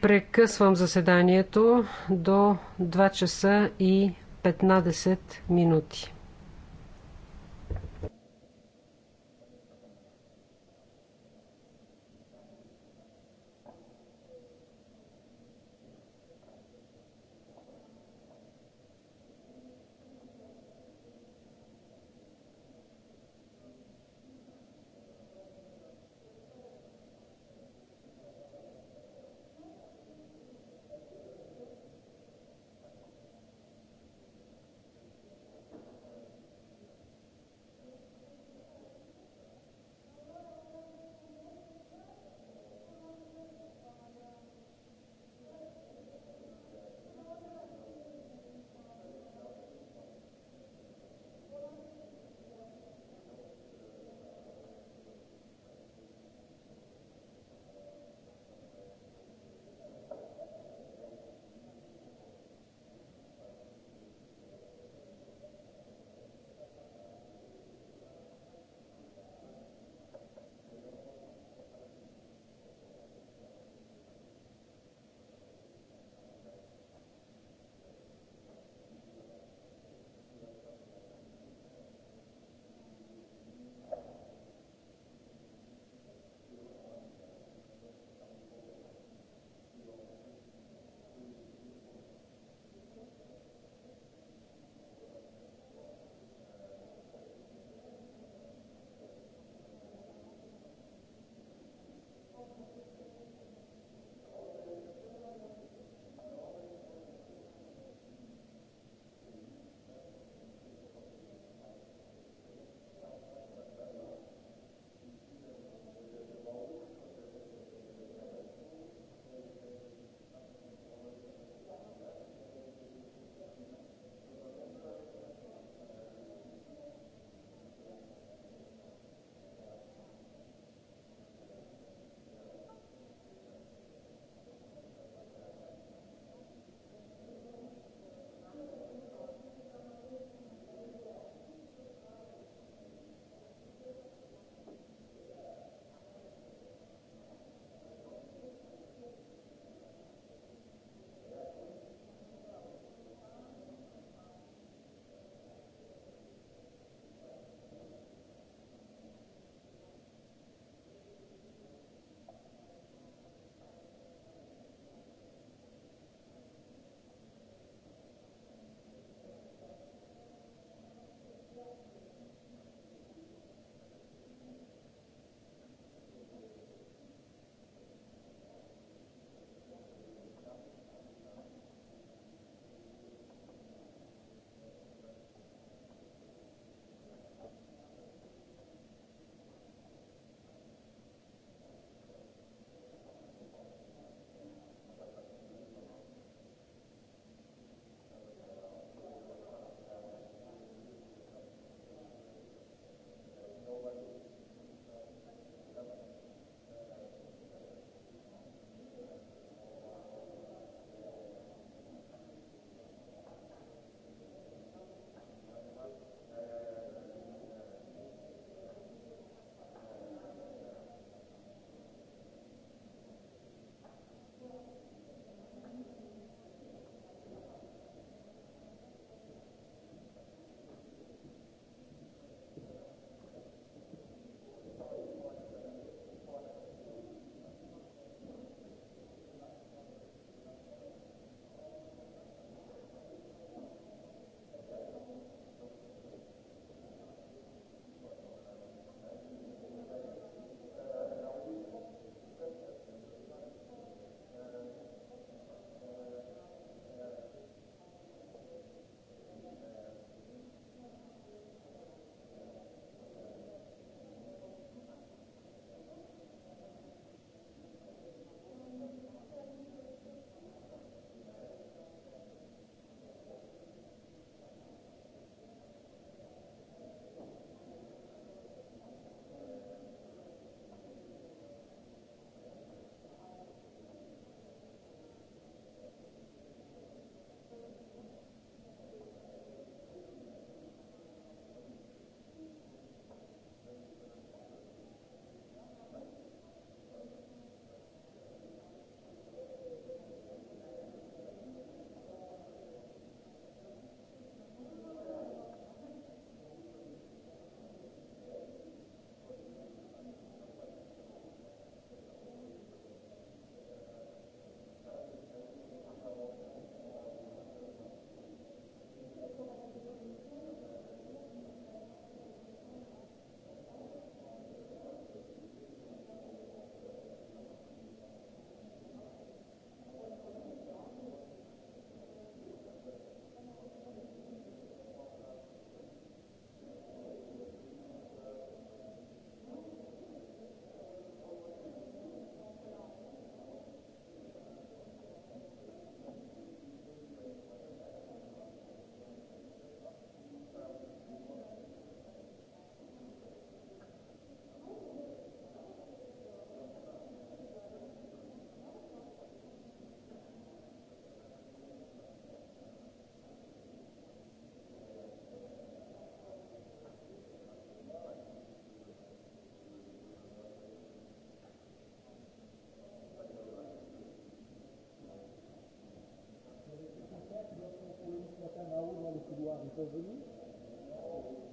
Прекъсвам заседанието до 2 часа и 15 минути.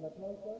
Maintenant, quoi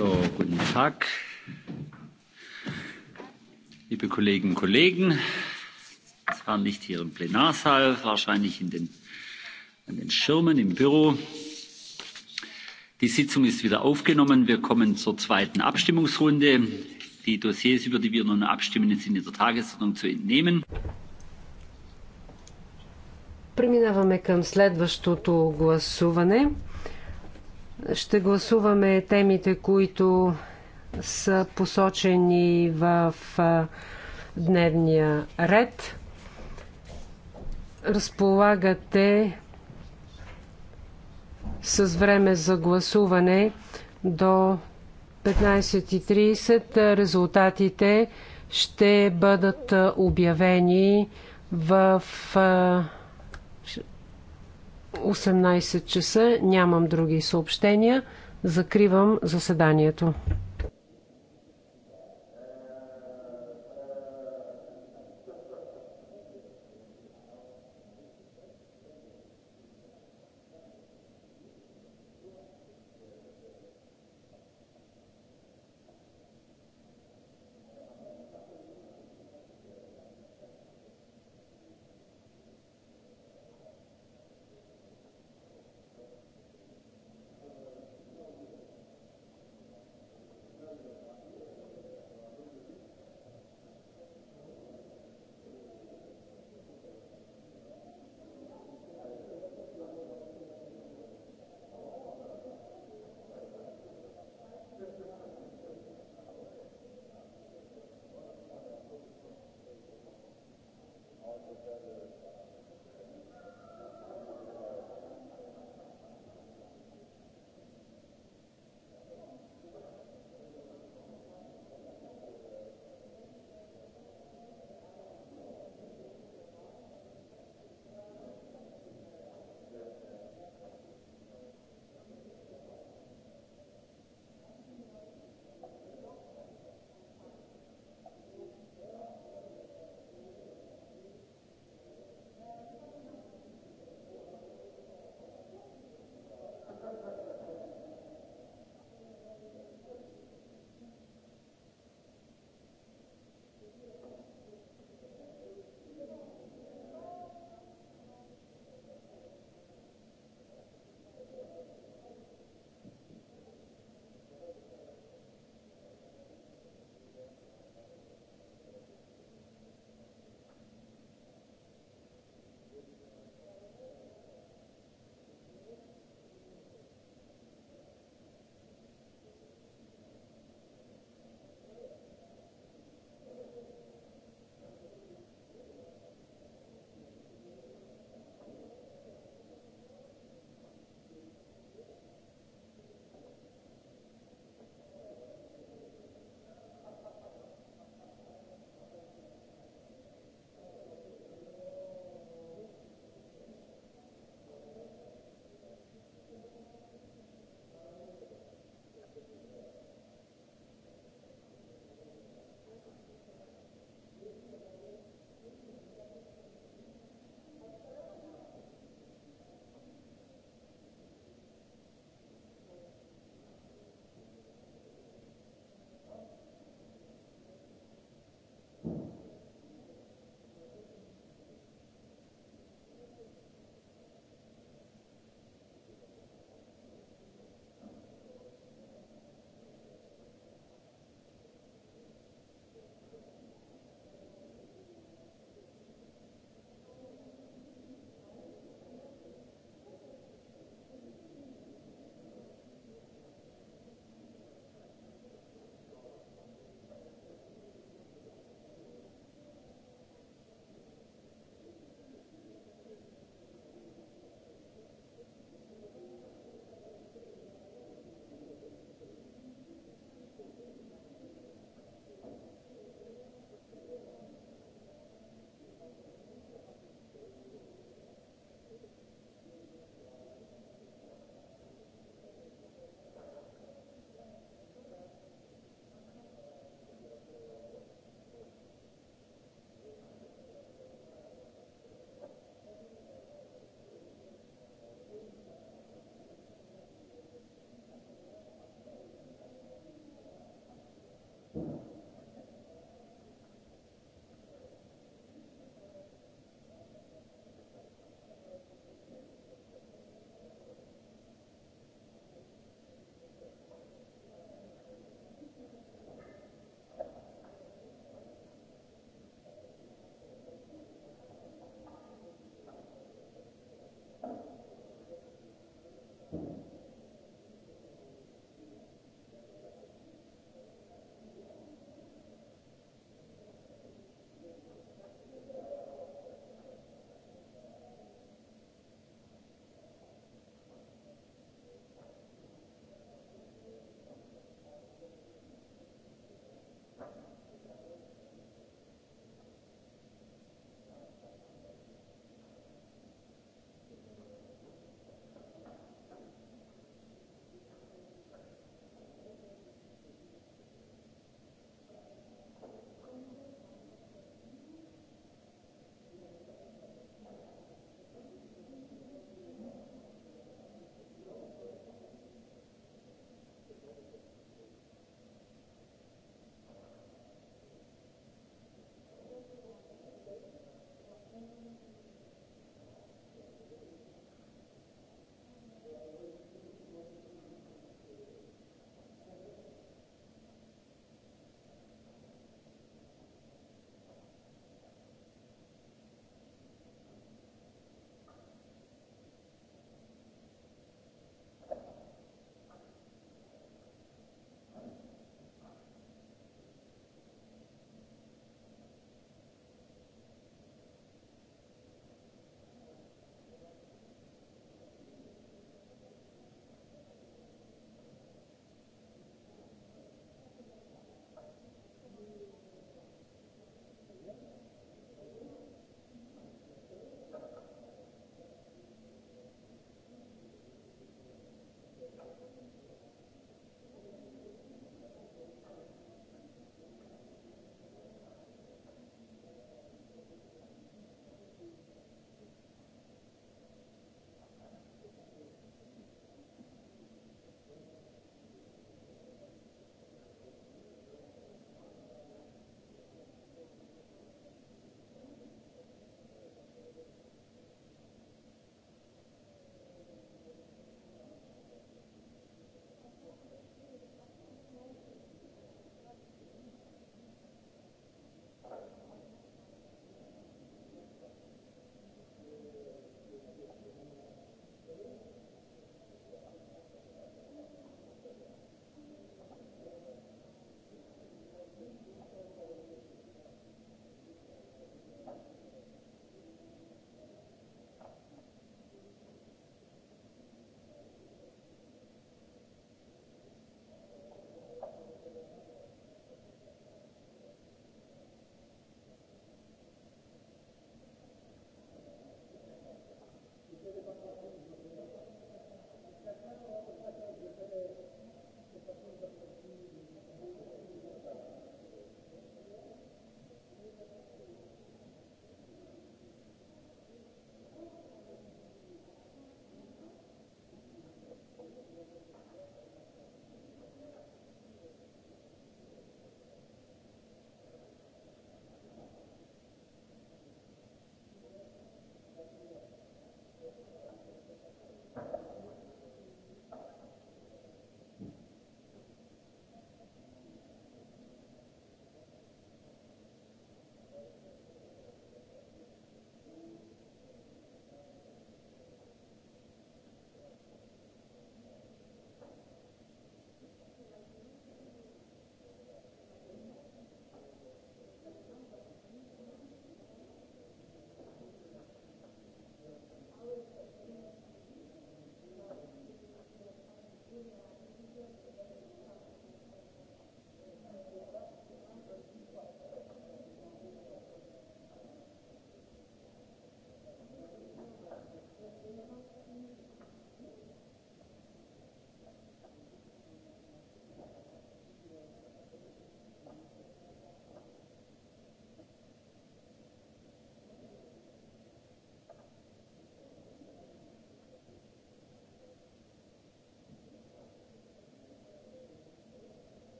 So, guten Tag, liebe Kolleginnen und Kollegen. Zwar nicht hier im Plenarsaal, wahrscheinlich in den, an den Schirmen im Büro. Die Sitzung ist wieder aufgenommen. Wir kommen zur zweiten Abstimmungsrunde. Die Dossiers, über die wir nun abstimmen, sind in der Tagesordnung zu entnehmen. Преминаваме към следващото гласуване. Ще гласуваме темите, които са посочени в дневния ред. Разполагате с време за гласуване до 15.30. Резултатите ще бъдат обявени в 18 часа. Нямам други съобщения. Закривам заседанието.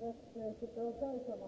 в е, световта и сама.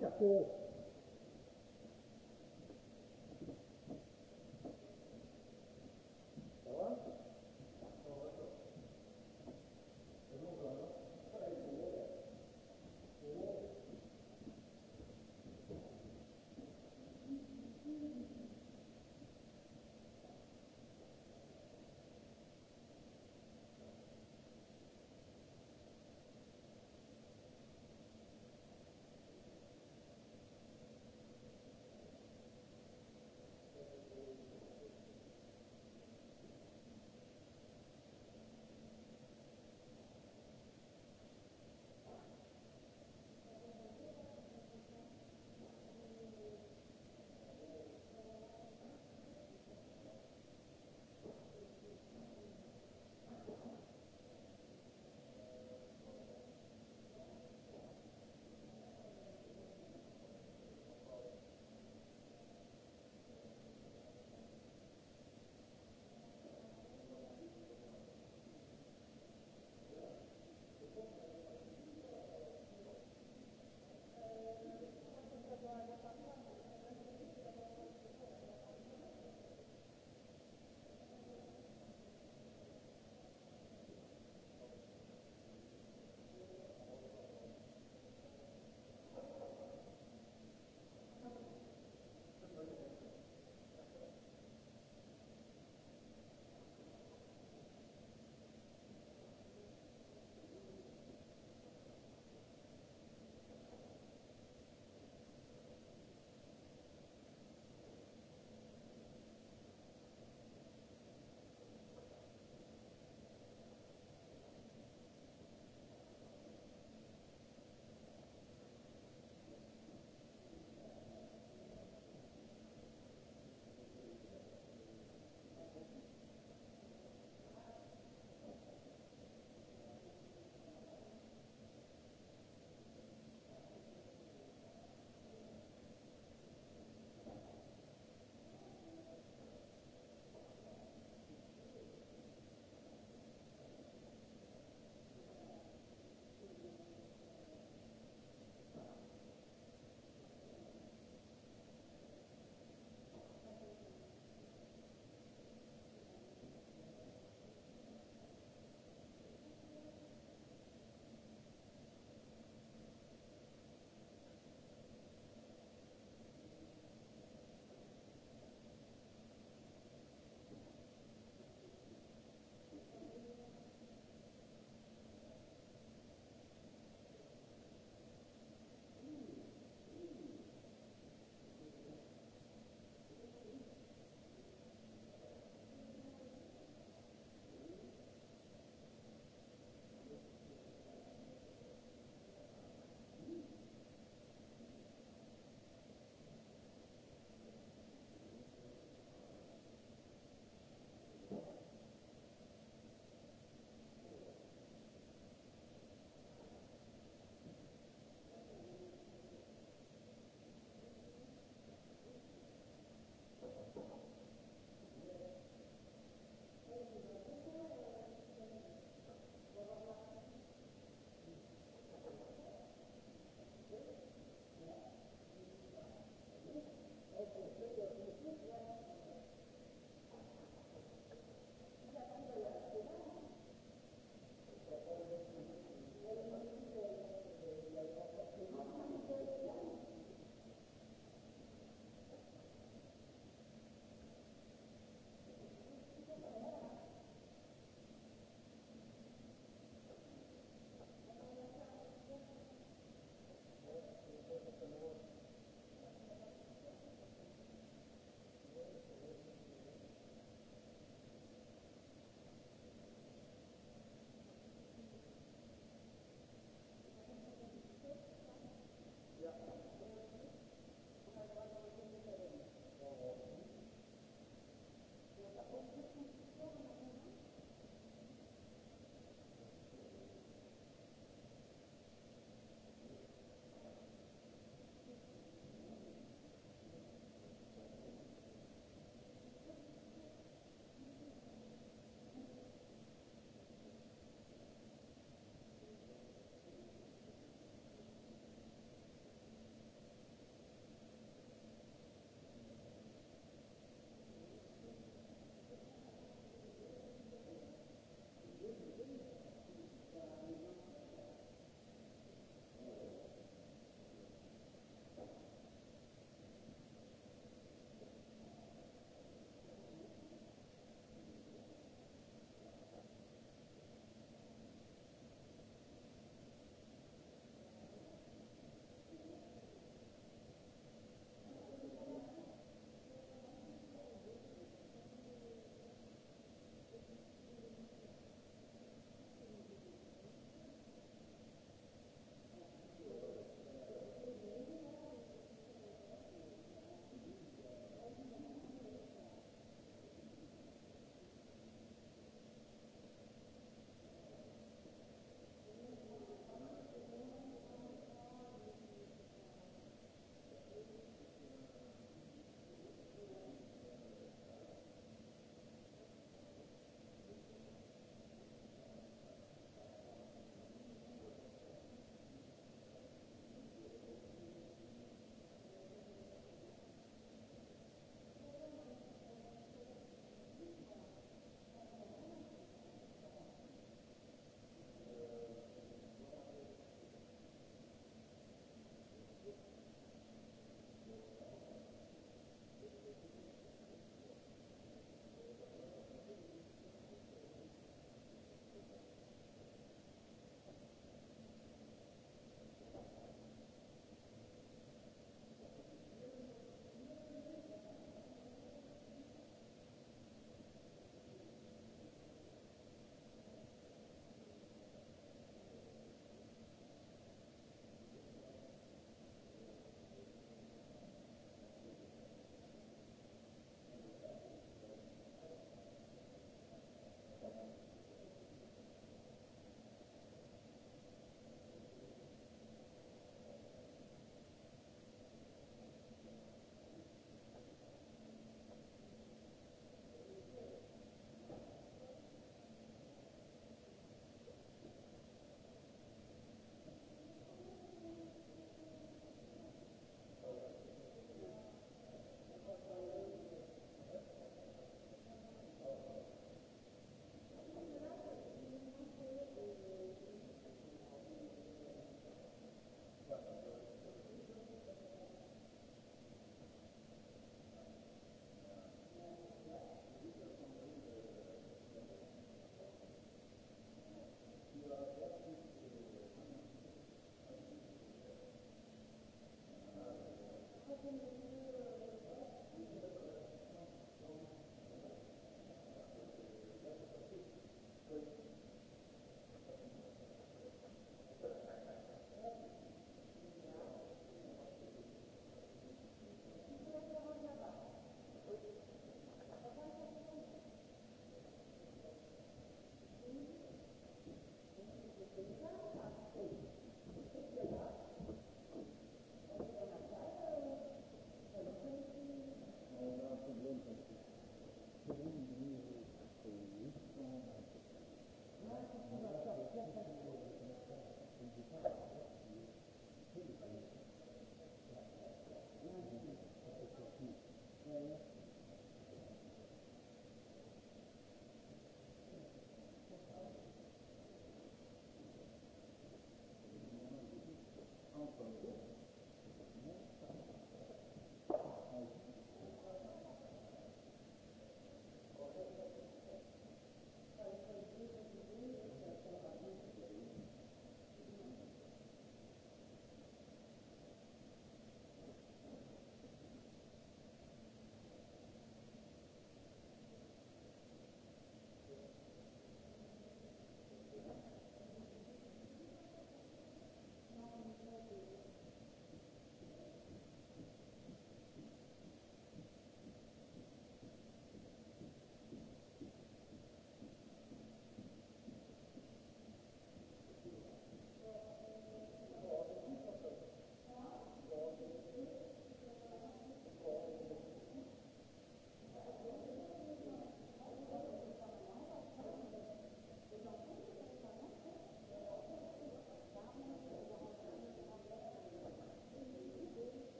何かこう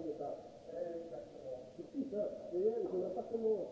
società. ne però, pas comment una parte nuova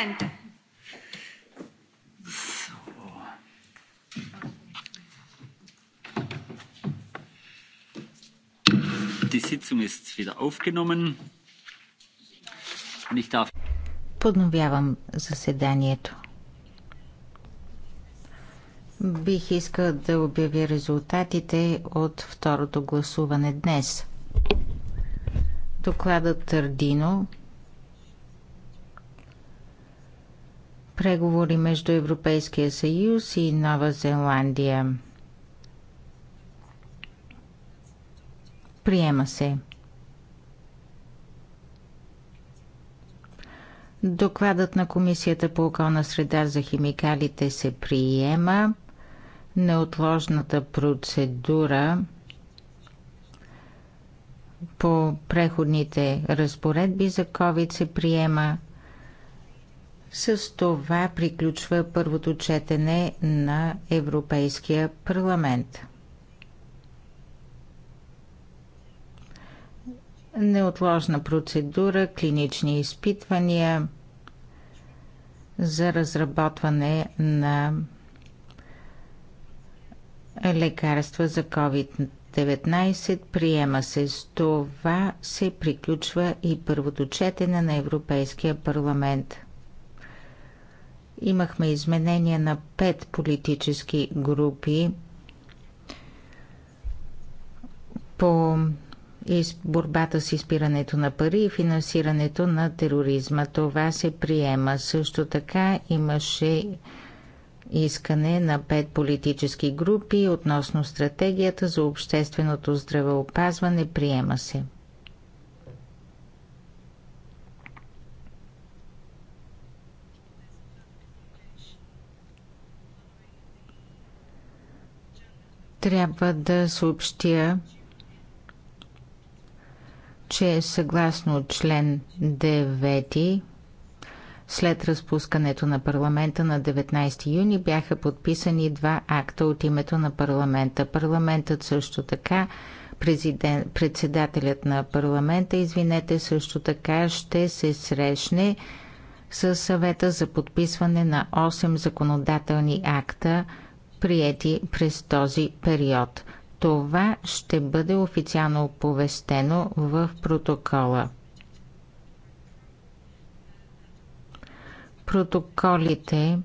Presidente. So. Die Sitzung ist wieder aufgenommen. Und ich darf Подновявам заседанието. Бих искал да обявя резултатите от второто гласуване днес. Докладът Търдино преговори между Европейския съюз и Нова Зеландия. Приема се. Докладът на Комисията по околна среда за химикалите се приема. Неотложната процедура по преходните разпоредби за COVID се приема с това приключва първото четене на Европейския парламент. Неотложна процедура, клинични изпитвания за разработване на лекарства за COVID-19. Приема се с това се приключва и първото четене на Европейския парламент. Имахме изменения на пет политически групи по борбата с изпирането на пари и финансирането на тероризма. Това се приема. Също така имаше искане на пет политически групи относно стратегията за общественото здравеопазване. Приема се. Трябва да съобщя, че съгласно член 9 след разпускането на парламента на 19 юни бяха подписани два акта от името на парламента. Парламентът също така, президент, председателят на парламента, извинете, също така ще се срещне със съвета за подписване на 8 законодателни акта приети през този период. Това ще бъде официално оповестено в протокола. Протоколите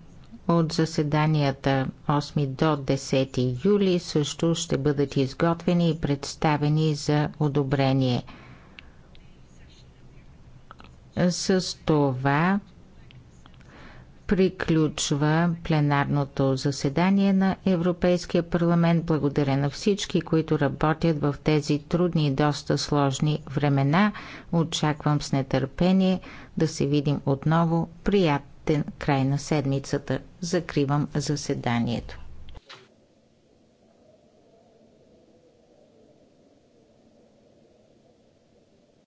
от заседанията 8 до 10 юли също ще бъдат изготвени и представени за одобрение. С това приключва пленарното заседание на Европейския парламент. Благодаря на всички, които работят в тези трудни и доста сложни времена. Очаквам с нетърпение да се видим отново. Приятен край на седмицата. Закривам заседанието.